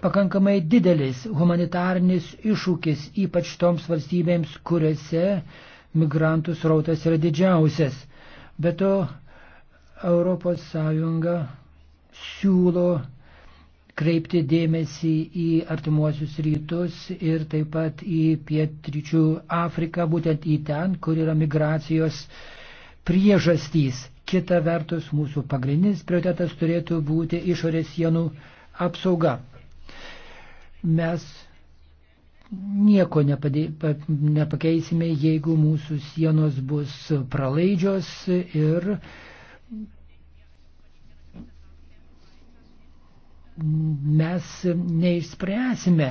pakankamai didelis humanitarnis iššūkis, ypač toms valstybėms, kuriuose migrantų srautas yra didžiausias. Be to, ES siūlo kreipti dėmesį į artimuosius rytus ir taip pat į pietryčių Afriką, būtent į ten, kur yra migracijos priežastys. Kita vertus, mūsų pagrindinis prioritetas turėtų būti išorės sienų apsauga. Mes nieko nepadė, nepakeisime, jeigu mūsų sienos bus pralaidžios ir mes neišspręsime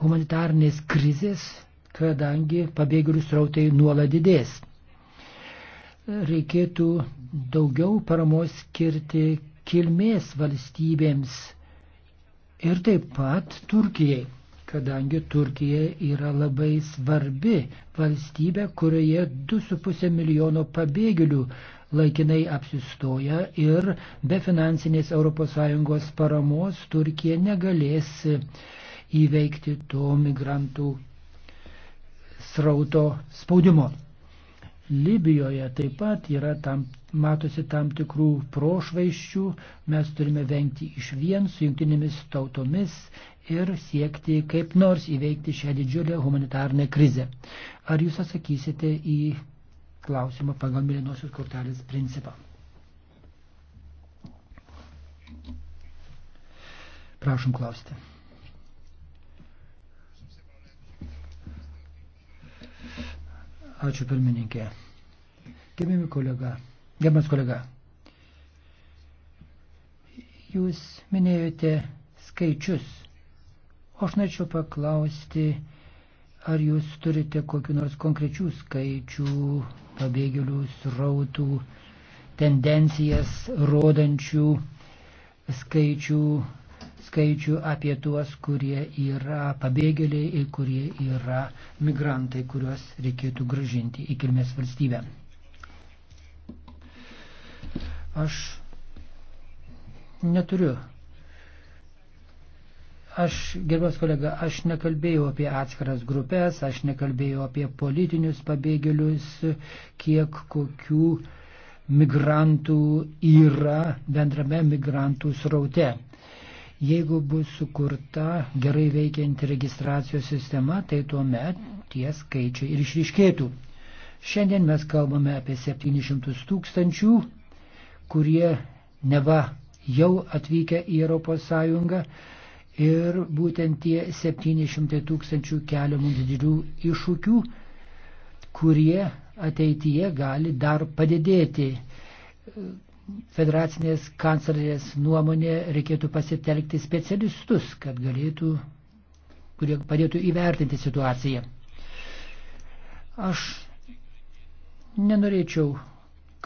humanitarnės krizės, kadangi pabėgėlių srautai nuolat didės. Reikėtų daugiau paramos skirti kilmės valstybėms ir taip pat Turkijai, kadangi Turkija yra labai svarbi valstybė, kurioje 2,5 milijono pabėgėlių laikinai apsistoja ir be finansinės ES paramos Turkija negalės įveikti to migrantų srauto spaudimo. Libijoje taip pat yra tam, matosi tam tikrų prošvaiščių, mes turime vengti iš vien su jungtinėmis tautomis ir siekti kaip nors įveikti šią didžiulę humanitarnę krizę. Ar jūs atsakysite į klausimą pagal mėlynosios kortelės principą? Prašom klausyti. Ačiū pirmininkė. Gimimi kolega. Gerbas kolega. Jūs minėjote skaičius. O aš norėčiau paklausti, ar jūs turite kokiu nors konkrečių skaičių, pabėgėlių, srautų, tendencijas rodančių skaičių skaičių apie tuos, kurie yra pabėgėliai ir kurie yra migrantai, kuriuos reikėtų gražinti į kilmės valstybę. Aš neturiu. Aš, gerbės kolega, aš nekalbėjau apie atskiras grupės, aš nekalbėjau apie politinius pabėgėlius, kiek kokių migrantų yra bendrame migrantų sraute. Jeigu bus sukurta gerai veikianti registracijos sistema, tai tuo met tie skaičiai ir išriškėtų. Šiandien mes kalbame apie 700 tūkstančių, kurie neva jau atvykę į ES ir būtent tie 700 tūkstančių kelia mums didelių iššūkių, kurie ateityje gali dar padidėti federacinės kanclerės nuomonė reikėtų pasitelkti specialistus, kad galėtų, kurie padėtų įvertinti situaciją. Aš nenorėčiau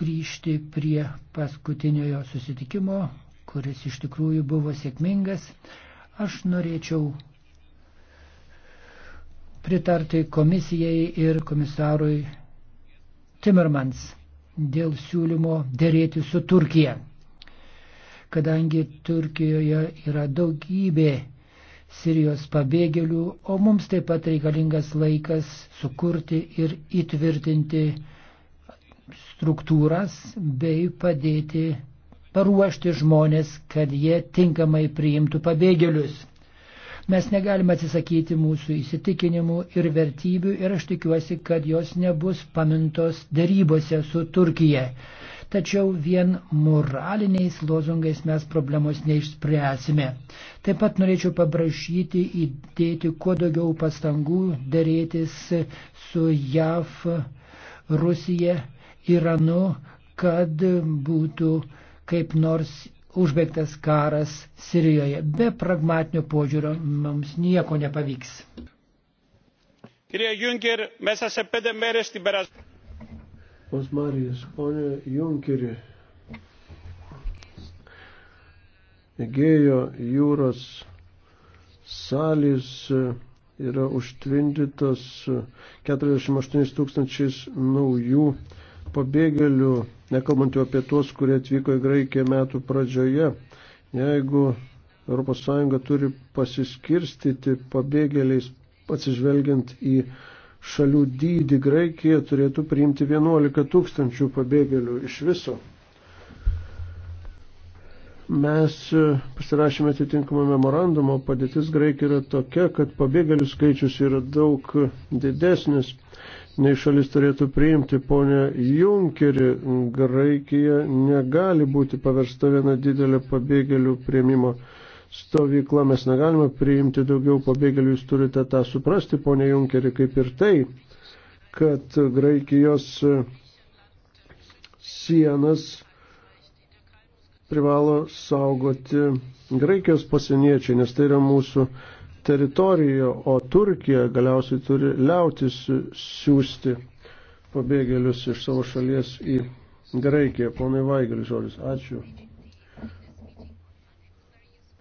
grįžti prie paskutiniojo susitikimo, kuris iš tikrųjų buvo sėkmingas. Aš norėčiau pritarti komisijai ir komisarui Timmermans dėl siūlymo dėrėti su Turkija. Kadangi Turkijoje yra daugybė Sirijos pabėgėlių, o mums taip pat reikalingas laikas sukurti ir įtvirtinti struktūras bei padėti paruošti žmonės, kad jie tinkamai priimtų pabėgėlius. Mes negalime atsisakyti mūsų įsitikinimų ir vertybių ir aš tikiuosi, kad jos nebus pamintos darybose su Turkija. Tačiau vien moraliniais lozungais mes problemos neišspręsime. Taip pat norėčiau paprašyti įdėti kuo daugiau pastangų dėrėtis su JAV, Rusija, Iranu, kad būtų kaip nors užbaigtas karas Sirijoje. Be pragmatinio požiūrio mums nieko nepavyks. Pons Marijas, ponė Junkeri, Egėjo jūros salys yra užtvindytos 48 tūkstančiais naujų pabėgėlių nekalbant jau apie tuos, kurie atvyko į Graikiją metų pradžioje. Jeigu ES turi pasiskirstyti pabėgėliais atsižvelgiant į šalių dydį, Graikija turėtų priimti 11 tūkstančių pabėgėlių iš viso. Mes e, pasirašėme atitinkamą memorandumą, padėtis Graikija yra tokia, kad pabėgėlių skaičius yra daug didesnis nei šalis turėtų priimti. Pone Junkeri, Graikija negali būti paversta viena didelė pabėgėlių prieimimo stovykla. Mes negalime priimti daugiau pabėgėlių, jūs turite tą suprasti, pone Junkeri, kaip ir tai, kad Graikijos sienas privalo saugoti Graikijos pasieniečiai, nes tai yra mūsų teritorijų, o Turkija galiausiai turi liautis siūsti pabėgėlius iš savo šalies į Graikiją. Ponai Vaigelis žodis, ačiū.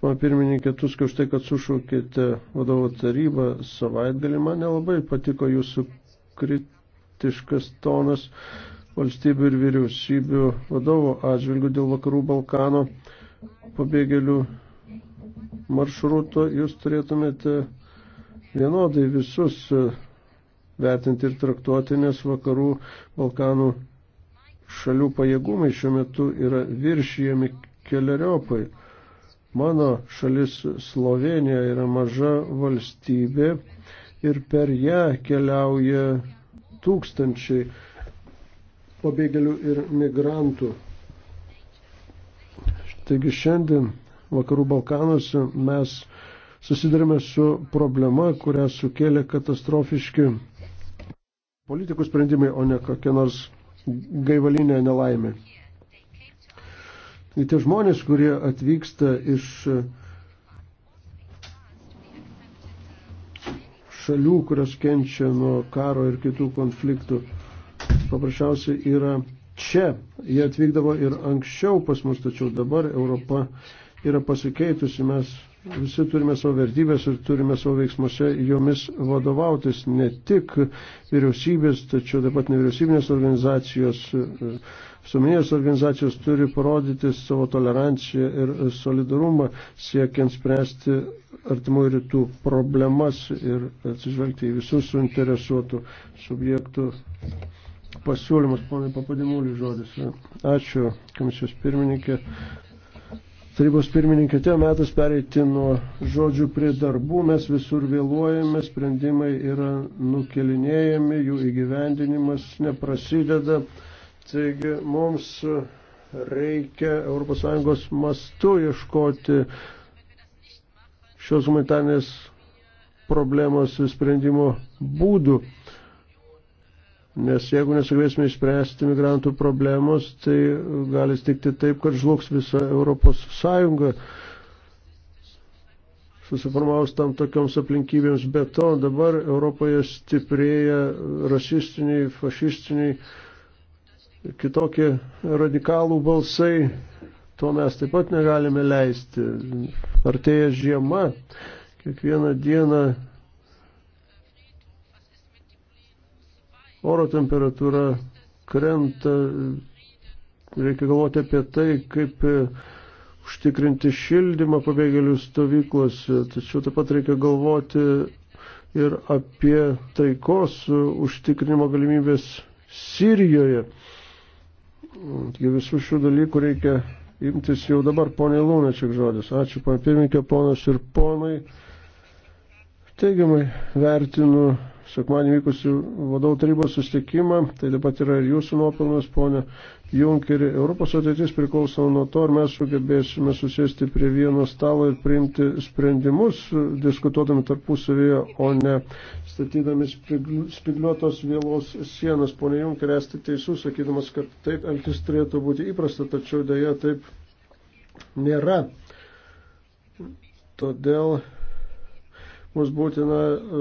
Pana pirmininkė Tuska, už tai, kad sušaukėte vadovo tarybą savaitgalį, man nelabai patiko jūsų kritiškas tonas valstybių ir vyriausybių vadovo atžvilgių dėl vakarų Balkano pabėgėlių maršruto jūs turėtumėte vienodai visus e, vertinti ir traktuoti, nes vakarų Balkanų šalių pajėgumai šiuo metu yra viršijami keliariopai. Mano šalis Slovenija yra maža valstybė ir per ją keliauja tūkstančiai pabėgėlių ir migrantų. Taigi šiandien Vakarų Balkanuose mes susidarėme su problema, kurią sukėlė katastrofiški politikų sprendimai, o ne kokia nors gaivalinė nelaimė. Tai tie žmonės, kurie atvyksta iš šalių, kurios kenčia nuo karo ir kitų konfliktų, paprasčiausiai yra čia. Jie atvykdavo ir anksčiau pas mus, tačiau dabar Europa yra pasikeitusi. Mes visi turime savo vertybės ir turime savo veiksmuose jomis vadovautis ne tik vyriausybės, tačiau taip pat nevyriausybinės organizacijos, visuomenės organizacijos turi parodyti savo toleranciją ir solidarumą siekiant spręsti artimųjų rytų problemas ir atsižvelgti į visus suinteresuotų subjektų pasiūlymus, ponai papadimulių žodis. Ačiū komisijos pirmininkė. Tarybos pirmininkė, atėjo metas pereiti nuo žodžių prie darbų, mes visur vėluojame, sprendimai yra nukelinėjami, jų įgyvendinimas neprasideda. Taigi mums reikia ES mastu ieškoti šios humanitarnės problemos sprendimo būdų. Nes jeigu nesugebėsime išspręsti migrantų problemos, tai gali stikti taip, kad žlugs visa Europos Sąjunga susiformavus tam tokioms aplinkybėms. Be to dabar Europoje stiprėja rasistiniai, fašistiniai, kitokie radikalų balsai. To mes taip pat negalime leisti. Artėja žiema, kiekvieną dieną oro temperatūra krenta, reikia galvoti apie tai, kaip e, užtikrinti šildymą pabėgėlių stovyklose, tačiau taip pat reikia galvoti ir apie taikos e, užtikrinimo galimybės Sirijoje. Taigi visų šių dalykų reikia imtis jau dabar, ponė Lūnečiak žodis. Ačiū, pana pirmininkė, ponas ir ponai. Teigiamai vertinu sekmanį vykusių vadovų tarybos sustikimą. Tai taip pat yra ir jūsų nuopelnas, ponė Junkerį. Europos ateitis priklauso nuo to, ar mes sugebėsime susėsti prie vieno stalo ir priimti sprendimus, diskutuodami tarpusavėje, o ne statydami spigliuotos vėlos sienas. Pone Junkerį, esate teisus, sakydamas, kad taip elgtis turėtų būti įprasta, tačiau dėja taip nėra. Todėl Mums būtina e,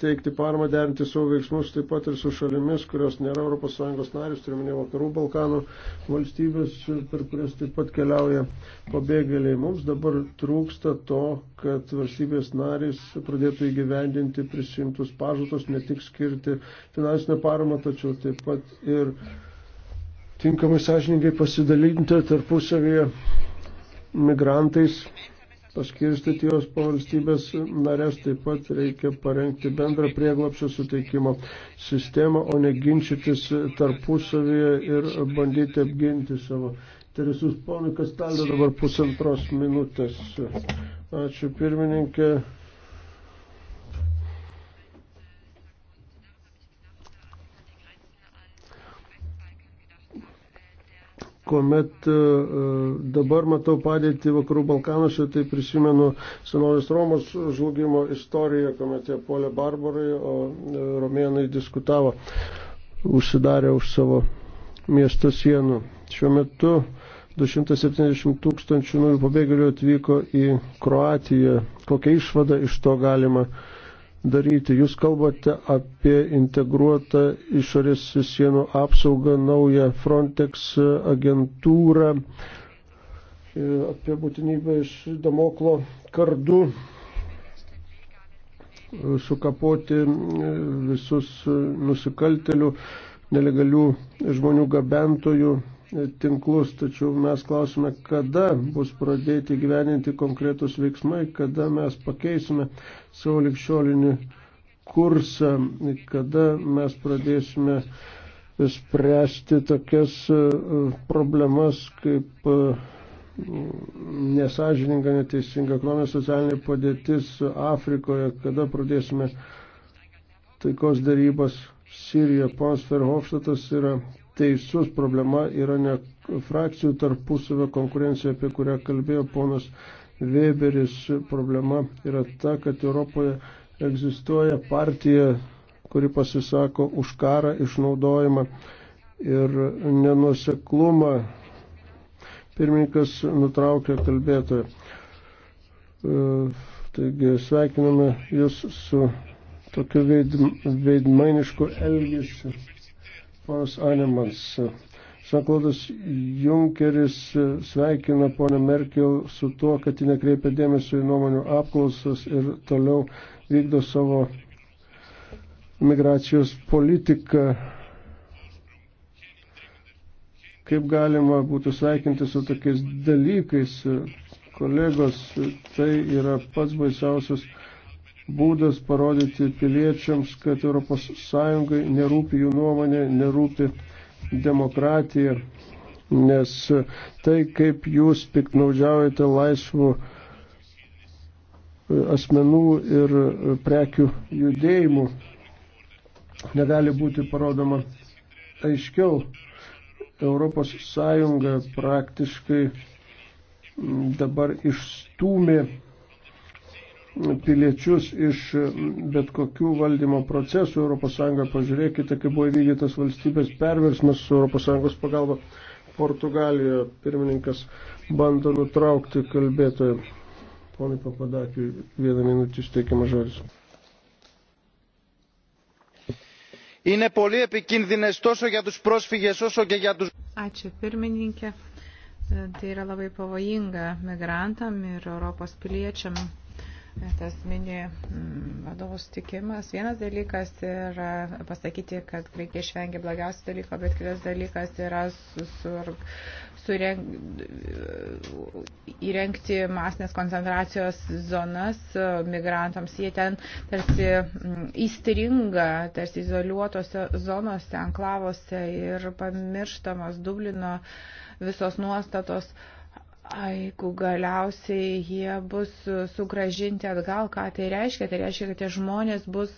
teikti paramą, derinti savo veiksmus taip pat ir su šalimis, kurios nėra ES narius, turime vakarų Balkanų valstybės, per kurias taip pat keliauja pabėgėliai. Mums dabar trūksta to, kad valstybės narys pradėtų įgyvendinti prisimtus pažadus, ne tik skirti finansinę paramą, tačiau taip pat ir tinkamai sąžiningai pasidalinti tarpusavyje migrantais paskirstyti jos po valstybės narės, taip pat reikia parengti bendrą prieglapšio suteikimo sistemą, o ne ginčytis tarpusavyje ir bandyti apginti savo interesus. Ponui Kastaldo dabar pusantros minutės. Ačiū pirmininkė. kuomet e, e, dabar matau padėti Vakarų Balkanuose, tai prisimenu senovės Romos žlugimo istoriją, kuomet jie polė barbarai, o e, romėnai diskutavo, užsidarė už savo miesto sienų. Šiuo metu 270 tūkstančių naujų pabėgėlių atvyko į Kroatiją. Kokią išvadą iš to galima? daryti. Jūs kalbate apie integruotą išorės sienų apsaugą, naują Frontex agentūrą, e, apie būtinybę iš Damoklo kardu e, sukapoti visus nusikaltelių, nelegalių žmonių gabentojų tinklus, tačiau mes klausime, kada bus pradėti gyveninti konkretus veiksmai, kada mes pakeisime savo likščiolinį kursą, kada mes pradėsime spręsti tokias e, problemas kaip e, nesažininga, neteisinga ekonominė socialinė padėtis Afrikoje, kada pradėsime taikos darybas Sirijoje. Pons Verhofštatas yra teisus, problema yra ne frakcijų tarpusavio konkurencija, apie kurią kalbėjo ponas Weberis, problema yra ta, kad Europoje egzistuoja partija, kuri pasisako už karą išnaudojimą ir nenuseklumą. Pirmininkas nutraukė kalbėtoją. E, taigi sveikiname Jūs su tokiu veidmainišku elgesiu. Ponas Alemans, Žanklodas Junkeris sveikina ponę Merkel su tuo, kad ji nekreipia dėmesio į nuomonių apklausas ir toliau vykdo savo migracijos politiką. Kaip galima būtų sveikinti su tokiais dalykais, kolegos, tai yra pats baisiausias būdas parodyti piliečiams, kad ES nerūpi jų nuomonė, nerūpi demokratija, nes tai, kaip jūs piknaudžiaujate laisvų e, asmenų ir e, prekių judėjimų, negali būti parodoma aiškiau. Europos Sąjunga praktiškai dabar išstūmė piliečius iš bet kokių valdymo procesų ES. Pažiūrėkite, kaip buvo įvykdytas valstybės perversmas su ES pagalba Portugalijoje. Pirmininkas bando nutraukti kalbėtoją. Ponai Papadakiu, vieną minutį išteikiamą žodžius. Είναι πολύ επικίνδυνες τόσο για τους πρόσφυγες όσο και για τους... Ačiū pirmininkė. Tai yra labai pavojinga migrantam ir Europos piliečiam tas mini mm, vadovų sutikimas. Vienas dalykas yra pasakyti, kad Graikija išvengė blogiausio dalyko, bet kitas dalykas yra susur, sureng, įrengti masinės koncentracijos zonas migrantams. Jie ten tarsi mm, įstringa, tarsi izoliuotose zonose, anklavose ir pamirštamos Dublino visos nuostatos. Uh, jeigu galiausiai jie bus sugražinti atgal, ką tai reiškia? Tai reiškia, kad tie žmonės bus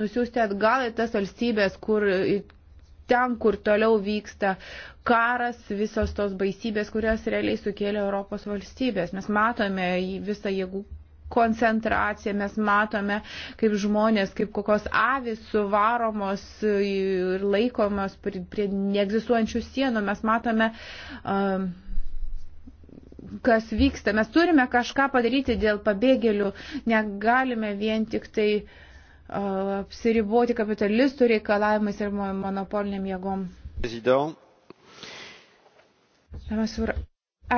nusiųsti atgal į tas valstybės, kur ten, kur toliau vyksta karas, visos tos baisybės, kurios realiai sukėlė Europos valstybės. Mes matome visą jėgų koncentracija, mes matome, kaip žmonės, kaip kokios avis suvaromos ir laikomos prie, prie neegzistuojančių sienų, mes matome um, kas vyksta. Mes turime kažką padaryti dėl pabėgėlių. Negalime vien tik tai uh, apsiriboti kapitalistų reikalavimais ir monopoliniam jėgom.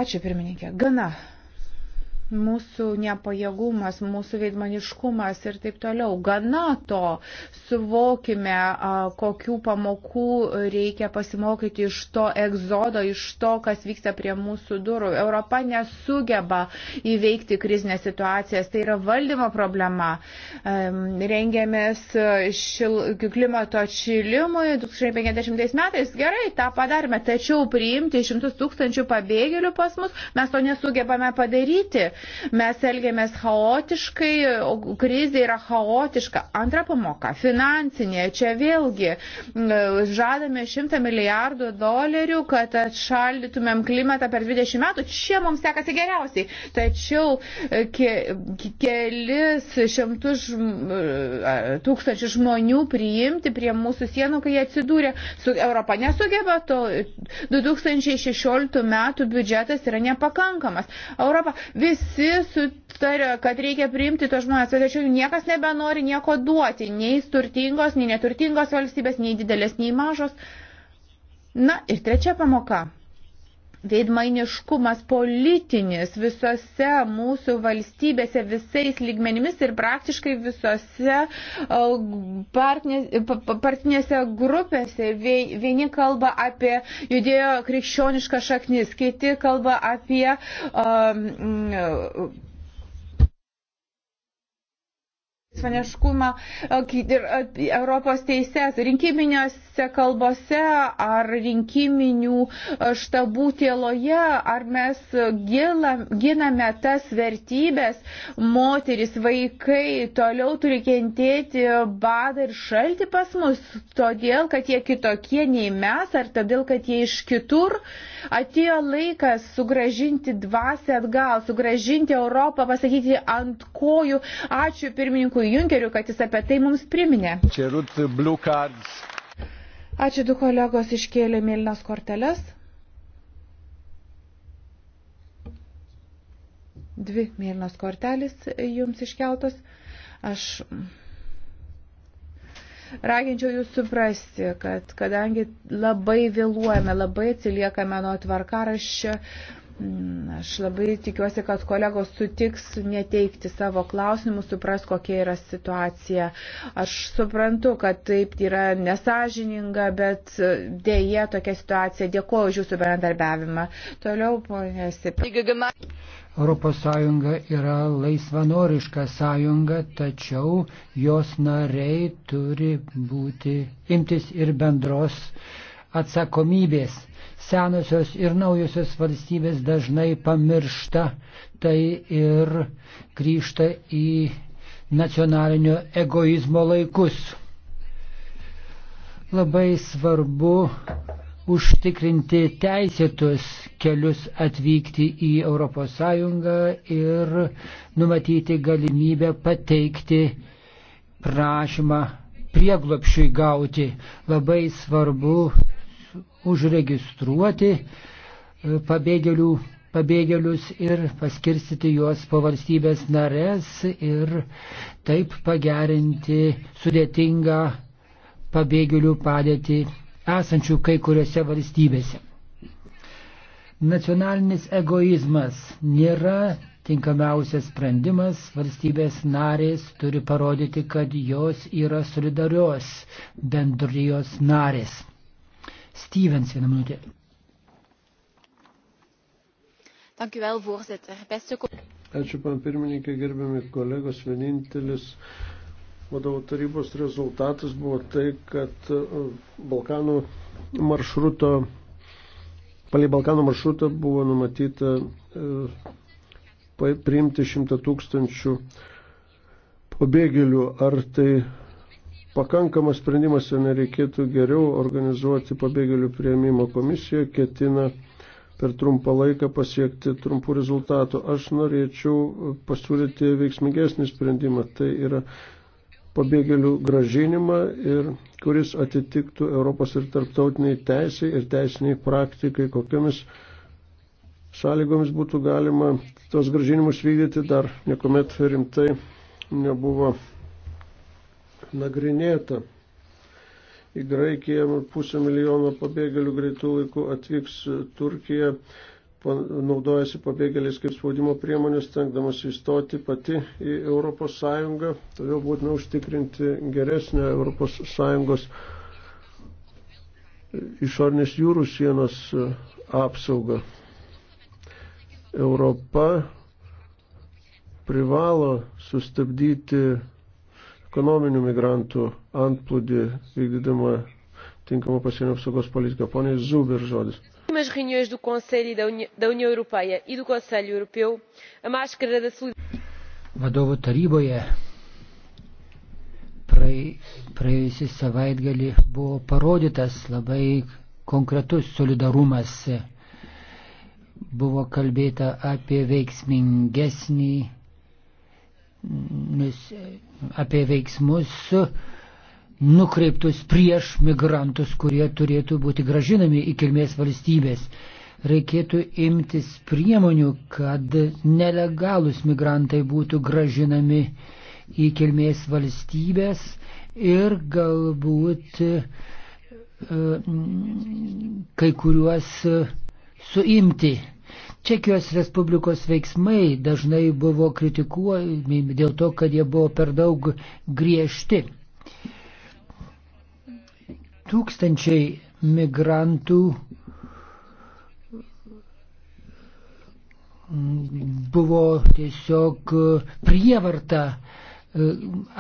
Ačiū pirmininkė. Gana mūsų nepajėgumas, mūsų veidmaniškumas ir taip toliau. Gana to, suvokime, kokių pamokų reikia pasimokyti iš to egzodo, iš to, kas vyksta prie mūsų durų. Europa nesugeba įveikti krizinės situacijas, tai yra valdymo problema. Rengėmės šil, klimato atšilimui 2050 metais, gerai, tą padarėme, tačiau priimti šimtus tūkstančių pabėgėlių pas mus mes to nesugebame padaryti Mes elgiamės chaotiškai, krizė yra chaotiška. Antra pamoka - finansinė. Čia vėlgi žadame 100 milijardų dolerių, kad atšaldytumėm klimatą per 20 metų. Čia mums sekasi geriausiai. Tačiau e, ke, kelis šimtus žm, e, tūkstančių žmonių priimti prie mūsų sienų, kai jie atsidūrė. Su Europa nesugeba to. 2016 metų biudžetas yra nepakankamas. Europa vis visi sutarė, kad reikia priimti tos žmonės, bet tačiau niekas nebenori nieko duoti, nei turtingos, nei neturtingos valstybės, nei didelės, nei mažos. Na ir trečia pamoka veidmainiškumas politinis visose mūsų valstybėse, visais lygmenimis ir praktiškai visose e, partinėse grupėse. Vieni kalba apie judėjo krikščionišką šaknis, kiti kalba apie um, svaniškumą ir Europos teises rinkiminiuose kalbose ar rinkiminių štabų tėloje, ar mes giname tas vertybės, moteris, vaikai toliau turi kentėti badą ir šaltį pas mus, todėl kad jie kitokie nei mes, ar todėl kad jie iš kitur. Uh, Atėjo laikas sugražinti dvasę atgal, sugražinti Europą, pasakyti ant kojų. Ačiū pirmininkui Junkeriu, kad jis apie tai mums priminė. Ačiū du kolegos iškėlė mėlynas korteles. Dvi mėlynos kortelės jums iškeltos. Aš raginčiau jūs suprasti, kad kadangi labai vėluojame, labai atsiliekame nuo tvarkaraščio, Mm, aš labai tikiuosi, kad kolegos sutiks neteikti savo klausimų, supras, kokia yra situacija. Aš suprantu, kad taip yra nesažininga, bet dėje tokia situacija. Dėkuoju už jūsų bendarbiavimą. Toliau, ponė Sipra. Europos Sąjunga yra laisvanoriška sąjunga, tačiau jos nariai turi būti imtis ir bendros atsakomybės senosios ir naujosios valstybės dažnai pamiršta tai ir grįžta į nacionalinio egoizmo laikus. Labai svarbu užtikrinti teisėtus kelius atvykti į ES ir numatyti galimybę pateikti prašymą prieglopšiui gauti. Labai svarbu užregistruoti e, pabėgėlių, pabėgėlius ir paskirstyti juos po valstybės narės ir taip pagerinti sudėtingą pabėgėlių padėtį esančių kai kuriuose valstybėse. Nacionalinis egoizmas nėra tinkamiausias sprendimas, valstybės narės turi parodyti, kad jos yra solidarios bendrijos narės. Stevens vieną minutę. Ačiū, pan pirmininkai, gerbiami kolegos. Vienintelis vadovų tarybos rezultatas buvo tai, kad e, Balkanų maršruto, palai Balkanų maršrutą buvo numatyta e, priimti šimtą tūkstančių pabėgėlių. Ar tai pakankamas sprendimas, o nereikėtų geriau organizuoti pabėgėlių prieimimo komisiją, ketina per trumpą laiką pasiekti trumpų rezultatų. Aš norėčiau pasiūlyti veiksmingesnį sprendimą. Tai yra pabėgėlių gražinimą ir kuris atitiktų Europos ir tarptautiniai teisiai ir teisiniai praktikai, kokiamis sąlygomis būtų galima tos gražinimus vykdyti, dar niekuomet rimtai nebuvo nagrinėta. Į Graikiją pusę milijono pabėgėlių greitų laikų atvyks Turkija, naudojasi pabėgėliais kaip spaudimo priemonės, tenkdamas įstoti pati į ES, todėl būtina užtikrinti geresnę ES išornės jūrų sienos apsaugą. Europa privalo sustabdyti ekonominių migrantų antplūdį vykdydama tinkamą pasienio apsaugos politiką. Pone Zuber žodis. Nas reuniões do Conselho e da União Europeia e do Conselho Europeu, a máscara da solidariedade. Vadovų taryboje praėjusį savaitgalį buvo parodytas labai konkretus solidarumas. Buvo kalbėta apie veiksmingesnį E, apie veiksmus nukreiptus prieš migrantus, kurie turėtų būti gražinami į kilmės valstybės. Reikėtų imtis priemonių, kad nelegalus migrantai būtų gražinami į kilmės valstybės ir galbūt e, kai kuriuos suimti Čekijos Respublikos veiksmai dažnai buvo kritikuojami dėl to, kad jie buvo per daug griežti. Tūkstančiai migrantų buvo tiesiog prievarta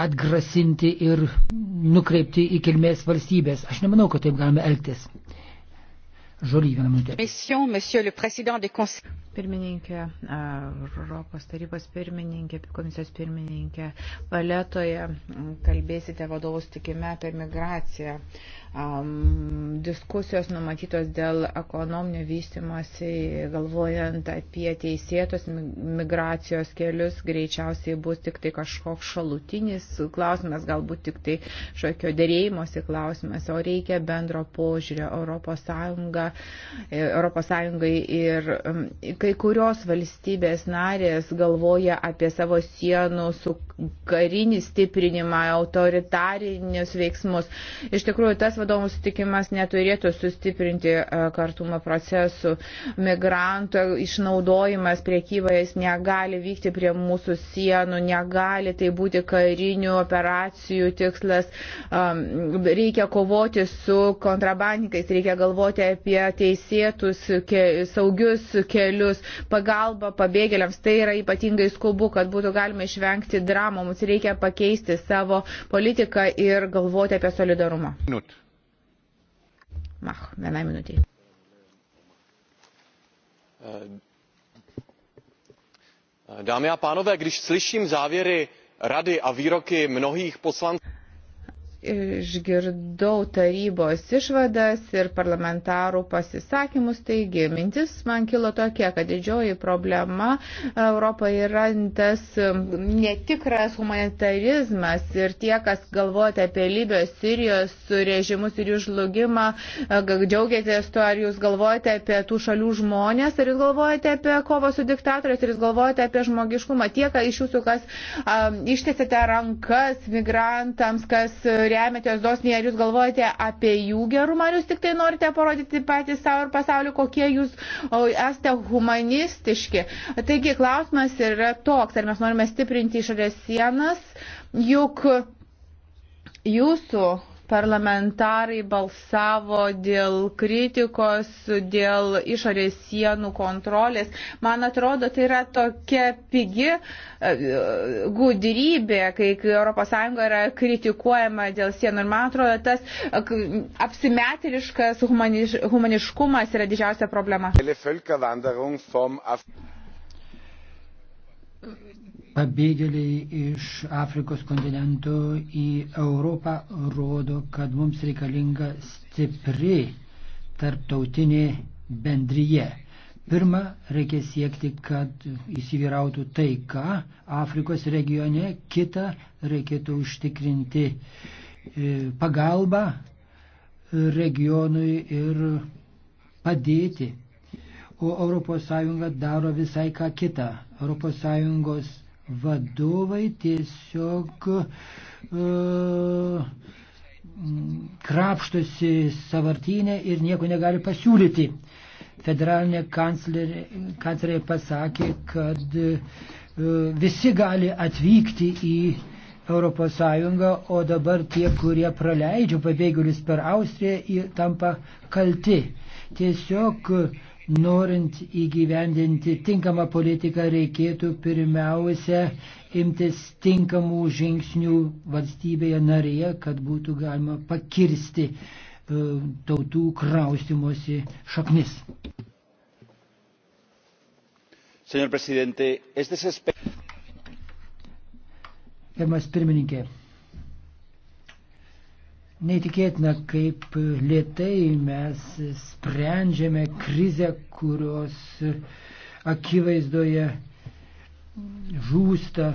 atgrasinti ir nukreipti į kilmės valstybės. Aš nemanau, kad taip galime elgtis. Žoly, vieną minutę. Pirmininkė, Europos tarybos pirmininkė, komisijos pirmininkė, paletoje kalbėsite vadovus tikime apie migraciją um, diskusijos numatytos dėl ekonominio vystimosi, galvojant apie teisėtos migracijos kelius, greičiausiai bus tik tai kažkoks šalutinis klausimas, galbūt tik tai šokio dėrėjimosi klausimas, o reikia bendro požiūrio Europos, Sąjunga, e, Europos Sąjungai ir um, kai kurios valstybės narės galvoja apie savo sienų su karinį stiprinimą, autoritarinius veiksmus. Iš tikrųjų, tas vadovų sutikimas neturėtų sustiprinti e, kartumo procesų. Migrantų išnaudojimas priekybais negali vykti prie mūsų sienų, negali tai būti karinių operacijų tikslas. Reikia kovoti su kontrabandininkais, reikia galvoti apie teisėtus, ke, saugius kelius, pagalbą pabėgėliams. Tai yra ypatingai skubu, kad būtų galima išvengti dramų. Mums reikia pakeisti savo politiką ir galvoti apie solidarumą. Minut. Mach, vienai minutiai. Dámy a pánové, když slyším závěry rady a výroky mnohých poslanců išgirdau tarybos išvadas ir parlamentarų pasisakymus, taigi mintis man kilo tokia, kad didžioji problema Europoje yra tas um, netikras humanitarizmas ir tie, kas galvojate apie Libijos, Sirijos režimus ir jų žlugimą, uh, džiaugiatės tuo, ar jūs galvojate apie tų šalių žmonės, ar jūs galvojate apie kovą su diktatoriais, ar jūs galvojate apie žmogiškumą. Tie, kas iš jūsų, kas um, ištiesėte rankas migrantams, kas remiatės dosniai, ar jūs galvojate apie jų gerumą, ar jūs tik tai norite parodyti patys savo ir pasauliu, kokie jūs esate humanistiški. Taigi klausimas yra toks, ar mes norime stiprinti išorės sienas, juk jūsų parlamentarai balsavo dėl kritikos, dėl išorės sienų kontrolės. Man atrodo, tai yra tokia pigi e, gudrybė, kai ES yra kritikuojama dėl sienų. Ir man atrodo, tas e, apsimetiriškas humaniš, humaniškumas yra didžiausia problema pabėgėliai iš Afrikos kontinentų į Europą rodo, kad mums reikalinga stipri tarptautinė bendryje. Pirma, reikia siekti, kad įsivyrautų taika Afrikos regione, kita, reikėtų užtikrinti e, pagalbą regionui ir padėti. O ES daro visai ką kitą. ES vadovai tiesiog uh, krapštosi savartinę ir nieko negali pasiūlyti. Federalinė kanclerė, kanclerė pasakė, kad uh, visi gali atvykti į Europos Sąjungą, o dabar tie, kurie praleidžia pabėgėlius per Austriją, tampa kalti. Tiesiog uh, Norint įgyvendinti tinkamą politiką, reikėtų pirmiausia imtis tinkamų žingsnių valstybėje narėje, kad būtų galima pakirsti e, tautų kraustimosi šaknis. Señor presidente, es desesperante. Gerbiamas pirmininkė, Neįtikėtina, kaip lietai mes sprendžiame krizę, kurios akivaizdoje žūsta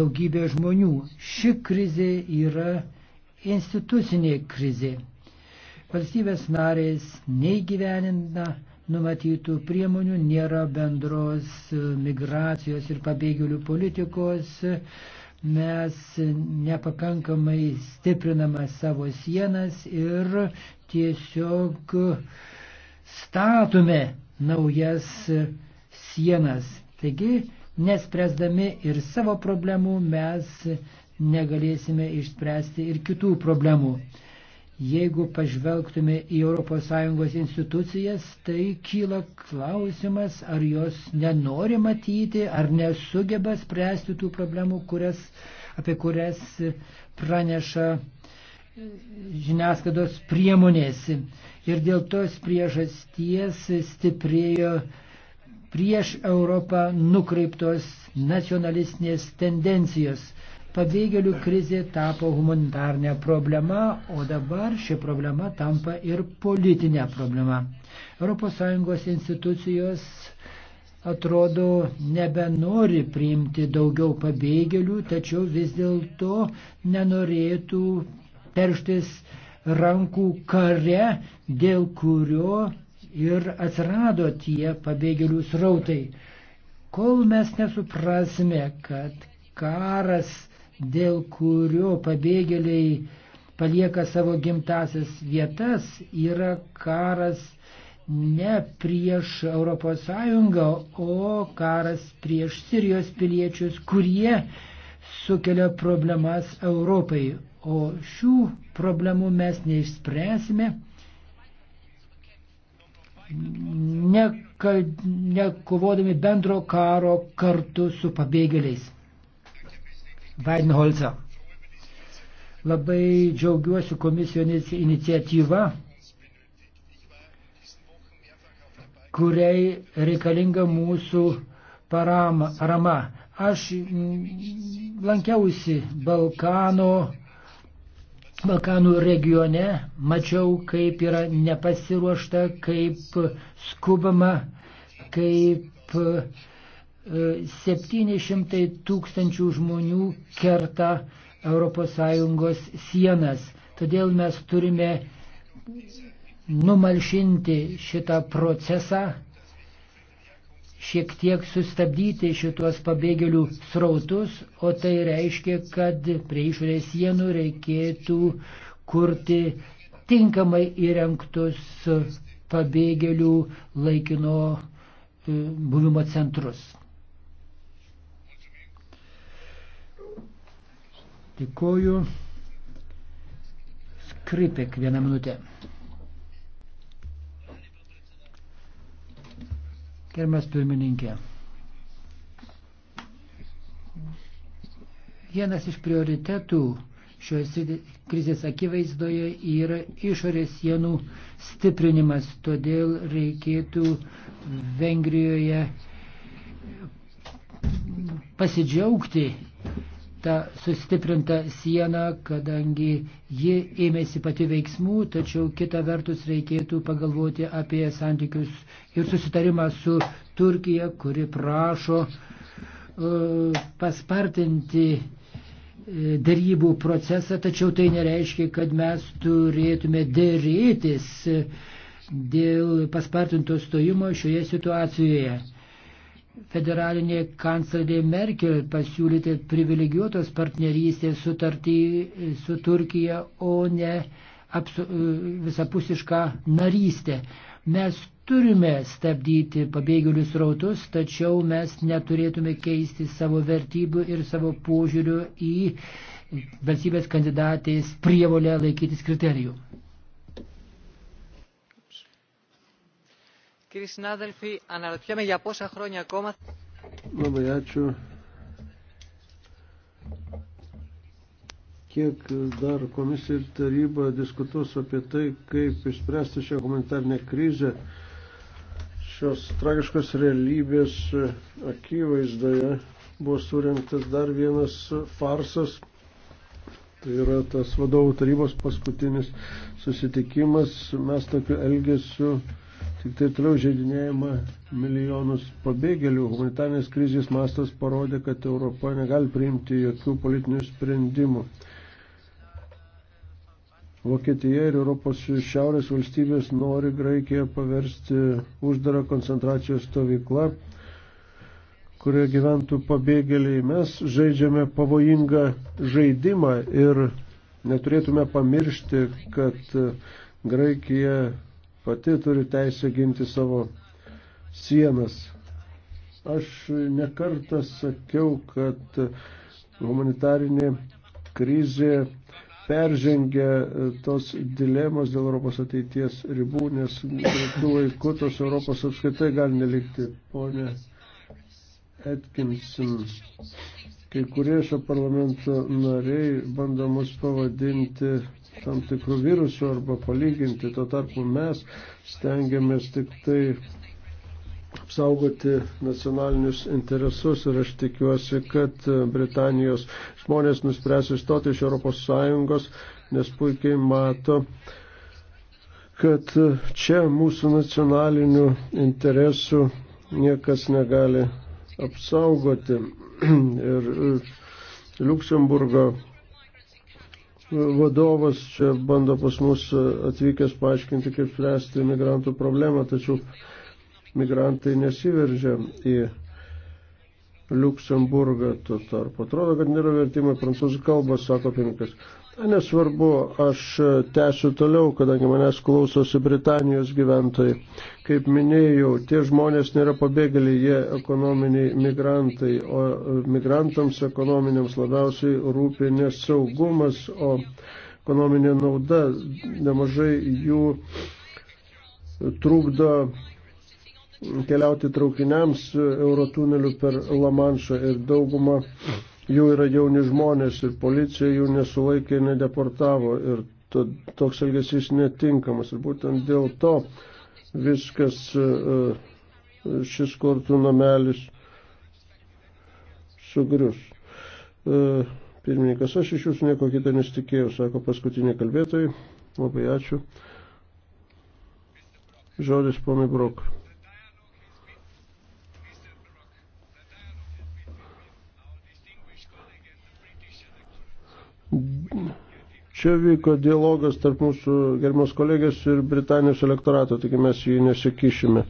daugybė žmonių. Ši krizė yra institucinė krizė. Valstybės narės neįgyveninta numatytų priemonių, nėra bendros migracijos ir pabėgėlių politikos, mes nepakankamai stipriname savo sienas ir tiesiog statome naujas sienas. Taigi, nespręsdami ir savo problemų, mes negalėsime išspręsti ir kitų problemų. Jeigu pažvelgtume į ES institucijas, tai kyla klausimas, ar jos nenori matyti, ar nesugeba spręsti tų problemų, kurias, apie kurias praneša žiniasklaidos priemonės. Ir dėl tos priežasties stiprėjo prieš Europą nukreiptos nacionalistinės tendencijos. Pabėgėlių krizė tapo humanitarnė problema, o dabar ši problema tampa ir politinė problema. ES institucijos atrodo nebenori priimti daugiau pabėgėlių, tačiau vis dėlto nenorėtų perštis rankų kare, dėl kurio ir atsirado tie pabėgėlių srautai. Kol mes nesuprasime, kad karas dėl kurio pabėgėliai palieka savo gimtasias vietas, yra karas ne prieš ES, o karas prieš Sirijos piliečius, kurie sukelia problemas Europai. O šių problemų mes neišspręsime, nekovodami bendro karo kartu su pabėgėliais. Weidenholzer. Labai džiaugiuosi komisijos iniciatyva, kuriai reikalinga mūsų parama. parama. Aš mm, lankiausi Balkano, Balkanų regione, mačiau, kaip yra nepasiruošta, kaip skubama, kaip uh, 700 tūkstančių žmonių kerta ES sienas. Todėl mes turime numalšinti šitą procesą, šiek tiek sustabdyti šitos pabėgėlių srautus, o tai reiškia, kad prie išorės sienų reikėtų kurti tinkamai įrengtus pabėgėlių laikino e, buvimo centrus. Dėkoju. Skripek vieną minutę. Gerbiamas pirmininkė. Vienas iš prioritetų šios krizės akivaizdoje yra išorės sienų stiprinimas, todėl reikėtų Vengrijoje pasidžiaugti ta sustiprinta siena, kadangi ji ėmėsi pati veiksmų, tačiau kita vertus reikėtų pagalvoti apie santykius ir susitarimą su Turkija, kuri prašo uh, paspartinti e, dėrybų procesą, tačiau tai nereiškia, kad mes turėtume dėrėtis e, dėl paspartinto stojimo šioje situacijoje federalinė kanclerė Merkel pasiūlyti privilegijuotos partnerystės sutartį e, su Turkija, o ne apsu, e, visapusišką narystę. Mes turime stabdyti pabėgėlius rautus, tačiau mes neturėtume keisti savo vertybių ir savo požiūrių į valstybės kandidatės prievolę laikytis kriterijų. Κύριοι συνάδελφοι, αναρωτιέμαι για πόσα χρόνια ακόμα... Labai ačiū. Kiek dar komisija ir taryba diskutuos apie tai, kaip išspręsti šią humanitarnę krizę šios tragiškos realybės akivaizdoje buvo surinktas dar vienas farsas. Tai yra tas vadovų tarybos paskutinis susitikimas. Mes tokiu elgesiu Tik tai toliau žaidinėjama milijonus pabėgėlių. Humanitarnės krizės mastas parodė, kad Europa negali priimti jokių politinių sprendimų. Vokietija ir Europos šiaurės valstybės nori Graikiją paversti uždarą koncentracijos stovyklą, kurioje gyventų pabėgėliai. Mes žaidžiame pavojingą žaidimą ir neturėtume pamiršti, kad Graikija pati turi teisę ginti savo sienas. Aš nekartą sakiau, kad humanitarinė krizė peržengia e, tos dilemos dėl Europos ateities ribų, nes tų laikų tos Europos apskaitai gali nelikti. Pone Atkinson, kai kurie šio parlamento nariai bando mus pavadinti tam tikrų virusų arba palyginti. Tuo tarpu mes stengiamės tik tai apsaugoti nacionalinius interesus ir aš tikiuosi, kad Britanijos žmonės nuspręs išstoti iš Europos Sąjungos, nes puikiai mato, kad čia mūsų nacionalinių interesų niekas negali apsaugoti. Ir Luxemburgo vadovas čia bando pas mus atvykęs paaiškinti, kaip spręsti migrantų problemą, tačiau migrantai nesiveržia į Luksemburgą. Tuo tarpu atrodo, kad nėra vertimo į prancūzų kalbą, sako pirmininkas. Nesvarbu, aš tęsiu toliau, kadangi manęs klausosi Britanijos gyventojai. Kaip minėjau, tie žmonės nėra pabėgėliai, jie ekonominiai migrantai, o migrantams ekonominiams labiausiai rūpi nesaugumas, o ekonominė nauda nemažai jų trukdo keliauti traukiniams Eurotuneliu per Lamanšą ir daugumą jų yra jauni žmonės ir policija jų nesulaikė, nedeportavo ir to, toks elgesys netinkamas. Ir būtent dėl to viskas e, e, šis kortų namelis sugrius. E, pirmininkas, aš iš jūsų nieko kitą nesitikėjau, sako paskutiniai kalbėtojai. Labai ačiū. Žodis ponui Brokui. Čia vyko dialogas tarp mūsų gerimos kolegės ir Britanijos elektorato, taigi mes jį nesikišime.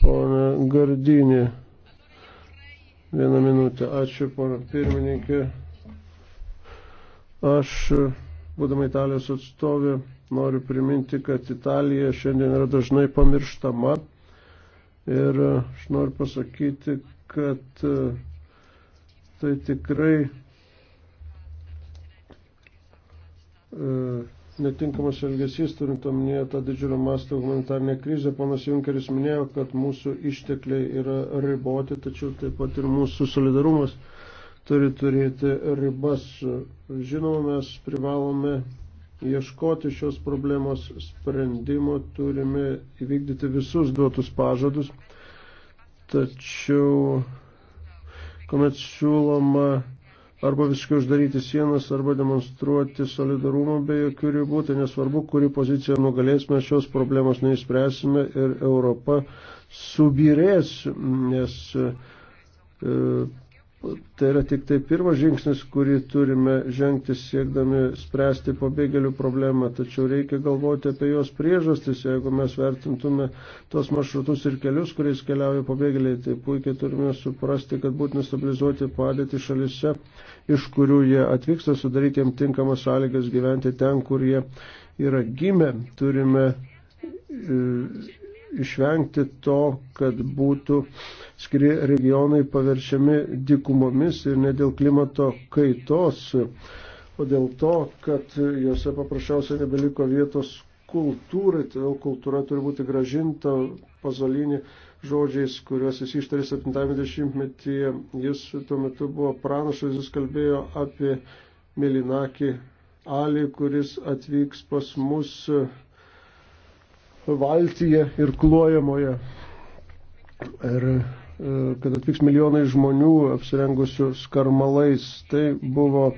Pone Gardinį, vieną minutę. Ačiū, pone pirmininkė. Aš, būdama Italijos atstovė, noriu priminti, kad Italija šiandien yra dažnai pamirštama. Ir aš noriu pasakyti, kad e, tai tikrai Mm, netinkamas elgesys, turint omenyje tą didžiulio masto humanitarnę krizę. Panas Junkeris minėjo, kad mūsų ištekliai yra riboti, tačiau taip pat ir mūsų solidarumas turi turėti ribas. Žinoma, mes privalome ieškoti šios problemos sprendimo, turime įvykdyti visus duotus pažadus, tačiau kuomet siūloma arba visiškai uždaryti sienas, arba demonstruoti solidarumą be jokių ribų, tai nesvarbu, kuri pozicija nugalėsime, šios problemos neįspręsime ir Europa subirės, nes e, Tai yra tik tai pirmas žingsnis, kurį turime žengti siekdami spręsti pabėgėlių problemą, tačiau reikia galvoti apie jos priežastis. Jeigu mes vertintume tos maršrutus ir kelius, kuriais keliauja pabėgėliai, tai puikiai turime suprasti, kad būtina stabilizuoti padėtį šalise, iš kurių jie atvyksta, sudaryti jiems tinkamas sąlygas gyventi ten, kur jie yra gimę. Turime e, išvengti to, kad būtų skiri regionai paverčiami dikumomis ir ne dėl klimato kaitos, o dėl to, kad juose paprasčiausiai nebeliko vietos kultūrai, todėl kultūra turi būti gražinta pazolinį žodžiais, kuriuos jis ištarė 70-metyje. Jis tuo metu buvo pranašas, jis kalbėjo apie Melinakį Alį, kuris atvyks pas mus valtyje ir klojamoje. Ir e, kad atvyks milijonai žmonių apsirengusių skarmalais. Tai buvo e,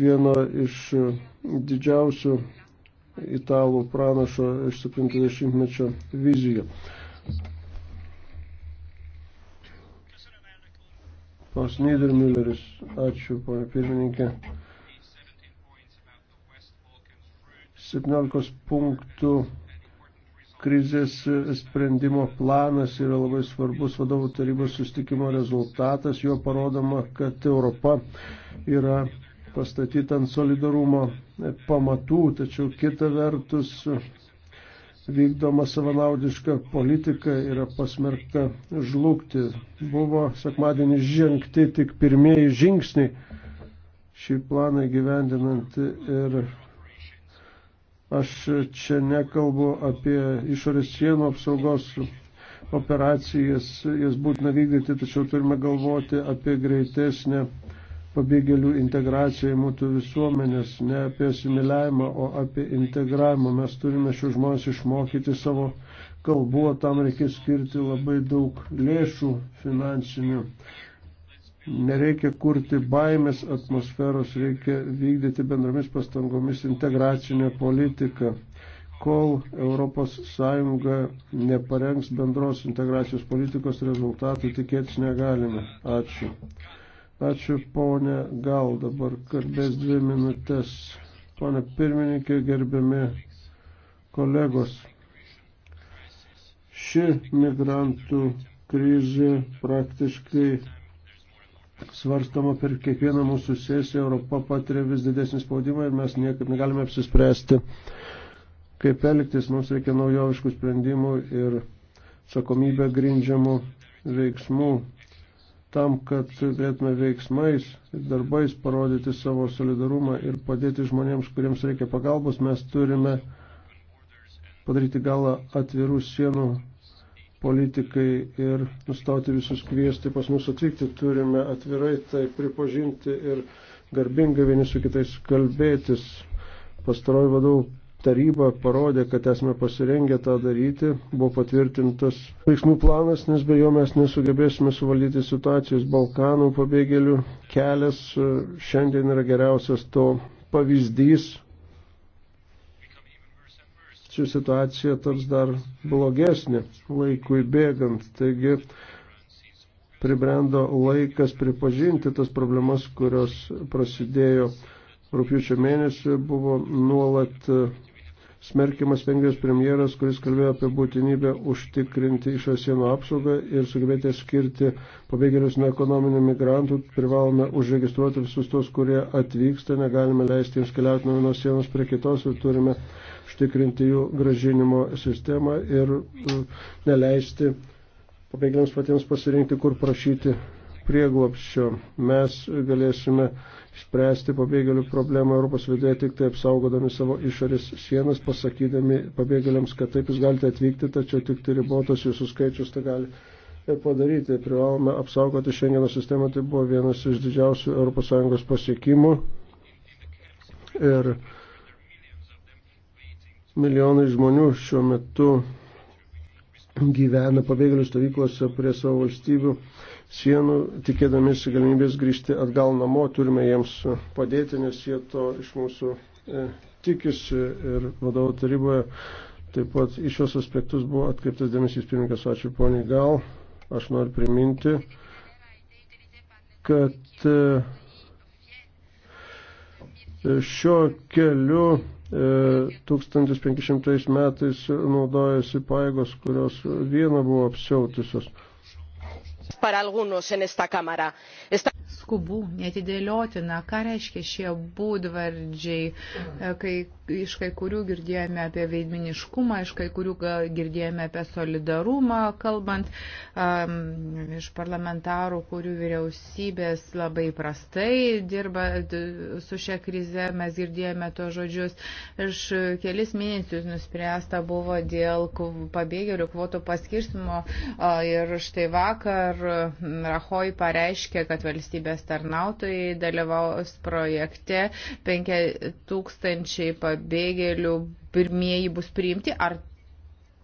viena iš e, didžiausių italų pranašo iš 70-mečio vizijų. Pas Niedermülleris, ačiū, pana pirmininkė. 17 punktų krizės sprendimo planas yra labai svarbus vadovų tarybos sustikimo rezultatas. Jo parodoma, kad Europa yra pastatyta ant solidarumo pamatų, tačiau kita vertus vykdoma savanaudiška politika yra pasmerkta žlugti. Buvo sekmadienį žengti tik pirmieji žingsniai šį planą gyvendinant ir Aš čia nekalbu apie išorės sienų apsaugos operacijas, jas būtina vykdyti, tačiau turime galvoti apie greitesnę pabėgėlių integraciją į mūsų visuomenės, ne apie asimiliavimą, o apie integravimą. Mes turime šių žmonės išmokyti savo kalbų, tam reikės skirti labai daug lėšų finansinių. Nereikia kurti baimės atmosferos, reikia vykdyti bendromis pastangomis integracinę politiką. Kol ES neparengs bendros integracijos politikos rezultatų, tikėtis negalime. Ačiū. Ačiū ponė, gal dabar kalbės dvi minutės. Pone pirmininkė, gerbiami kolegos. Ši migrantų krizė praktiškai svarstoma per kiekvieną mūsų sesiją, Europa patiria vis didesnį spaudimą ir mes niekaip negalime apsispręsti, kaip elgtis, mums reikia naujoviškų sprendimų ir atsakomybę grindžiamų veiksmų tam, kad galėtume veiksmais ir darbais parodyti savo solidarumą ir padėti žmonėms, kuriems reikia pagalbos, mes turime padaryti galą atvirų sienų politikai ir nustoti visus kviesti pas mus atvykti. Turime atvirai tai pripažinti ir garbingai vieni su kitais kalbėtis. Pastaroji vadovų taryba parodė, kad esame pasirengę tą daryti. Buvo patvirtintas veiksmų planas, nes be jo mes nesugebėsime suvaldyti situacijos. Balkanų pabėgėlių kelias e, šiandien yra geriausias to pavyzdys ši situacija taps dar blogesnė laikui bėgant. Taigi pribrendo laikas pripažinti tas problemas, kurios prasidėjo rūpiučio mėnesį, buvo nuolat smerkiamas Vengrijos premjeras, kuris kalbėjo apie būtinybę užtikrinti išorės sienų apsaugą ir sugebėti skirti pabėgėlius nuo ekonominių migrantų. Privalome užregistruoti visus tos, kurie atvyksta, negalime leisti jiems keliauti nuo vienos sienos prie kitos ir turime užtikrinti jų gražinimo sistemą ir e, neleisti pabėgėliams patiems pasirinkti, kur prašyti prieglopščio. Mes galėsime spręsti pabėgėlių problemą Europos viduje tik tai apsaugodami savo išorės sienas, pasakydami pabėgėliams, kad taip jūs galite atvykti, tačiau tik tai ribotas jūsų skaičius tą tai gali padaryti. Privalome apsaugoti Šengeno sistemą, tai buvo vienas iš didžiausių ES pasiekimų. Ir Milijonai žmonių šiuo metu gyvena pabėgėlių stovyklose prie savo valstybių sienų, tikėdamėsi galimybės grįžti atgal namo, turime jiems padėti, nes jie to iš mūsų e, tikisi ir vadovo taryboje taip pat iš šios aspektus buvo atkreiptas dėmesys pirmininkas, ačiū poniai gal, aš noriu priminti, kad e, šio keliu 1500 e, metais naudojasi paėgos, kurios vieną buvo apsiautusios. Para algunos en esta cámara. Esta skubu, netidėliotina. Ką reiškia šie būdvardžiai, e, kai iš kai kurių girdėjome apie veidminiškumą, iš kai kurių girdėjome apie solidarumą, kalbant um, iš parlamentarų, kurių vyriausybės labai prastai dirba su šia krize, mes girdėjome to žodžius. Iš kelis mėnesius nuspręsta buvo dėl pabėgėlių kvotų paskirstimo ir štai vakar Rahoj pareiškė, kad valstybės valstybės tarnautojai dalyvaus projekte, 5000 pabėgėlių pirmieji bus priimti, ar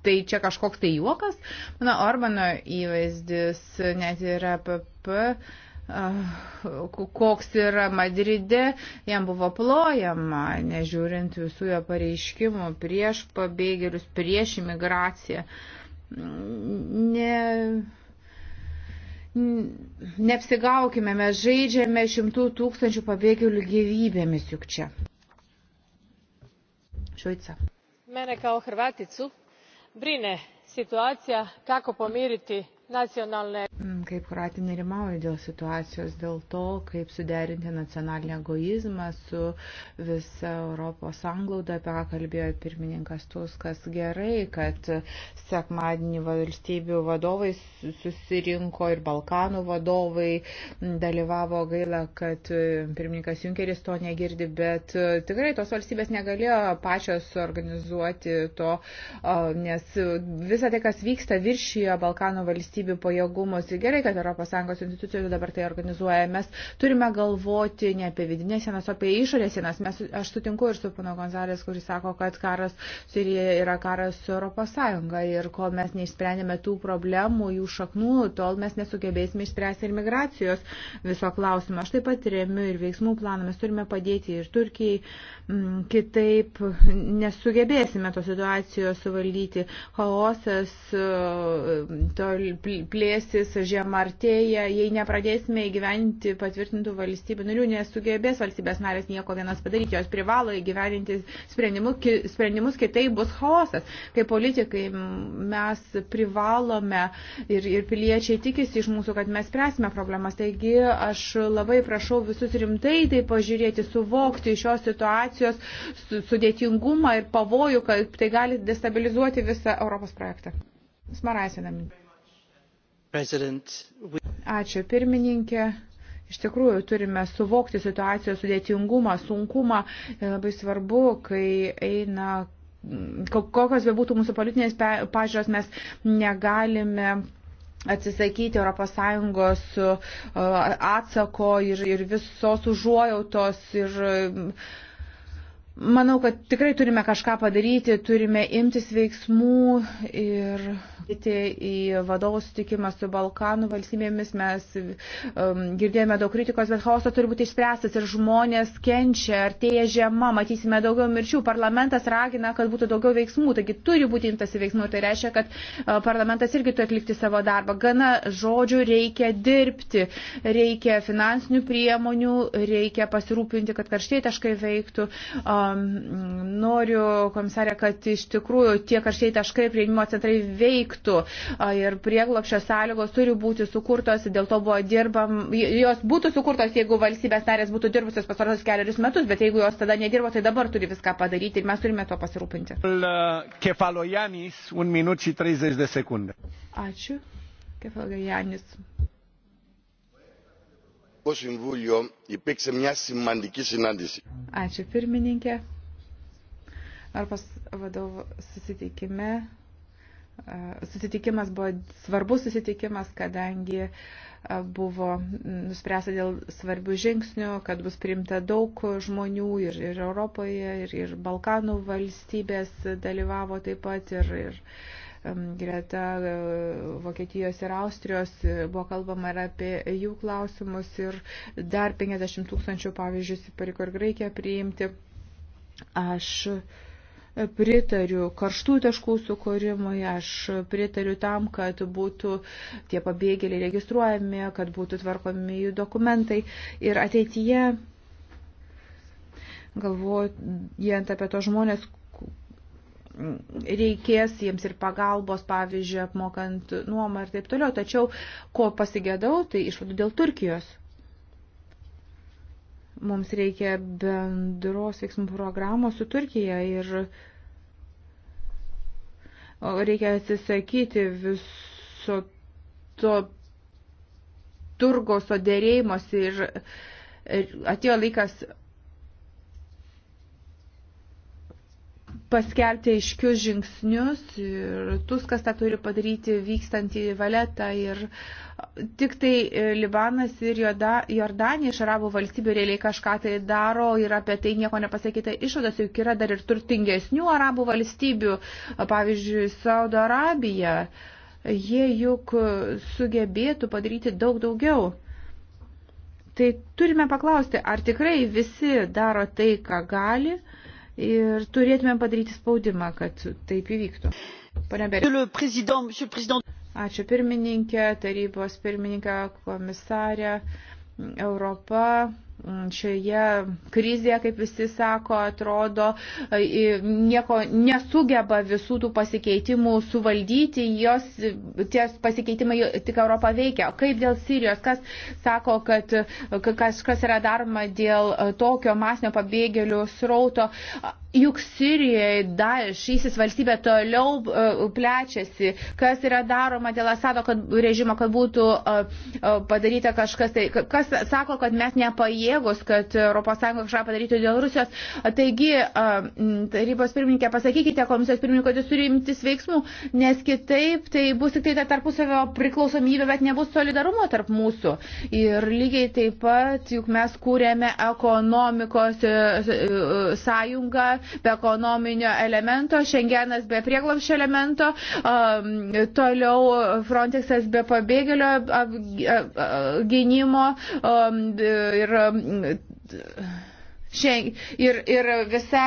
tai čia kažkoks tai juokas? Mano Orbano įvaizdis net yra PP. Ah, koks yra Madride, jam buvo plojama, nežiūrint visų jo pareiškimų prieš pabėgėlius, prieš imigraciją. Ne, Neapsigaukime, mes žaidžiame šimtų tūkstančių pabėgėlių gyvybėmis juk čia. Šuica. Mene kao Hrvaticu brine situacija kako pomiriti nacionalinė. Mm, kaip kruatė nerimauja dėl situacijos, dėl to, kaip suderinti nacionalinį egoizmą su visa Europos anglauda, apie ką kalbėjo pirmininkas Tuskas. Gerai, kad sekmadienį valstybių vadovai susirinko ir Balkanų vadovai mm, dalyvavo gaila, kad e, pirmininkas Junkeris to negirdi, bet e, tikrai tos valstybės negalėjo pačios organizuoti to, nes visa tai, kas vyksta viršyje Balkanų valstybių, valstybių pajėgumus. Ir gerai, kad ES institucijų dabar tai organizuoja. Mes turime galvoti ne apie vidinės sienas, o apie išorės sienas. Mes, aš sutinku ir su pana Gonzalės, kuris sako, kad karas Sirijoje yra karas su ES. Ir kol mes neišsprendėme tų problemų, jų šaknų, tol mes nesugebėsime išspręsti ir migracijos viso klausimo. Aš taip pat remiu ir veiksmų planą. Mes turime padėti ir Turkijai. Mm, kitaip nesugebėsime tos situacijos suvaldyti. Chaosas e, tol, plėsis, žiemartėja, jei nepradėsime įgyventi patvirtintų valstybių narių, nesugebės valstybės narės nieko vienas padaryti, jos privalo įgyveninti sprendimus, sprendimus kitai bus chaosas. Kaip politikai mes privalome ir, ir piliečiai tikisi iš mūsų, kad mes spręsime problemas. Taigi aš labai prašau visus rimtai tai pažiūrėti, suvokti šios situacijos sudėtingumą ir pavojų, kad tai gali destabilizuoti visą Europos projektą. Smaraisinami. Ačiū pirmininkė. Iš tikrųjų, turime suvokti situacijos sudėtingumą, sunkumą. Labai svarbu, kai eina kokios be būtų mūsų politinės pažiūros, mes negalime atsisakyti ES uh, atsako ir, ir visos užuojautos ir Manau, kad tikrai turime kažką padaryti, turime imtis veiksmų ir į vadovų sutikimą su Balkanų valstybėmis. Mes um, girdėjome daug kritikos, bet chaosas turi būti išspręstas ir žmonės kenčia, artėja žiema, matysime daugiau mirčių. Parlamentas ragina, kad būtų daugiau veiksmų, taigi turi būti imtasi veiksmų. Tai reiškia, kad uh, parlamentas irgi turi atlikti savo darbą. Gana žodžių reikia dirbti, reikia finansinių priemonių, reikia pasirūpinti, kad karštieji taškai veiktų. Uh, Noriu, komisarė, kad iš tikrųjų tie karščiai taškai prieimimo centrai veiktų ir prieglopšio sąlygos turi būti sukurtos, dėl to buvo dirbam, jos būtų sukurtos, jeigu valstybės narės būtų dirbusios pasarosius keliarius metus, bet jeigu jos tada nedirbo, tai dabar turi viską padaryti ir mes turime to pasirūpinti. Kefalojanis, un minut și 30 de secunde. Ačiū. Kefalojanis. Ačiū pirmininkė. Europos vadovų susitikime. Susitikimas buvo svarbus susitikimas, kadangi buvo nuspręsta dėl svarbių žingsnių, kad bus priimta daug žmonių ir, ir Europoje, ir, ir Balkanų valstybės dalyvavo taip pat, ir, ir Um, greta uh, Vokietijos ir Austrijos uh, buvo kalbama ir apie jų klausimus ir dar 50 tūkstančių, pavyzdžiui, įsipareiko ir Graikiją priimti. Aš pritariu karštų taškų sukūrimui, aš pritariu tam, kad būtų tie pabėgėliai registruojami, kad būtų tvarkomi jų dokumentai ir ateityje galvojant apie tos žmonės, reikės jiems ir pagalbos, pavyzdžiui, apmokant nuomą ir taip toliau. Tačiau, ko pasigėdau, tai išvadų dėl Turkijos. Mums reikia bendros veiksmų programos su Turkija ir reikia atsisakyti viso to turgo soderėjimosi ir atėjo laikas paskelbti aiškius žingsnius ir Tuskas tą turi padaryti vykstant į Valetą ir tik tai e, Libanas ir Jordanija iš arabų valstybių realiai kažką tai daro ir apie tai nieko nepasakyta išvados, juk yra dar ir turtingesnių arabų valstybių, pavyzdžiui, Saudo Arabija. Jie juk sugebėtų padaryti daug daugiau. Tai turime paklausti, ar tikrai visi daro tai, ką gali ir turėtume padaryti spaudimą, kad taip įvyktų. Pane Berė. Ačiū pirmininkė, tarybos pirmininkė, komisarė, Europa šioje krizėje, kaip visi sako, atrodo, nieko nesugeba visų tų pasikeitimų suvaldyti, jos tie pasikeitimai tik Europą veikia. Kaip dėl Sirijos, kas sako, kad kažkas yra daroma dėl tokio masinio pabėgėlių srauto. Juk Sirijoje Daesh įsisvalstybė toliau plečiasi, kas yra daroma dėl Asado kad, režimo, kad būtų padaryta kažkas tai, kas sako, kad mes nepajėgėme pajėgus, kad ES kažką padarytų dėl Rusijos. Taigi, tarybos pirmininkė, pasakykite komisijos pirmininkui, kad jis turi imtis veiksmų, nes kitaip tai bus tik tai ta tarpusavio priklausomybė, bet nebus solidarumo tarp mūsų. Ir lygiai taip pat, juk mes kūrėme ekonomikos e, e, sąjungą be ekonominio elemento, Šengenas be prieglamščio elemento, toliau Frontexas be pabėgėlio gynimo ir ir, ir visa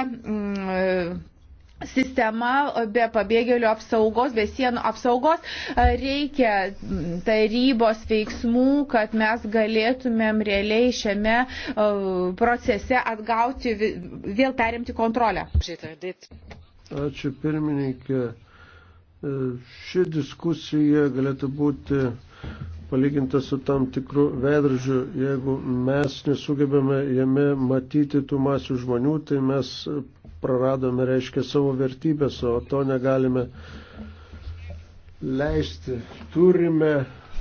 sistema be pabėgėlių apsaugos, be sienų apsaugos reikia tarybos veiksmų, kad mes galėtumėm realiai šiame procese atgauti, vėl perimti kontrolę. Ačiū pirmininkė. E, ši diskusija galėtų būti palyginta su tam tikru veidrodžiu. Jeigu mes nesugebėme jame matyti tų masių žmonių, tai mes praradome, reiškia, savo vertybės, o to negalime leisti. Turime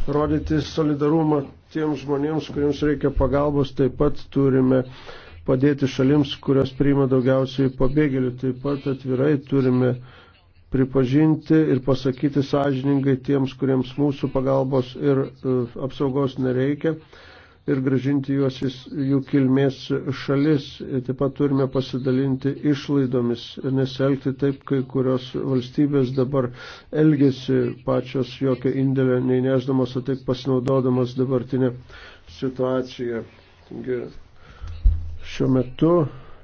rodyti solidarumą tiems žmonėms, kuriems reikia pagalbos, taip pat turime padėti šalims, kurios priima daugiausiai pabėgėlių, taip pat atvirai turime pripažinti ir pasakyti sąžiningai tiems, kuriems mūsų pagalbos ir e, apsaugos nereikia ir gražinti juos į jų kilmės šalis. Taip pat turime pasidalinti išlaidomis ir neselgti taip, kai kurios valstybės dabar elgesi pačios jokio indėlio neįneždamos, o tik pasinaudodamas dabartinę situaciją. Taigi, šiuo metu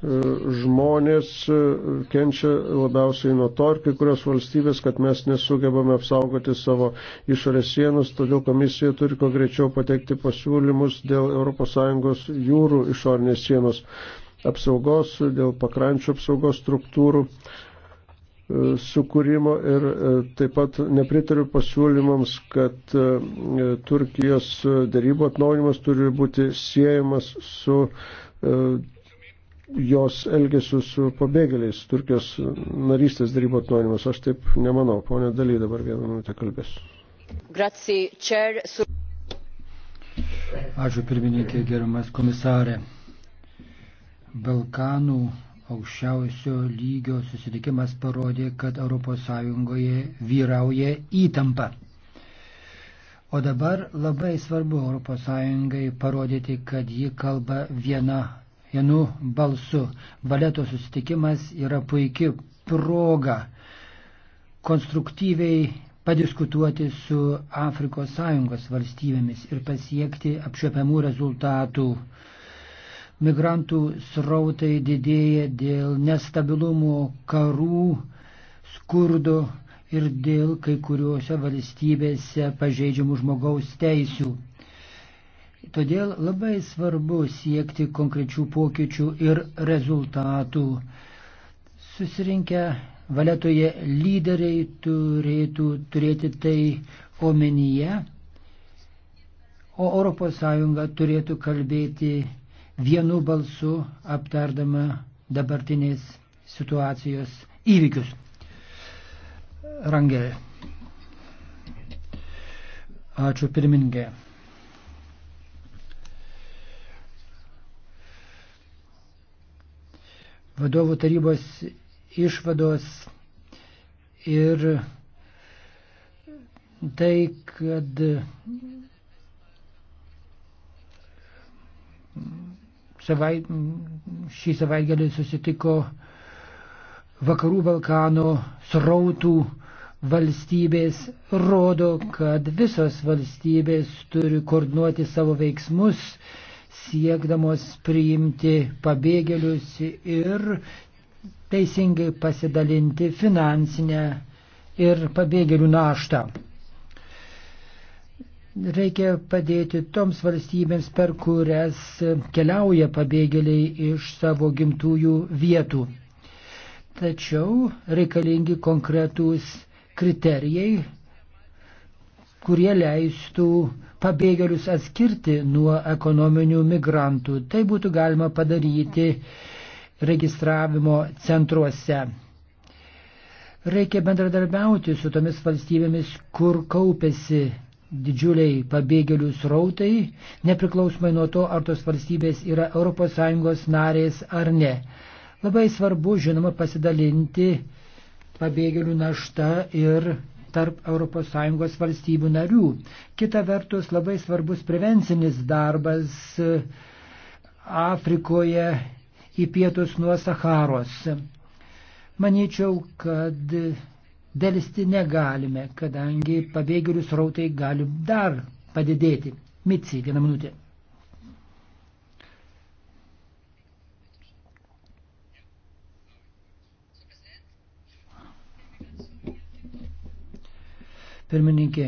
žmonės e, kenčia labiausiai nuo to ir kai kurios valstybės, kad mes nesugebame apsaugoti savo išorės sienus, todėl komisija turi kuo greičiau pateikti pasiūlymus dėl ES jūrų išorinės sienos apsaugos, dėl pakrančių apsaugos struktūrų e, sukūrimo ir e, taip pat nepritariu pasiūlymams, kad Turkijos darybų atnaujinimas turi būti siejamas su jos elgesių su pabėgėliais, Turkijos narystės darybo atnaujinimas. Aš taip nemanau. Pone Daly dabar vieną minutę kalbės. Ačiū pirmininkė, gerimas komisarė. Balkanų aukščiausio lygio susitikimas parodė, kad ES vyrauja įtampa. O dabar labai svarbu ES parodyti, kad ji kalba viena vienu balsu. Valeto susitikimas yra puikia proga konstruktyviai padiskutuoti su Afrikos Sąjungos valstybėmis ir pasiekti apčiopiamų rezultatų. Migrantų srautai didėja dėl nestabilumo, karų, skurdo ir dėl kai kuriuose valstybėse pažeidžiamų žmogaus teisių. Todėl labai svarbu siekti konkrečių pokyčių ir rezultatų. Susirinkę valetoje lyderiai turėtų turėti tai omenyje, o ES turėtų kalbėti vienu balsu aptardama dabartinės situacijos įvykius. Rangelė. Ačiū pirmininkė. vadovų tarybos išvados ir tai, kad savai, šį savaitgalį susitiko Vakarų Balkano srautų valstybės, rodo, kad visos valstybės turi koordinuoti savo veiksmus siekdamos priimti pabėgėlius ir teisingai pasidalinti finansinę ir pabėgėlių naštą. Reikia padėti toms valstybėms, per kurias keliauja pabėgėliai iš savo gimtųjų vietų. Tačiau reikalingi konkretūs kriterijai, kurie leistų uh, pabėgėlius atskirti nuo ekonominių migrantų. Tai būtų galima padaryti registravimo centruose. Reikia bendradarbiauti su tomis valstybėmis, kur kaupėsi didžiuliai pabėgėlių srautai, nepriklausomai nuo to, ar tos valstybės yra ES narės ar ne. Labai svarbu, žinoma, pasidalinti pabėgėlių naštą ir tarp ES valstybių narių. Kita vertus, labai svarbus prevencinis darbas e, Afrikoje į pietus nuo Saharos. Manyčiau, kad dėlisti negalime, kadangi pabėgėlių srautai gali dar padidėti. Mici, vieną minutę. Pirmininkė,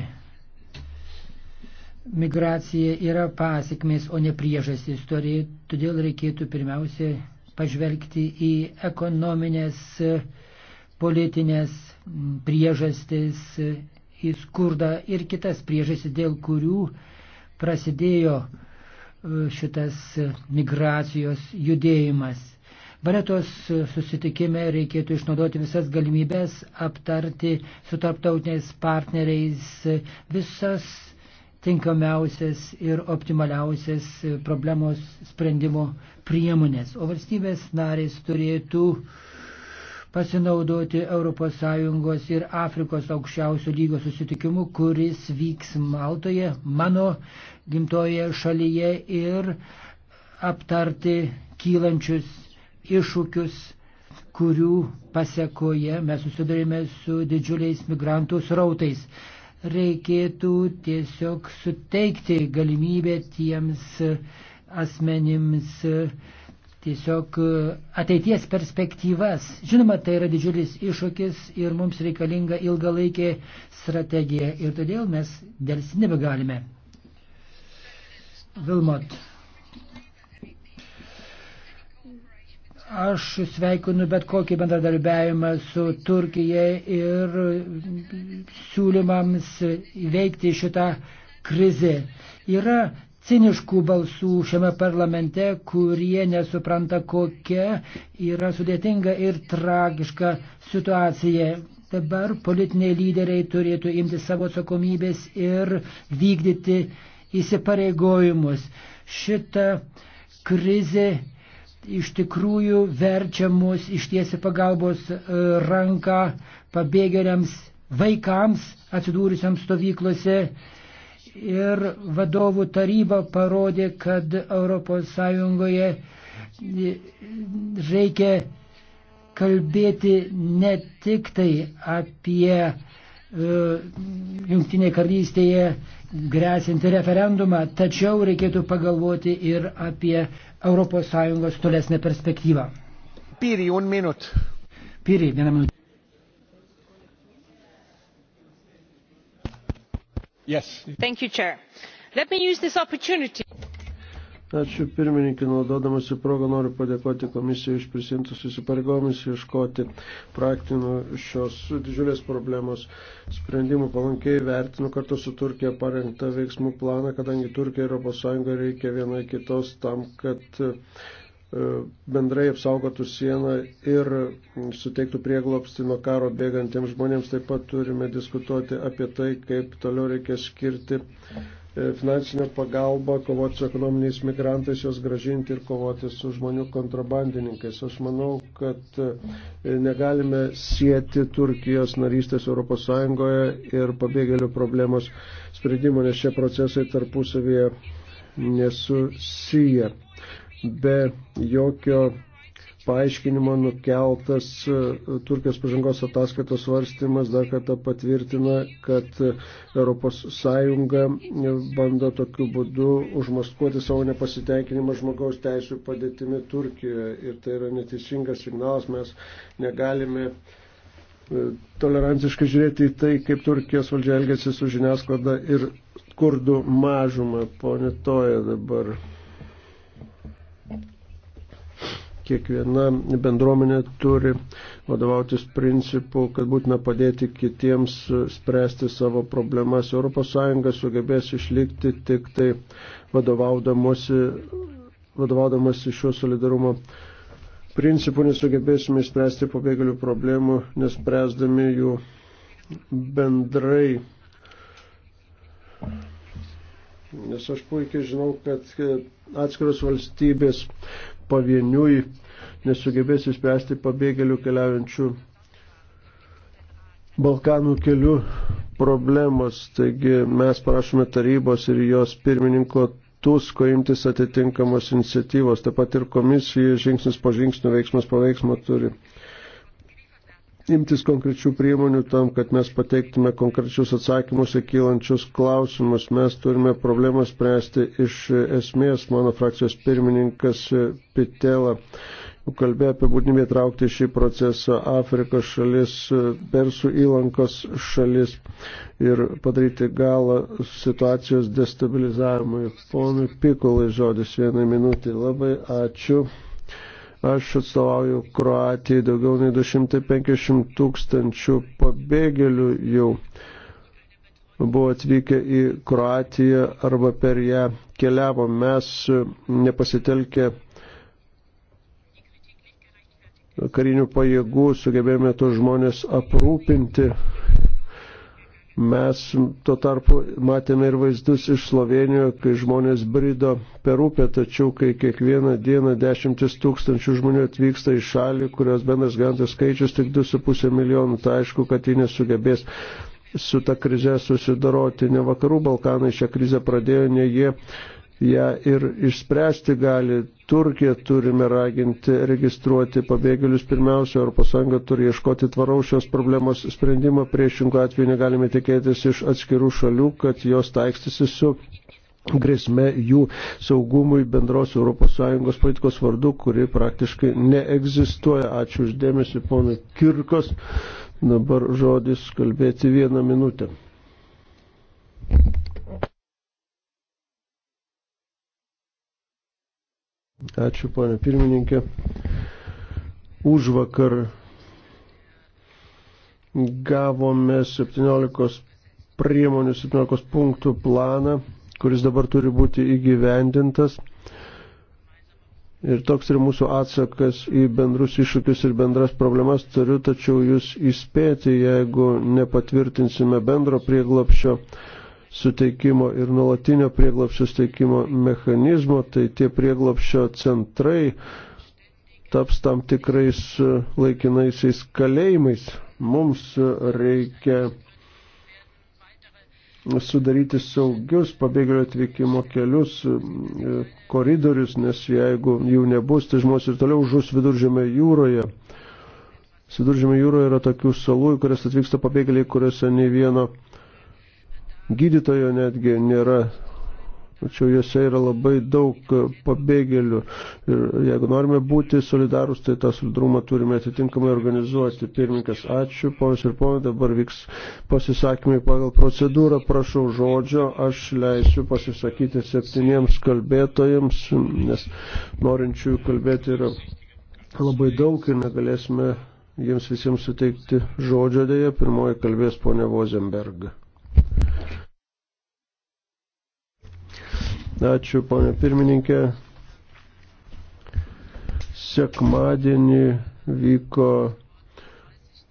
migracija yra pasikmės, o ne priežastis, todėl reikėtų pirmiausia pažvelgti į ekonominės, politinės priežastis, į skurdą ir kitas priežastis, dėl kurių prasidėjo e, šitas migracijos judėjimas. Valetos susitikime reikėtų išnaudoti visas galimybės aptarti su tarptautiniais partneriais visas tinkamiausias ir optimaliausias problemos sprendimo priemonės. O valstybės narės turėtų pasinaudoti ES ir Afrikos aukščiausio lygio susitikimu, kuris vyks Maltoje, mano gimtoje šalyje ir aptarti kylančius iššūkius, kurių pasiekoje mes susidurime su didžiuliais migrantų srautais. Reikėtų tiesiog suteikti galimybę tiems asmenims tiesiog ateities perspektyvas. Žinoma, tai yra didžiulis iššūkis ir mums reikalinga ilgalaikė strategija ir todėl mes dėlsi nebegalime. Vilmot. Aš sveikinu bet kokį bendradarbiavimą su Turkija ir siūlymams įveikti šitą krizę. Yra ciniškų balsų šiame parlamente, kurie nesupranta, kokia yra sudėtinga ir tragiška situacija. Dabar politiniai lyderiai turėtų imti savo atsakomybės ir vykdyti įsipareigojimus. Šita krizė iš tikrųjų verčia mus ištiesi pagalbos e, ranką pabėgėliams, vaikams atsidūrusiams stovyklose. Ir vadovų taryba parodė, kad ES e, reikia kalbėti ne tik tai apie E, Junktinėje karalystėje grėsinti referendumą, tačiau reikėtų pagalvoti ir apie ES tolesnę perspektyvą. Pyri, un minut. Pyri, vieną minutę. Yes. Thank you, Chair. Let me use this opportunity. Ačiū pirmininkai, naudodamas į progą noriu padėkoti komisijai iš prisimtus įsipareigomis ieškoti praktinių šios didžiulės problemos sprendimų. Palankiai vertinu kartu su Turkija parengtą veiksmų planą, kadangi Turkija ir ES reikia viena kitos tam, kad e, bendrai apsaugotų sieną ir suteiktų prieglopstį nuo karo bėgantiems žmonėms. Taip pat turime diskutuoti apie tai, kaip toliau reikia skirti E, finansinę pagalbą, kovoti su ekonominiais migrantais, juos gražinti ir kovoti su žmonių kontrabandininkais. Aš manau, kad e, negalime sieti Turkijos narystės ES ir pabėgėlių problemos sprendimo, nes šie procesai tarpusavėje nesusiję. Be jokio paaiškinimo nukeltas e, Turkijos pažangos ataskaitos svarstymas dar kartą patvirtina, kad ES bando tokiu būdu užmaskuoti savo nepasitenkinimą žmogaus teisų padėtimi Turkijoje. Ir tai yra neteisingas signalas, mes negalime e, tolerantiškai žiūrėti į tai, kaip Turkijos valdžia elgėsi su žiniasklaida ir kurdų mažumą. Pone Toja dabar. kiekviena bendruomenė turi vadovautis principu, kad būtina padėti kitiems spręsti savo problemas. ES sugebės išlikti tik tai vadovaudamas šiuo solidarumo principu, nesugebėsime išspręsti pabėgėlių problemų, nespręsdami jų bendrai. Nes aš puikiai žinau, kad atskiros valstybės pavieniui nesugebės įspręsti pabėgėlių keliaujančių Balkanų kelių problemos. Taigi mes prašome tarybos ir jos pirmininko Tusko imtis atitinkamos iniciatyvos. Taip pat ir komisija žingsnis po žingsnio veiksmas po veiksmo turi imtis konkrečių priemonių tam, kad mes pateiktume konkrečius atsakymus į kylančius klausimus. Mes turime problemą spręsti iš esmės. Mano frakcijos pirmininkas Pitela kalbėjo apie būtinybę traukti šį procesą Afrikos šalis, Persų įlankos šalis ir padaryti galą situacijos destabilizavimui. Ponui Pikulai žodis vieną minutį. Labai ačiū. Aš atstovauju Kroatijai daugiau nei 250 tūkstančių pabėgėlių jau buvo atvykę į Kroatiją arba per ją keliavo. Mes nepasitelkę karinių pajėgų sugebėjome tos žmonės aprūpinti Mes tuo tarpu matėme ir vaizdus iš Slovenijoje, kai žmonės brido per upę, tačiau kai kiekvieną dieną dešimtis tūkstančių žmonių atvyksta į šalį, kurios bendras gyventojų skaičius tik 2,5 milijonų, tai aišku, kad ji nesugebės su ta krize susidoroti. Ne vakarų Balkanai šią krizę pradėjo, ne jie ją ir išspręsti gali. Turkiją turime raginti registruoti pabėgėlius pirmiausia, ES turi ieškoti tvaraus šios problemos sprendimo, priešingų atveju negalime tikėtis iš atskirų šalių, kad jos taikstysi su grėsme jų saugumui bendros ES politikos vardu, kuri praktiškai neegzistuoja. Ačiū uždėmesi, ponai Kirkos. Dabar žodis kalbėti vieną minutę. Ačiū, ponė pirmininkė. Už vakar gavome 17 priemonių, 17 punktų planą, kuris dabar turi būti įgyvendintas. Ir toks ir mūsų atsakas į bendrus iššūkius ir bendras problemas turiu, tačiau jūs įspėti, jeigu nepatvirtinsime bendro prieglopščio suteikimo ir nuolatinio prieglapščio suteikimo mechanizmo, tai tie prieglapščio centrai taps tam tikrais e, laikinaisiais kalėjimais. Mums reikia sudaryti saugius pabėgėlių atvykimo kelius, e, koridorius, nes jeigu jų nebus, tai žmonės ir toliau žus viduržėme jūroje. Viduržėme jūroje yra tokių salų, į kurias atvyksta pabėgėliai, kuriuose nei vieno gydytojo netgi nėra Tačiau juose yra labai daug pabėgėlių ir jeigu norime būti solidarus, tai tą solidarumą turime atitinkamai organizuoti. Pirmininkas, ačiū, povis ir ponai, dabar vyks pasisakymai pagal procedūrą, prašau žodžio, aš leisiu pasisakyti septyniems kalbėtojams, nes norinčių kalbėti yra labai daug ir negalėsime jiems visiems suteikti žodžio dėje. Pirmoji kalbės ponia Vozemberga. Ačiū, ponė pirmininkė. Sekmadienį vyko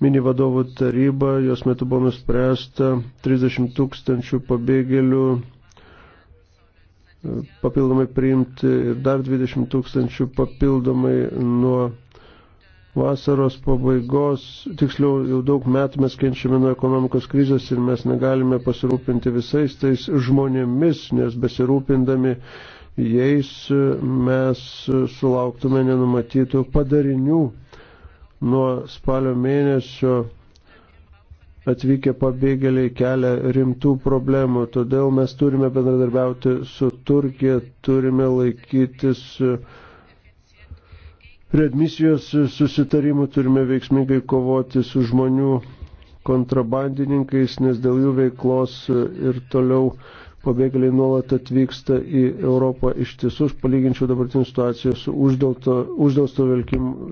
mini vadovų taryba, jos metu buvo nuspręsta 30 tūkstančių pabėgėlių e, papildomai priimti ir dar 20 tūkstančių papildomai nuo vasaros pabaigos, tiksliau jau daug metų mes kenčiame nuo ekonomikos krizės ir mes negalime pasirūpinti visais tais žmonėmis, nes besirūpindami jais mes sulauktume nenumatytų padarinių nuo spalio mėnesio atvykę pabėgėliai kelia rimtų problemų, todėl mes turime bendradarbiauti su Turkija, turime laikytis uh, readmisijos susitarimų turime veiksmingai kovoti su žmonių kontrabandininkais, nes dėl jų veiklos ir toliau pabėgėliai nuolat atvyksta į Europą iš tiesų, aš palyginčiau dabartinį situaciją su uždėlsto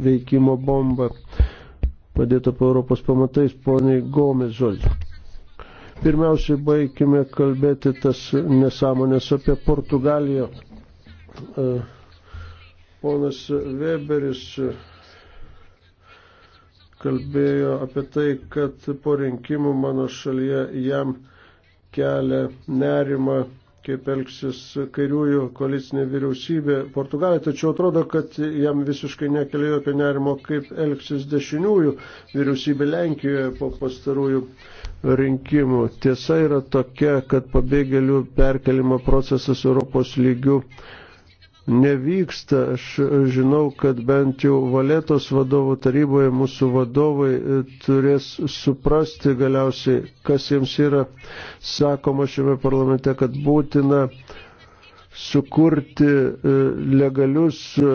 veikimo bomba padėta po Europos pamatais, poniai Gomes žodžiu. Pirmiausiai baigime kalbėti tas nesąmonės apie Portugaliją. Uh, Ponas Weberis kalbėjo apie tai, kad po rinkimų mano šalyje jam kelia nerima, kaip elgsis kairiųjų koalicinė vyriausybė Portugalija, tačiau atrodo, kad jam visiškai nekelia jokio nerimo, kaip elgsis dešiniųjų vyriausybė Lenkijoje po pastarųjų rinkimų. Tiesa yra tokia, kad pabėgėlių perkelimo procesas Europos lygių nevyksta. Aš žinau, kad bent jau Valetos vadovų taryboje mūsų vadovai e, turės suprasti galiausiai, kas jiems yra sakoma šiame parlamente, kad būtina uh, sukurti e, legalius e,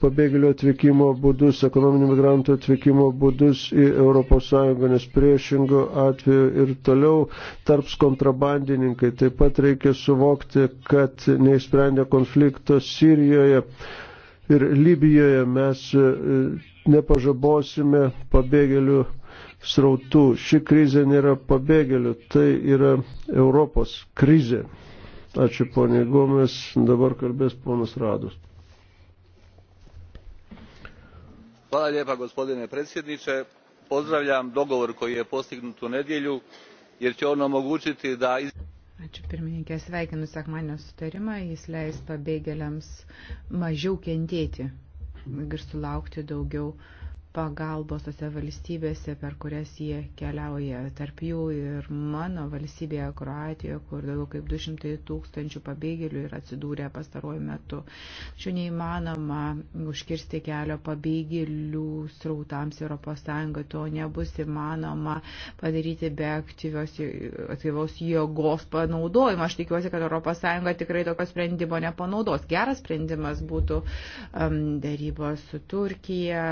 pabėgėlių atvykimo būdus, ekonominių migrantų atvykimo būdus į ES, nes priešingų atveju ir toliau tarps kontrabandininkai. Taip pat reikia suvokti, kad neišsprendę konflikto Sirijoje ir Libijoje mes e, nepažabosime pabėgėlių srautų. Ši krizė nėra pabėgėlių, tai yra Europos krizė. Ačiū ponė Gomes, dabar kalbės ponas Radus. Hvala lijepa gospodine predsjedniče. Pozdravljam dogovor koji je postignut u nedjelju jer će on omogućiti da... Ačiū pirmininkė, sveikinu sekmanio sutarimą, jis leis pabėgėliams mažiau kentėti ir sulaukti daugiau uh, pagalbos tose valstybėse, per kurias jie keliauja. Tarp jų ir mano valstybėje Kroatijoje, kur daugiau kaip 200 tūkstančių pabėgėlių yra atsidūrę pastaruoju metu. Čia neįmanoma užkirsti kelio pabėgėlių srautams ES, to nebus įmanoma padaryti be aktyvios, aktyvios jėgos panaudojimo. Aš tikiuosi, kad ES tikrai tokio sprendimo nepanaudos. Geras sprendimas būtų um, darybos su Turkija,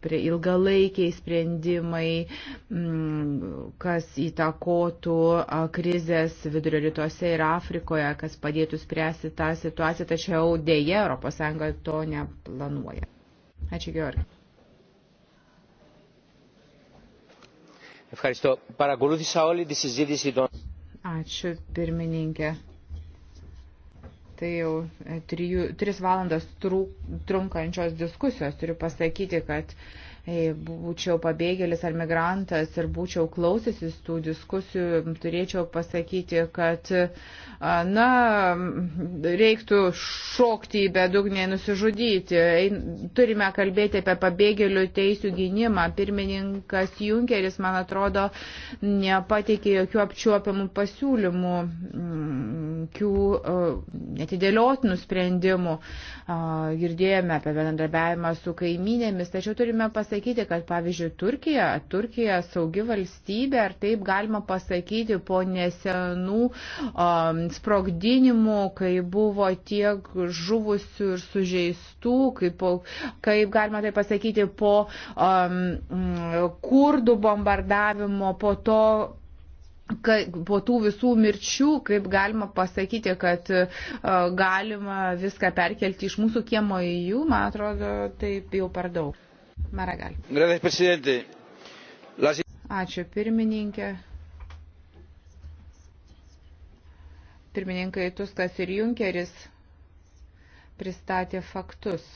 spri, ilgalaikiai sprendimai, m, mm, kas įtakotų krizės vidurio rytuose ir Afrikoje, kas padėtų spręsti tą situaciją, tačiau dėje ES to neplanuoja. Ačiū, Georgi. Ačiū, pirmininkė tai jau e, trijų, tris valandas trūk, trunkančios diskusijos. Turiu pasakyti, kad uh, būčiau pabėgėlis ar migrantas ir būčiau klausęsis tų diskusijų, turėčiau pasakyti, kad, na, reiktų šokti į bedugnį, nusižudyti. Turime kalbėti apie pabėgėlių teisų gynimą. Pirmininkas Junkeris, man atrodo, nepateikė jokių apčiuopiamų pasiūlymų, mm, jokių netidėliotinų sprendimų. Girdėjome apie bendradarbiavimą su kaiminėmis, tačiau turime pasakyti, pasakyti, kad pavyzdžiui Turkija, Turkija saugi valstybė, ar taip galima pasakyti po nesenų um, sprogdinimų, kai buvo tiek žuvusių ir sužeistų, kaip, kaip galima tai pasakyti po um, kurdų bombardavimo, po to Kai, po tų visų mirčių, kaip galima pasakyti, kad uh, galima viską perkelti iš mūsų kiemo į jų, man atrodo, taip jau per daug. Maragal. Ačiū pirmininkė. Pirmininkai Tuskas ir Junkeris pristatė faktus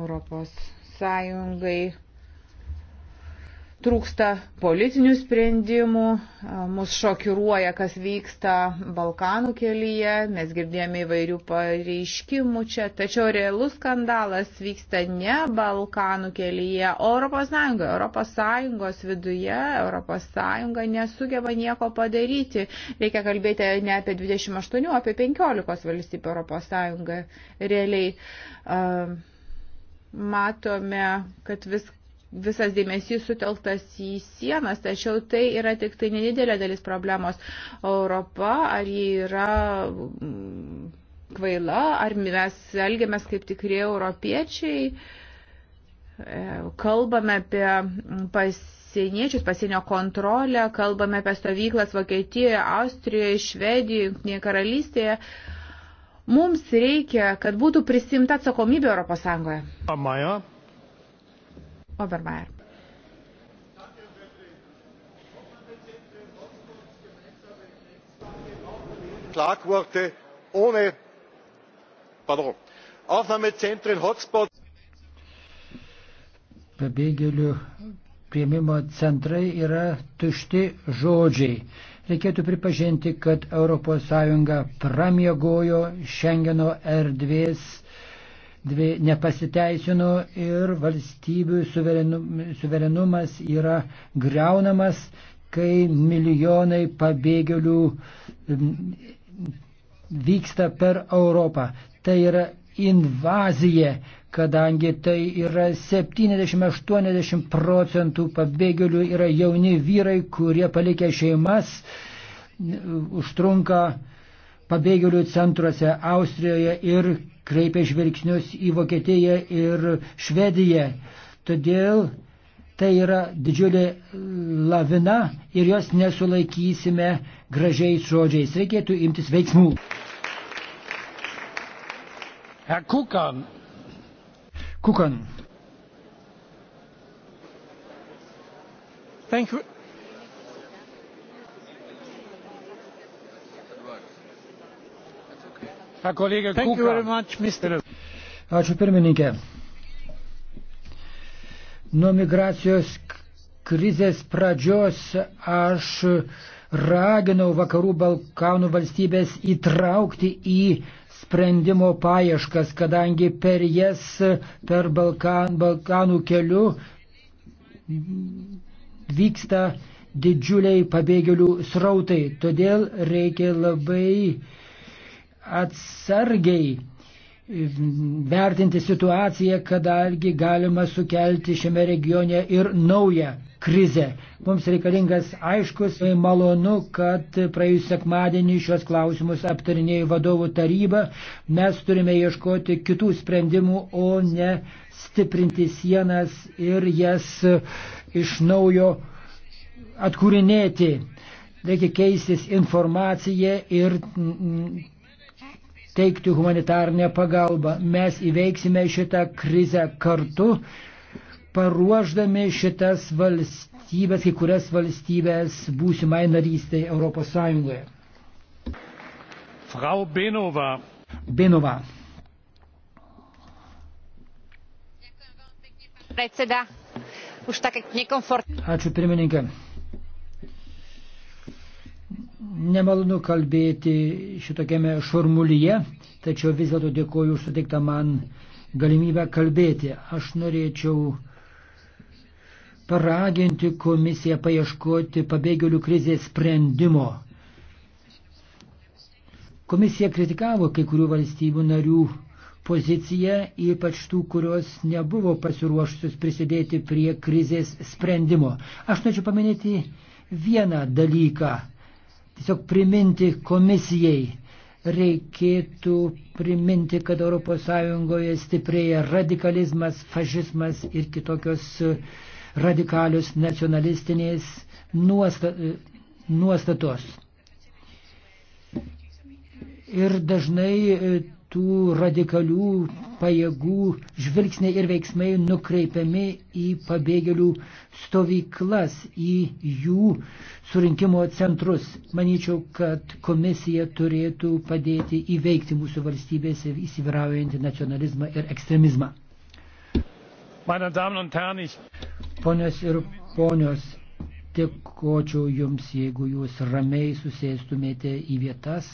Europos Sąjungai trūksta politinių sprendimų, mus šokiruoja, kas vyksta Balkanų kelyje, mes girdėjome įvairių pareiškimų čia, tačiau realus skandalas vyksta ne Balkanų kelyje, o Europos Sąjungoje. Europos Sąjungos viduje Europos Sąjunga nesugeba nieko padaryti. Reikia kalbėti ne apie 28, o apie 15 valstybių Europos Sąjunga realiai. Uh, matome, kad viskas visas dėmesys sutelktas į sienas, tačiau tai yra tik tai nedidelė dalis problemos. Europa, ar ji yra mm, kvaila, ar mes elgiamės kaip tikrie europiečiai, e, kalbame apie mm, pasieniečius, pasienio kontrolę, kalbame apie stovyklas Vokietijoje, Austrijoje, Švedijoje, Junktinėje karalystėje. Mums reikia, kad būtų prisimta atsakomybė Europos Sąjungoje. Amaja. Obermeier. Schlagworte ohne pardon, Aufnahmezentren, Hotspots. Pabėgėlių prieimimo centrai yra tušti žodžiai. Reikėtų pripažinti, kad ES pramiegojo Šengeno erdvės dvi nepasiteisino ir valstybių suverenumas yra greunamas, kai milijonai pabėgėlių vyksta per Europą. Tai yra invazija, kadangi tai yra 70-80 procentų pabėgėlių yra jauni vyrai, kurie palikę šeimas, užtrunka pabėgėlių centruose Austrijoje ir kreipia žvilgsnius į Vokietiją ir Švediją. Todėl tai yra didžiulė lavina ir jos nesulaikysime gražiais žodžiais. Reikėtų imtis veiksmų. Herr Kukan. Kukan. Thank you. Ačiū pirmininkė. Nuo migracijos krizės pradžios aš raginau vakarų Balkanų valstybės įtraukti į sprendimo paieškas, kadangi per jas, per Balkan, Balkanų keliu vyksta didžiuliai pabėgėlių srautai. Todėl reikia labai atsargiai vertinti situaciją, kadangi galima sukelti šiame regione ir naują krizę. Mums reikalingas aiškus, malonu, kad praėjus sekmadienį šios klausimus aptarinėjo vadovų taryba. Mes turime ieškoti kitų sprendimų, o ne stiprinti sienas ir jas iš naujo atkūrinėti. Reikia keistis informaciją ir teikti humanitarnę pagalbą. Mes įveiksime šitą krizę kartu, paruoždami šitas valstybės, kai kurias valstybės būsimai narystiai Europos Sąjungoje. Frau Benova. Benova. Ačiū pirmininkė. Nemalonu kalbėti šitokiame šurmulyje, tačiau vis dėlto dėkoju už suteiktą man galimybę kalbėti. Aš norėčiau paraginti komisiją paieškoti pabėgėlių krizės sprendimo. Komisija kritikavo kai kurių valstybių narių poziciją, ypač tų, kurios nebuvo pasiruošusios prisidėti prie krizės sprendimo. Aš norėčiau paminėti vieną dalyką tiesiog priminti komisijai, reikėtų priminti, kad ES stiprėja radikalizmas, fašizmas ir kitokios e, radikalius nacionalistinės e, nuostatos. Ir dažnai e, tų radikalių pajėgų žvilgsniai ir veiksmai nukreipiami į pabėgėlių stovyklas, į jų surinkimo centrus. Manyčiau, kad komisija turėtų padėti įveikti mūsų valstybėse įsiviraujantį nacionalizmą ir ekstremizmą. Ponios ir ponios, dėkočiau jums, jeigu jūs ramiai susėstumėte į vietas.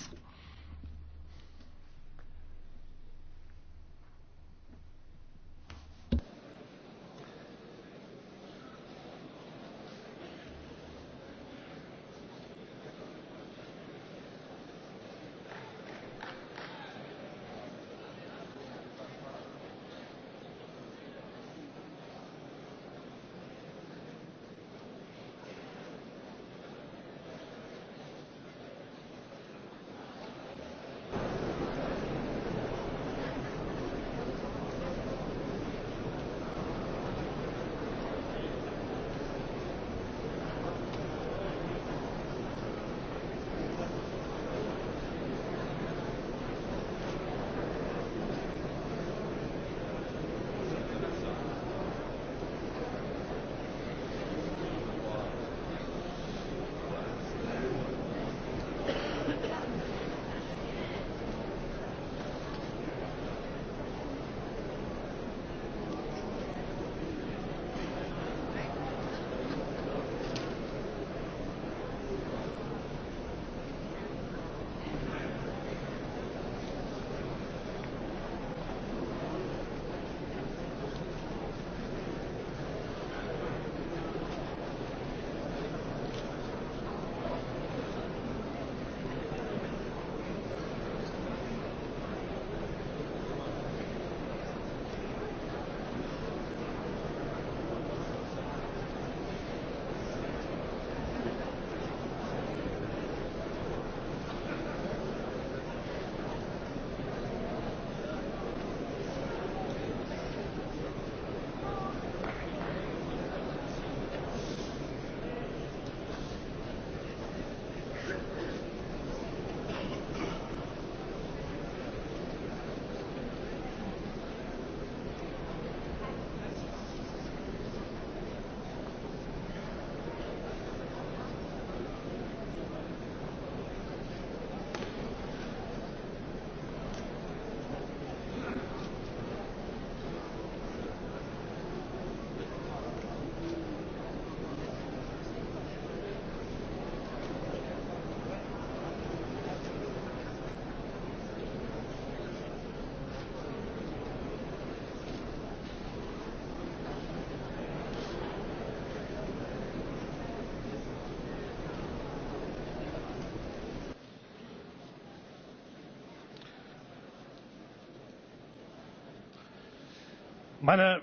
Meine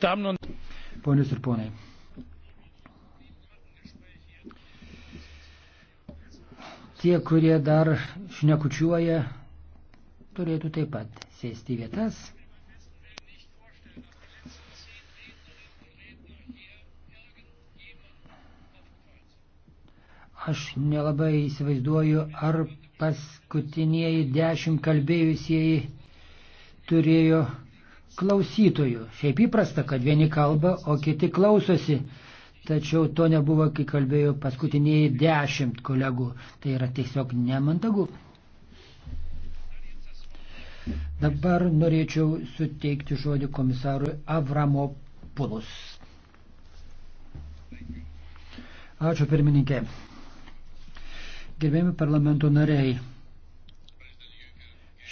Damen und Ponius ir ponai. Tie, kurie dar šnekučiuoja, turėtų taip pat sėsti į vietas. Aš nelabai įsivaizduoju, ar paskutinieji dešimt kalbėjusieji turėjo klausytojų. Šiaip įprasta, kad vieni kalba, o kiti klausosi. Tačiau to nebuvo, kai kalbėjo paskutiniai dešimt kolegų. Tai yra tiesiog nemandagu. Dabar norėčiau suteikti žodį komisarui Avramo Pulus. Ačiū pirmininkė. Gerbėjami parlamento nariai.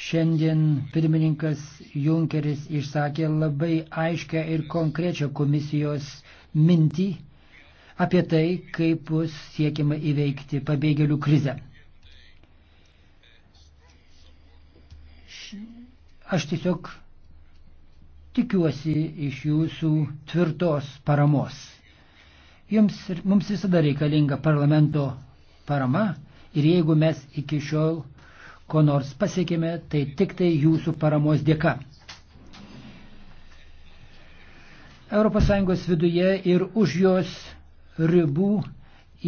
Šiandien pirmininkas Junkeris išsakė labai aiškę ir konkrečią komisijos mintį apie tai, kaip bus siekiama įveikti pabėgėlių krizę. Aš tiesiog tikiuosi iš jūsų tvirtos paramos. Jums, mums visada reikalinga parlamento parama ir jeigu mes iki šiol ko nors pasiekėme, tai tik tai jūsų paramos dėka. ES viduje ir už jos ribų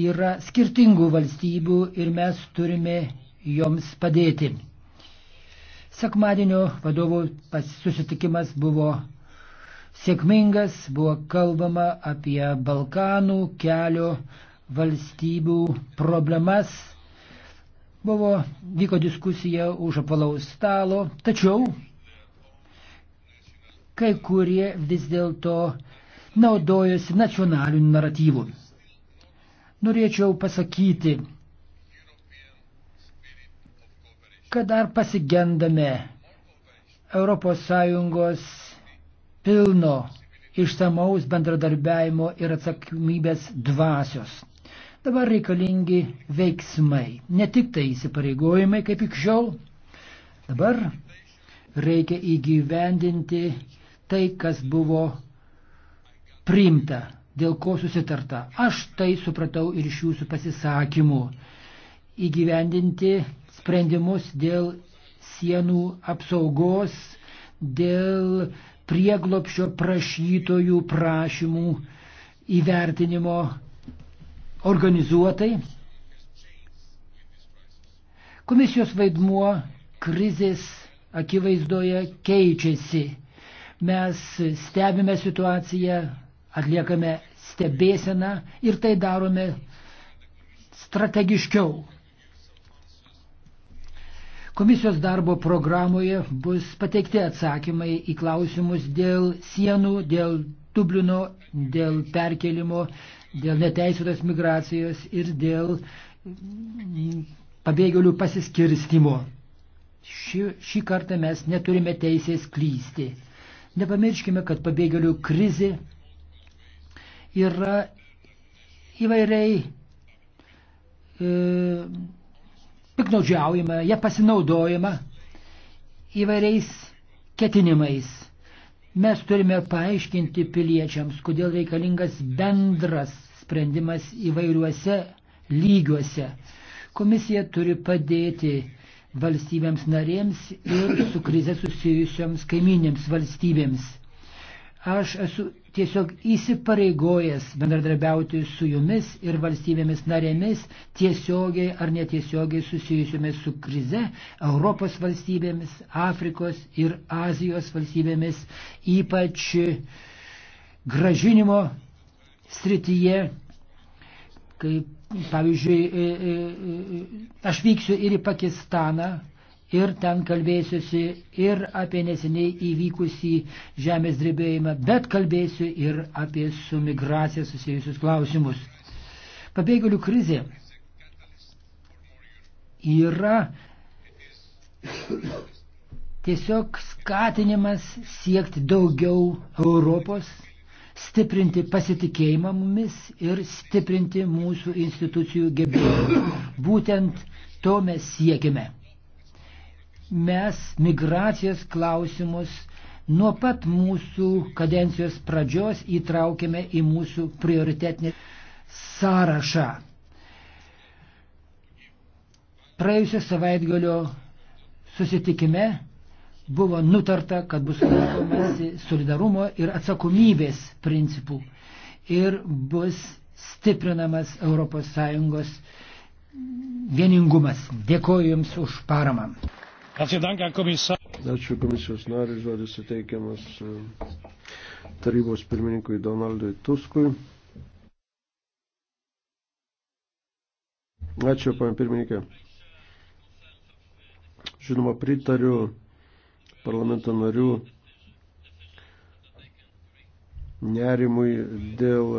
yra skirtingų valstybių ir mes turime joms padėti. Sekmadienio vadovų susitikimas buvo sėkmingas, buvo kalbama apie Balkanų kelio valstybių problemas Buvo, vyko diskusija už apvalaus stalo, tačiau kai kurie vis dėlto naudojasi nacionaliniu naratyvu. Norėčiau pasakyti, kad dar pasigendame ES pilno išsamaus bendradarbiajimo ir atsakomybės dvasios. Dabar reikalingi veiksmai, ne tik tai įsipareigojimai kaip iki šiol. Dabar reikia įgyvendinti tai, kas buvo priimta, dėl ko susitarta. Aš tai supratau ir iš jūsų pasisakymų. Įgyvendinti sprendimus dėl sienų apsaugos, dėl prieglopšio prašytojų prašymų įvertinimo organizuotai. Komisijos vaidmuo krizės akivaizdoje keičiasi. Mes stebime situaciją, atliekame stebėseną ir tai darome strategiškiau. Komisijos darbo programoje bus pateikti atsakymai į klausimus dėl sienų, dėl Dublino, dėl perkelimo, dėl neteisėtos migracijos ir dėl pabėgėlių pasiskirstimo. Ši, šį kartą mes neturime teisės klysti. Nepamirškime, kad pabėgėlių krizi yra įvairiai e, piknaudžiaujama, ją pasinaudojama įvairiais ketinimais. Mes turime paaiškinti piliečiams, kodėl reikalingas bendras sprendimas įvairiuose lygiuose. Komisija turi padėti valstybėms narėms ir su krize susijusioms kaiminėms valstybėms. Aš esu tiesiog įsipareigojęs bendradarbiauti su jumis ir valstybėmis narėmis tiesiogiai ar netiesiogiai susijusiomis su krize Europos valstybėmis, Afrikos ir Azijos valstybėmis, ypač gražinimo srityje, kaip pavyzdžiui, e, e, e, aš vyksiu ir į Pakistaną, ir ten kalbėsiuosi ir apie neseniai įvykusį žemės drebėjimą, bet kalbėsiu ir apie su migracija susijusius klausimus. Pabėgėlių krizė yra tiesiog skatinimas siekti daugiau Europos, stiprinti pasitikėjimą mumis ir stiprinti mūsų institucijų gebėjimą. Būtent to mes siekime mes migracijos klausimus nuo pat mūsų kadencijos pradžios įtraukėme į mūsų prioritetinį sąrašą. Praėjusią savaitgalio susitikime buvo nutarta, kad bus laikomasi solidarumo ir atsakomybės principų ir bus stiprinamas ES vieningumas. Dėkoju Jums už paramą. Ačiū komisijos nariai, žodis suteikiamas e, tarybos pirmininkui Donaldui Tuskui. Ačiū, pan pirmininkė. Žinoma, pritariu parlamento narių nerimui dėl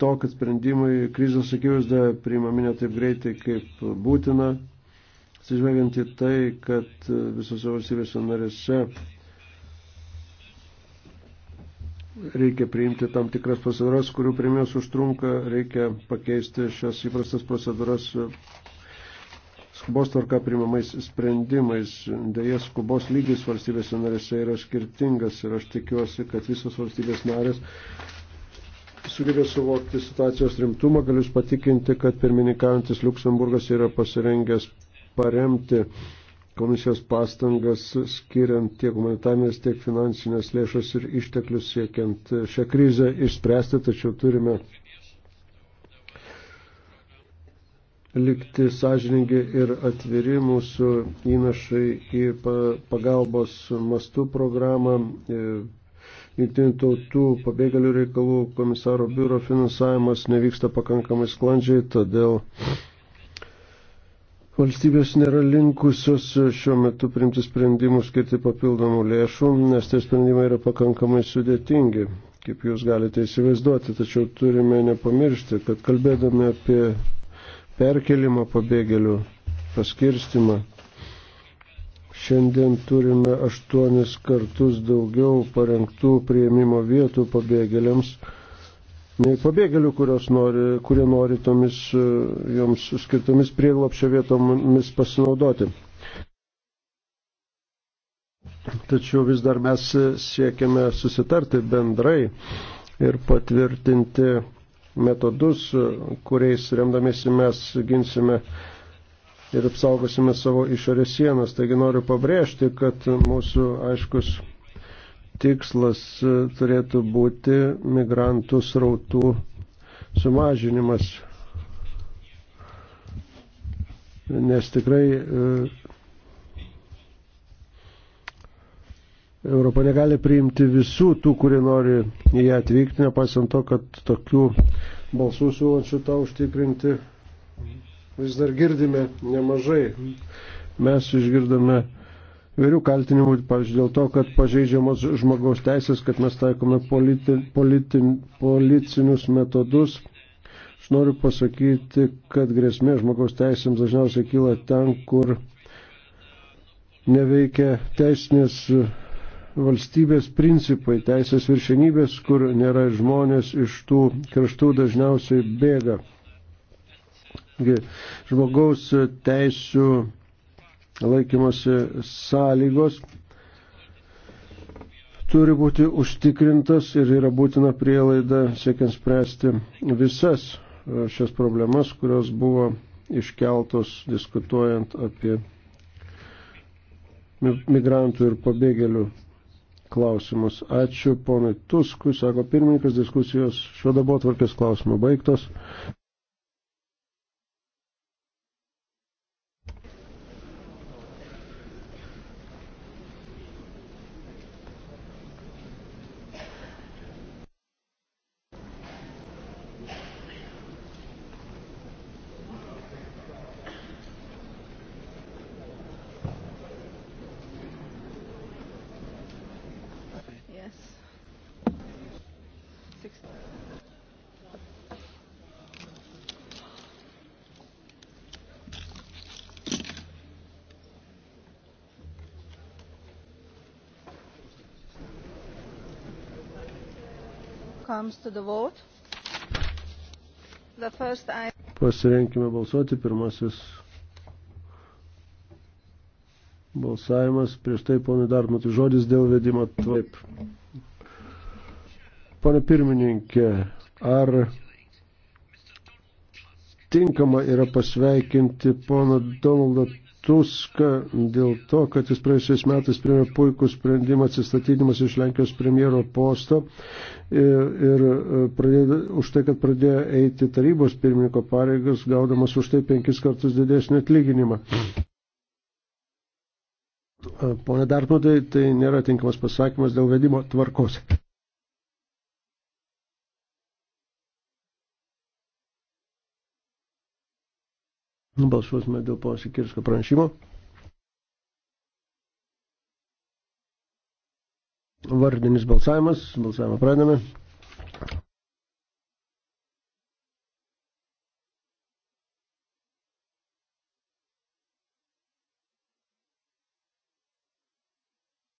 to, kad sprendimai krizės akivaizdoje priimami ne taip greitai, kaip būtina, atsižvelgiant į tai, kad visose valstybėse narėse reikia priimti tam tikras procedūras, kurių premijos užtrunka, reikia pakeisti šias įprastas procedūras skubos tvarka primamais sprendimais. Deja, skubos lygis valstybėse narėse yra skirtingas ir aš tikiuosi, kad visos valstybės narės sugebė suvokti situacijos rimtumą, galiu patikinti, kad pirmininkaujantis Luksemburgas yra pasirengęs paremti komisijos pastangas, skiriant tiek humanitarnės, tiek finansinės lėšas ir išteklius siekiant šią krizę išspręsti, tačiau turime likti sąžiningi ir atviri mūsų įnašai į pagalbos mastų programą e, Jungtinių tautų pabėgėlių reikalų komisaro biuro finansavimas nevyksta pakankamai sklandžiai, todėl valstybės nėra linkusios šiuo metu priimti sprendimų skirti papildomų lėšų, nes tie sprendimai yra pakankamai sudėtingi, kaip jūs galite įsivaizduoti. Tačiau turime nepamiršti, kad kalbėdami apie perkelimą pabėgėlių paskirstimą Šiandien turime aštuonis kartus daugiau parengtų prieimimo vietų pabėgėliams, nei pabėgėlių, nori, kurie nori tomis e, joms skirtomis prieglopšio vietomis pasinaudoti. Tačiau vis dar mes siekiame susitarti bendrai ir patvirtinti metodus, kuriais remdamėsi mes ginsime ir apsaugosime savo išorės sienas. Taigi noriu pabrėžti, kad mūsų aiškus tikslas e, turėtų būti migrantų srautų sumažinimas. Nes tikrai e, Europa negali priimti visų tų, kurie nori į ją atvykti, nepaisant to, kad tokių balsų siūlančių tą užtikrinti vis dar girdime nemažai. Mes išgirdome vairių kaltinimų, pavyzdžiui, dėl to, kad pažeidžiamos žmogaus teisės, kad mes taikome politi, politi, policinius metodus. Aš noriu pasakyti, kad grėsmė žmogaus teisėms dažniausiai kyla ten, kur neveikia teisinės valstybės principai, teisės viršenybės, kur nėra žmonės iš tų kraštų dažniausiai bėga. Žmogaus teisų laikymosi sąlygos turi būti užtikrintas ir yra būtina prielaida siekiant spręsti visas e, šias problemas, kurios buvo iškeltos diskutuojant apie migrantų ir pabėgėlių klausimus. Ačiū ponui Tuskui, sako pirmininkas diskusijos šio darbo tvarkės klausimo baigtos. First... Pasirenkime balsuoti. Pirmasis balsavimas. Prieš tai, ponai Darmatui, žodis dėl vedimo taip. Pone pirmininkė, ar tinkama yra pasveikinti pono Donaldo Tuską dėl to, kad jis praėjusiais metais priėmė puikų sprendimą atsistatydimas iš Lenkijos premjero posto ir, ir e, pradėjo, už tai, kad pradėjo eiti tarybos pirmininko pareigas, gaudamas už tai penkis kartus didesnį atlyginimą. E, pone Dartmudai, tai nėra tinkamas pasakymas dėl vedimo tvarkos. Balsuosime dėl pono Sikirsko pranešimo. Vardinis balsavimas. Balsavimą pradame.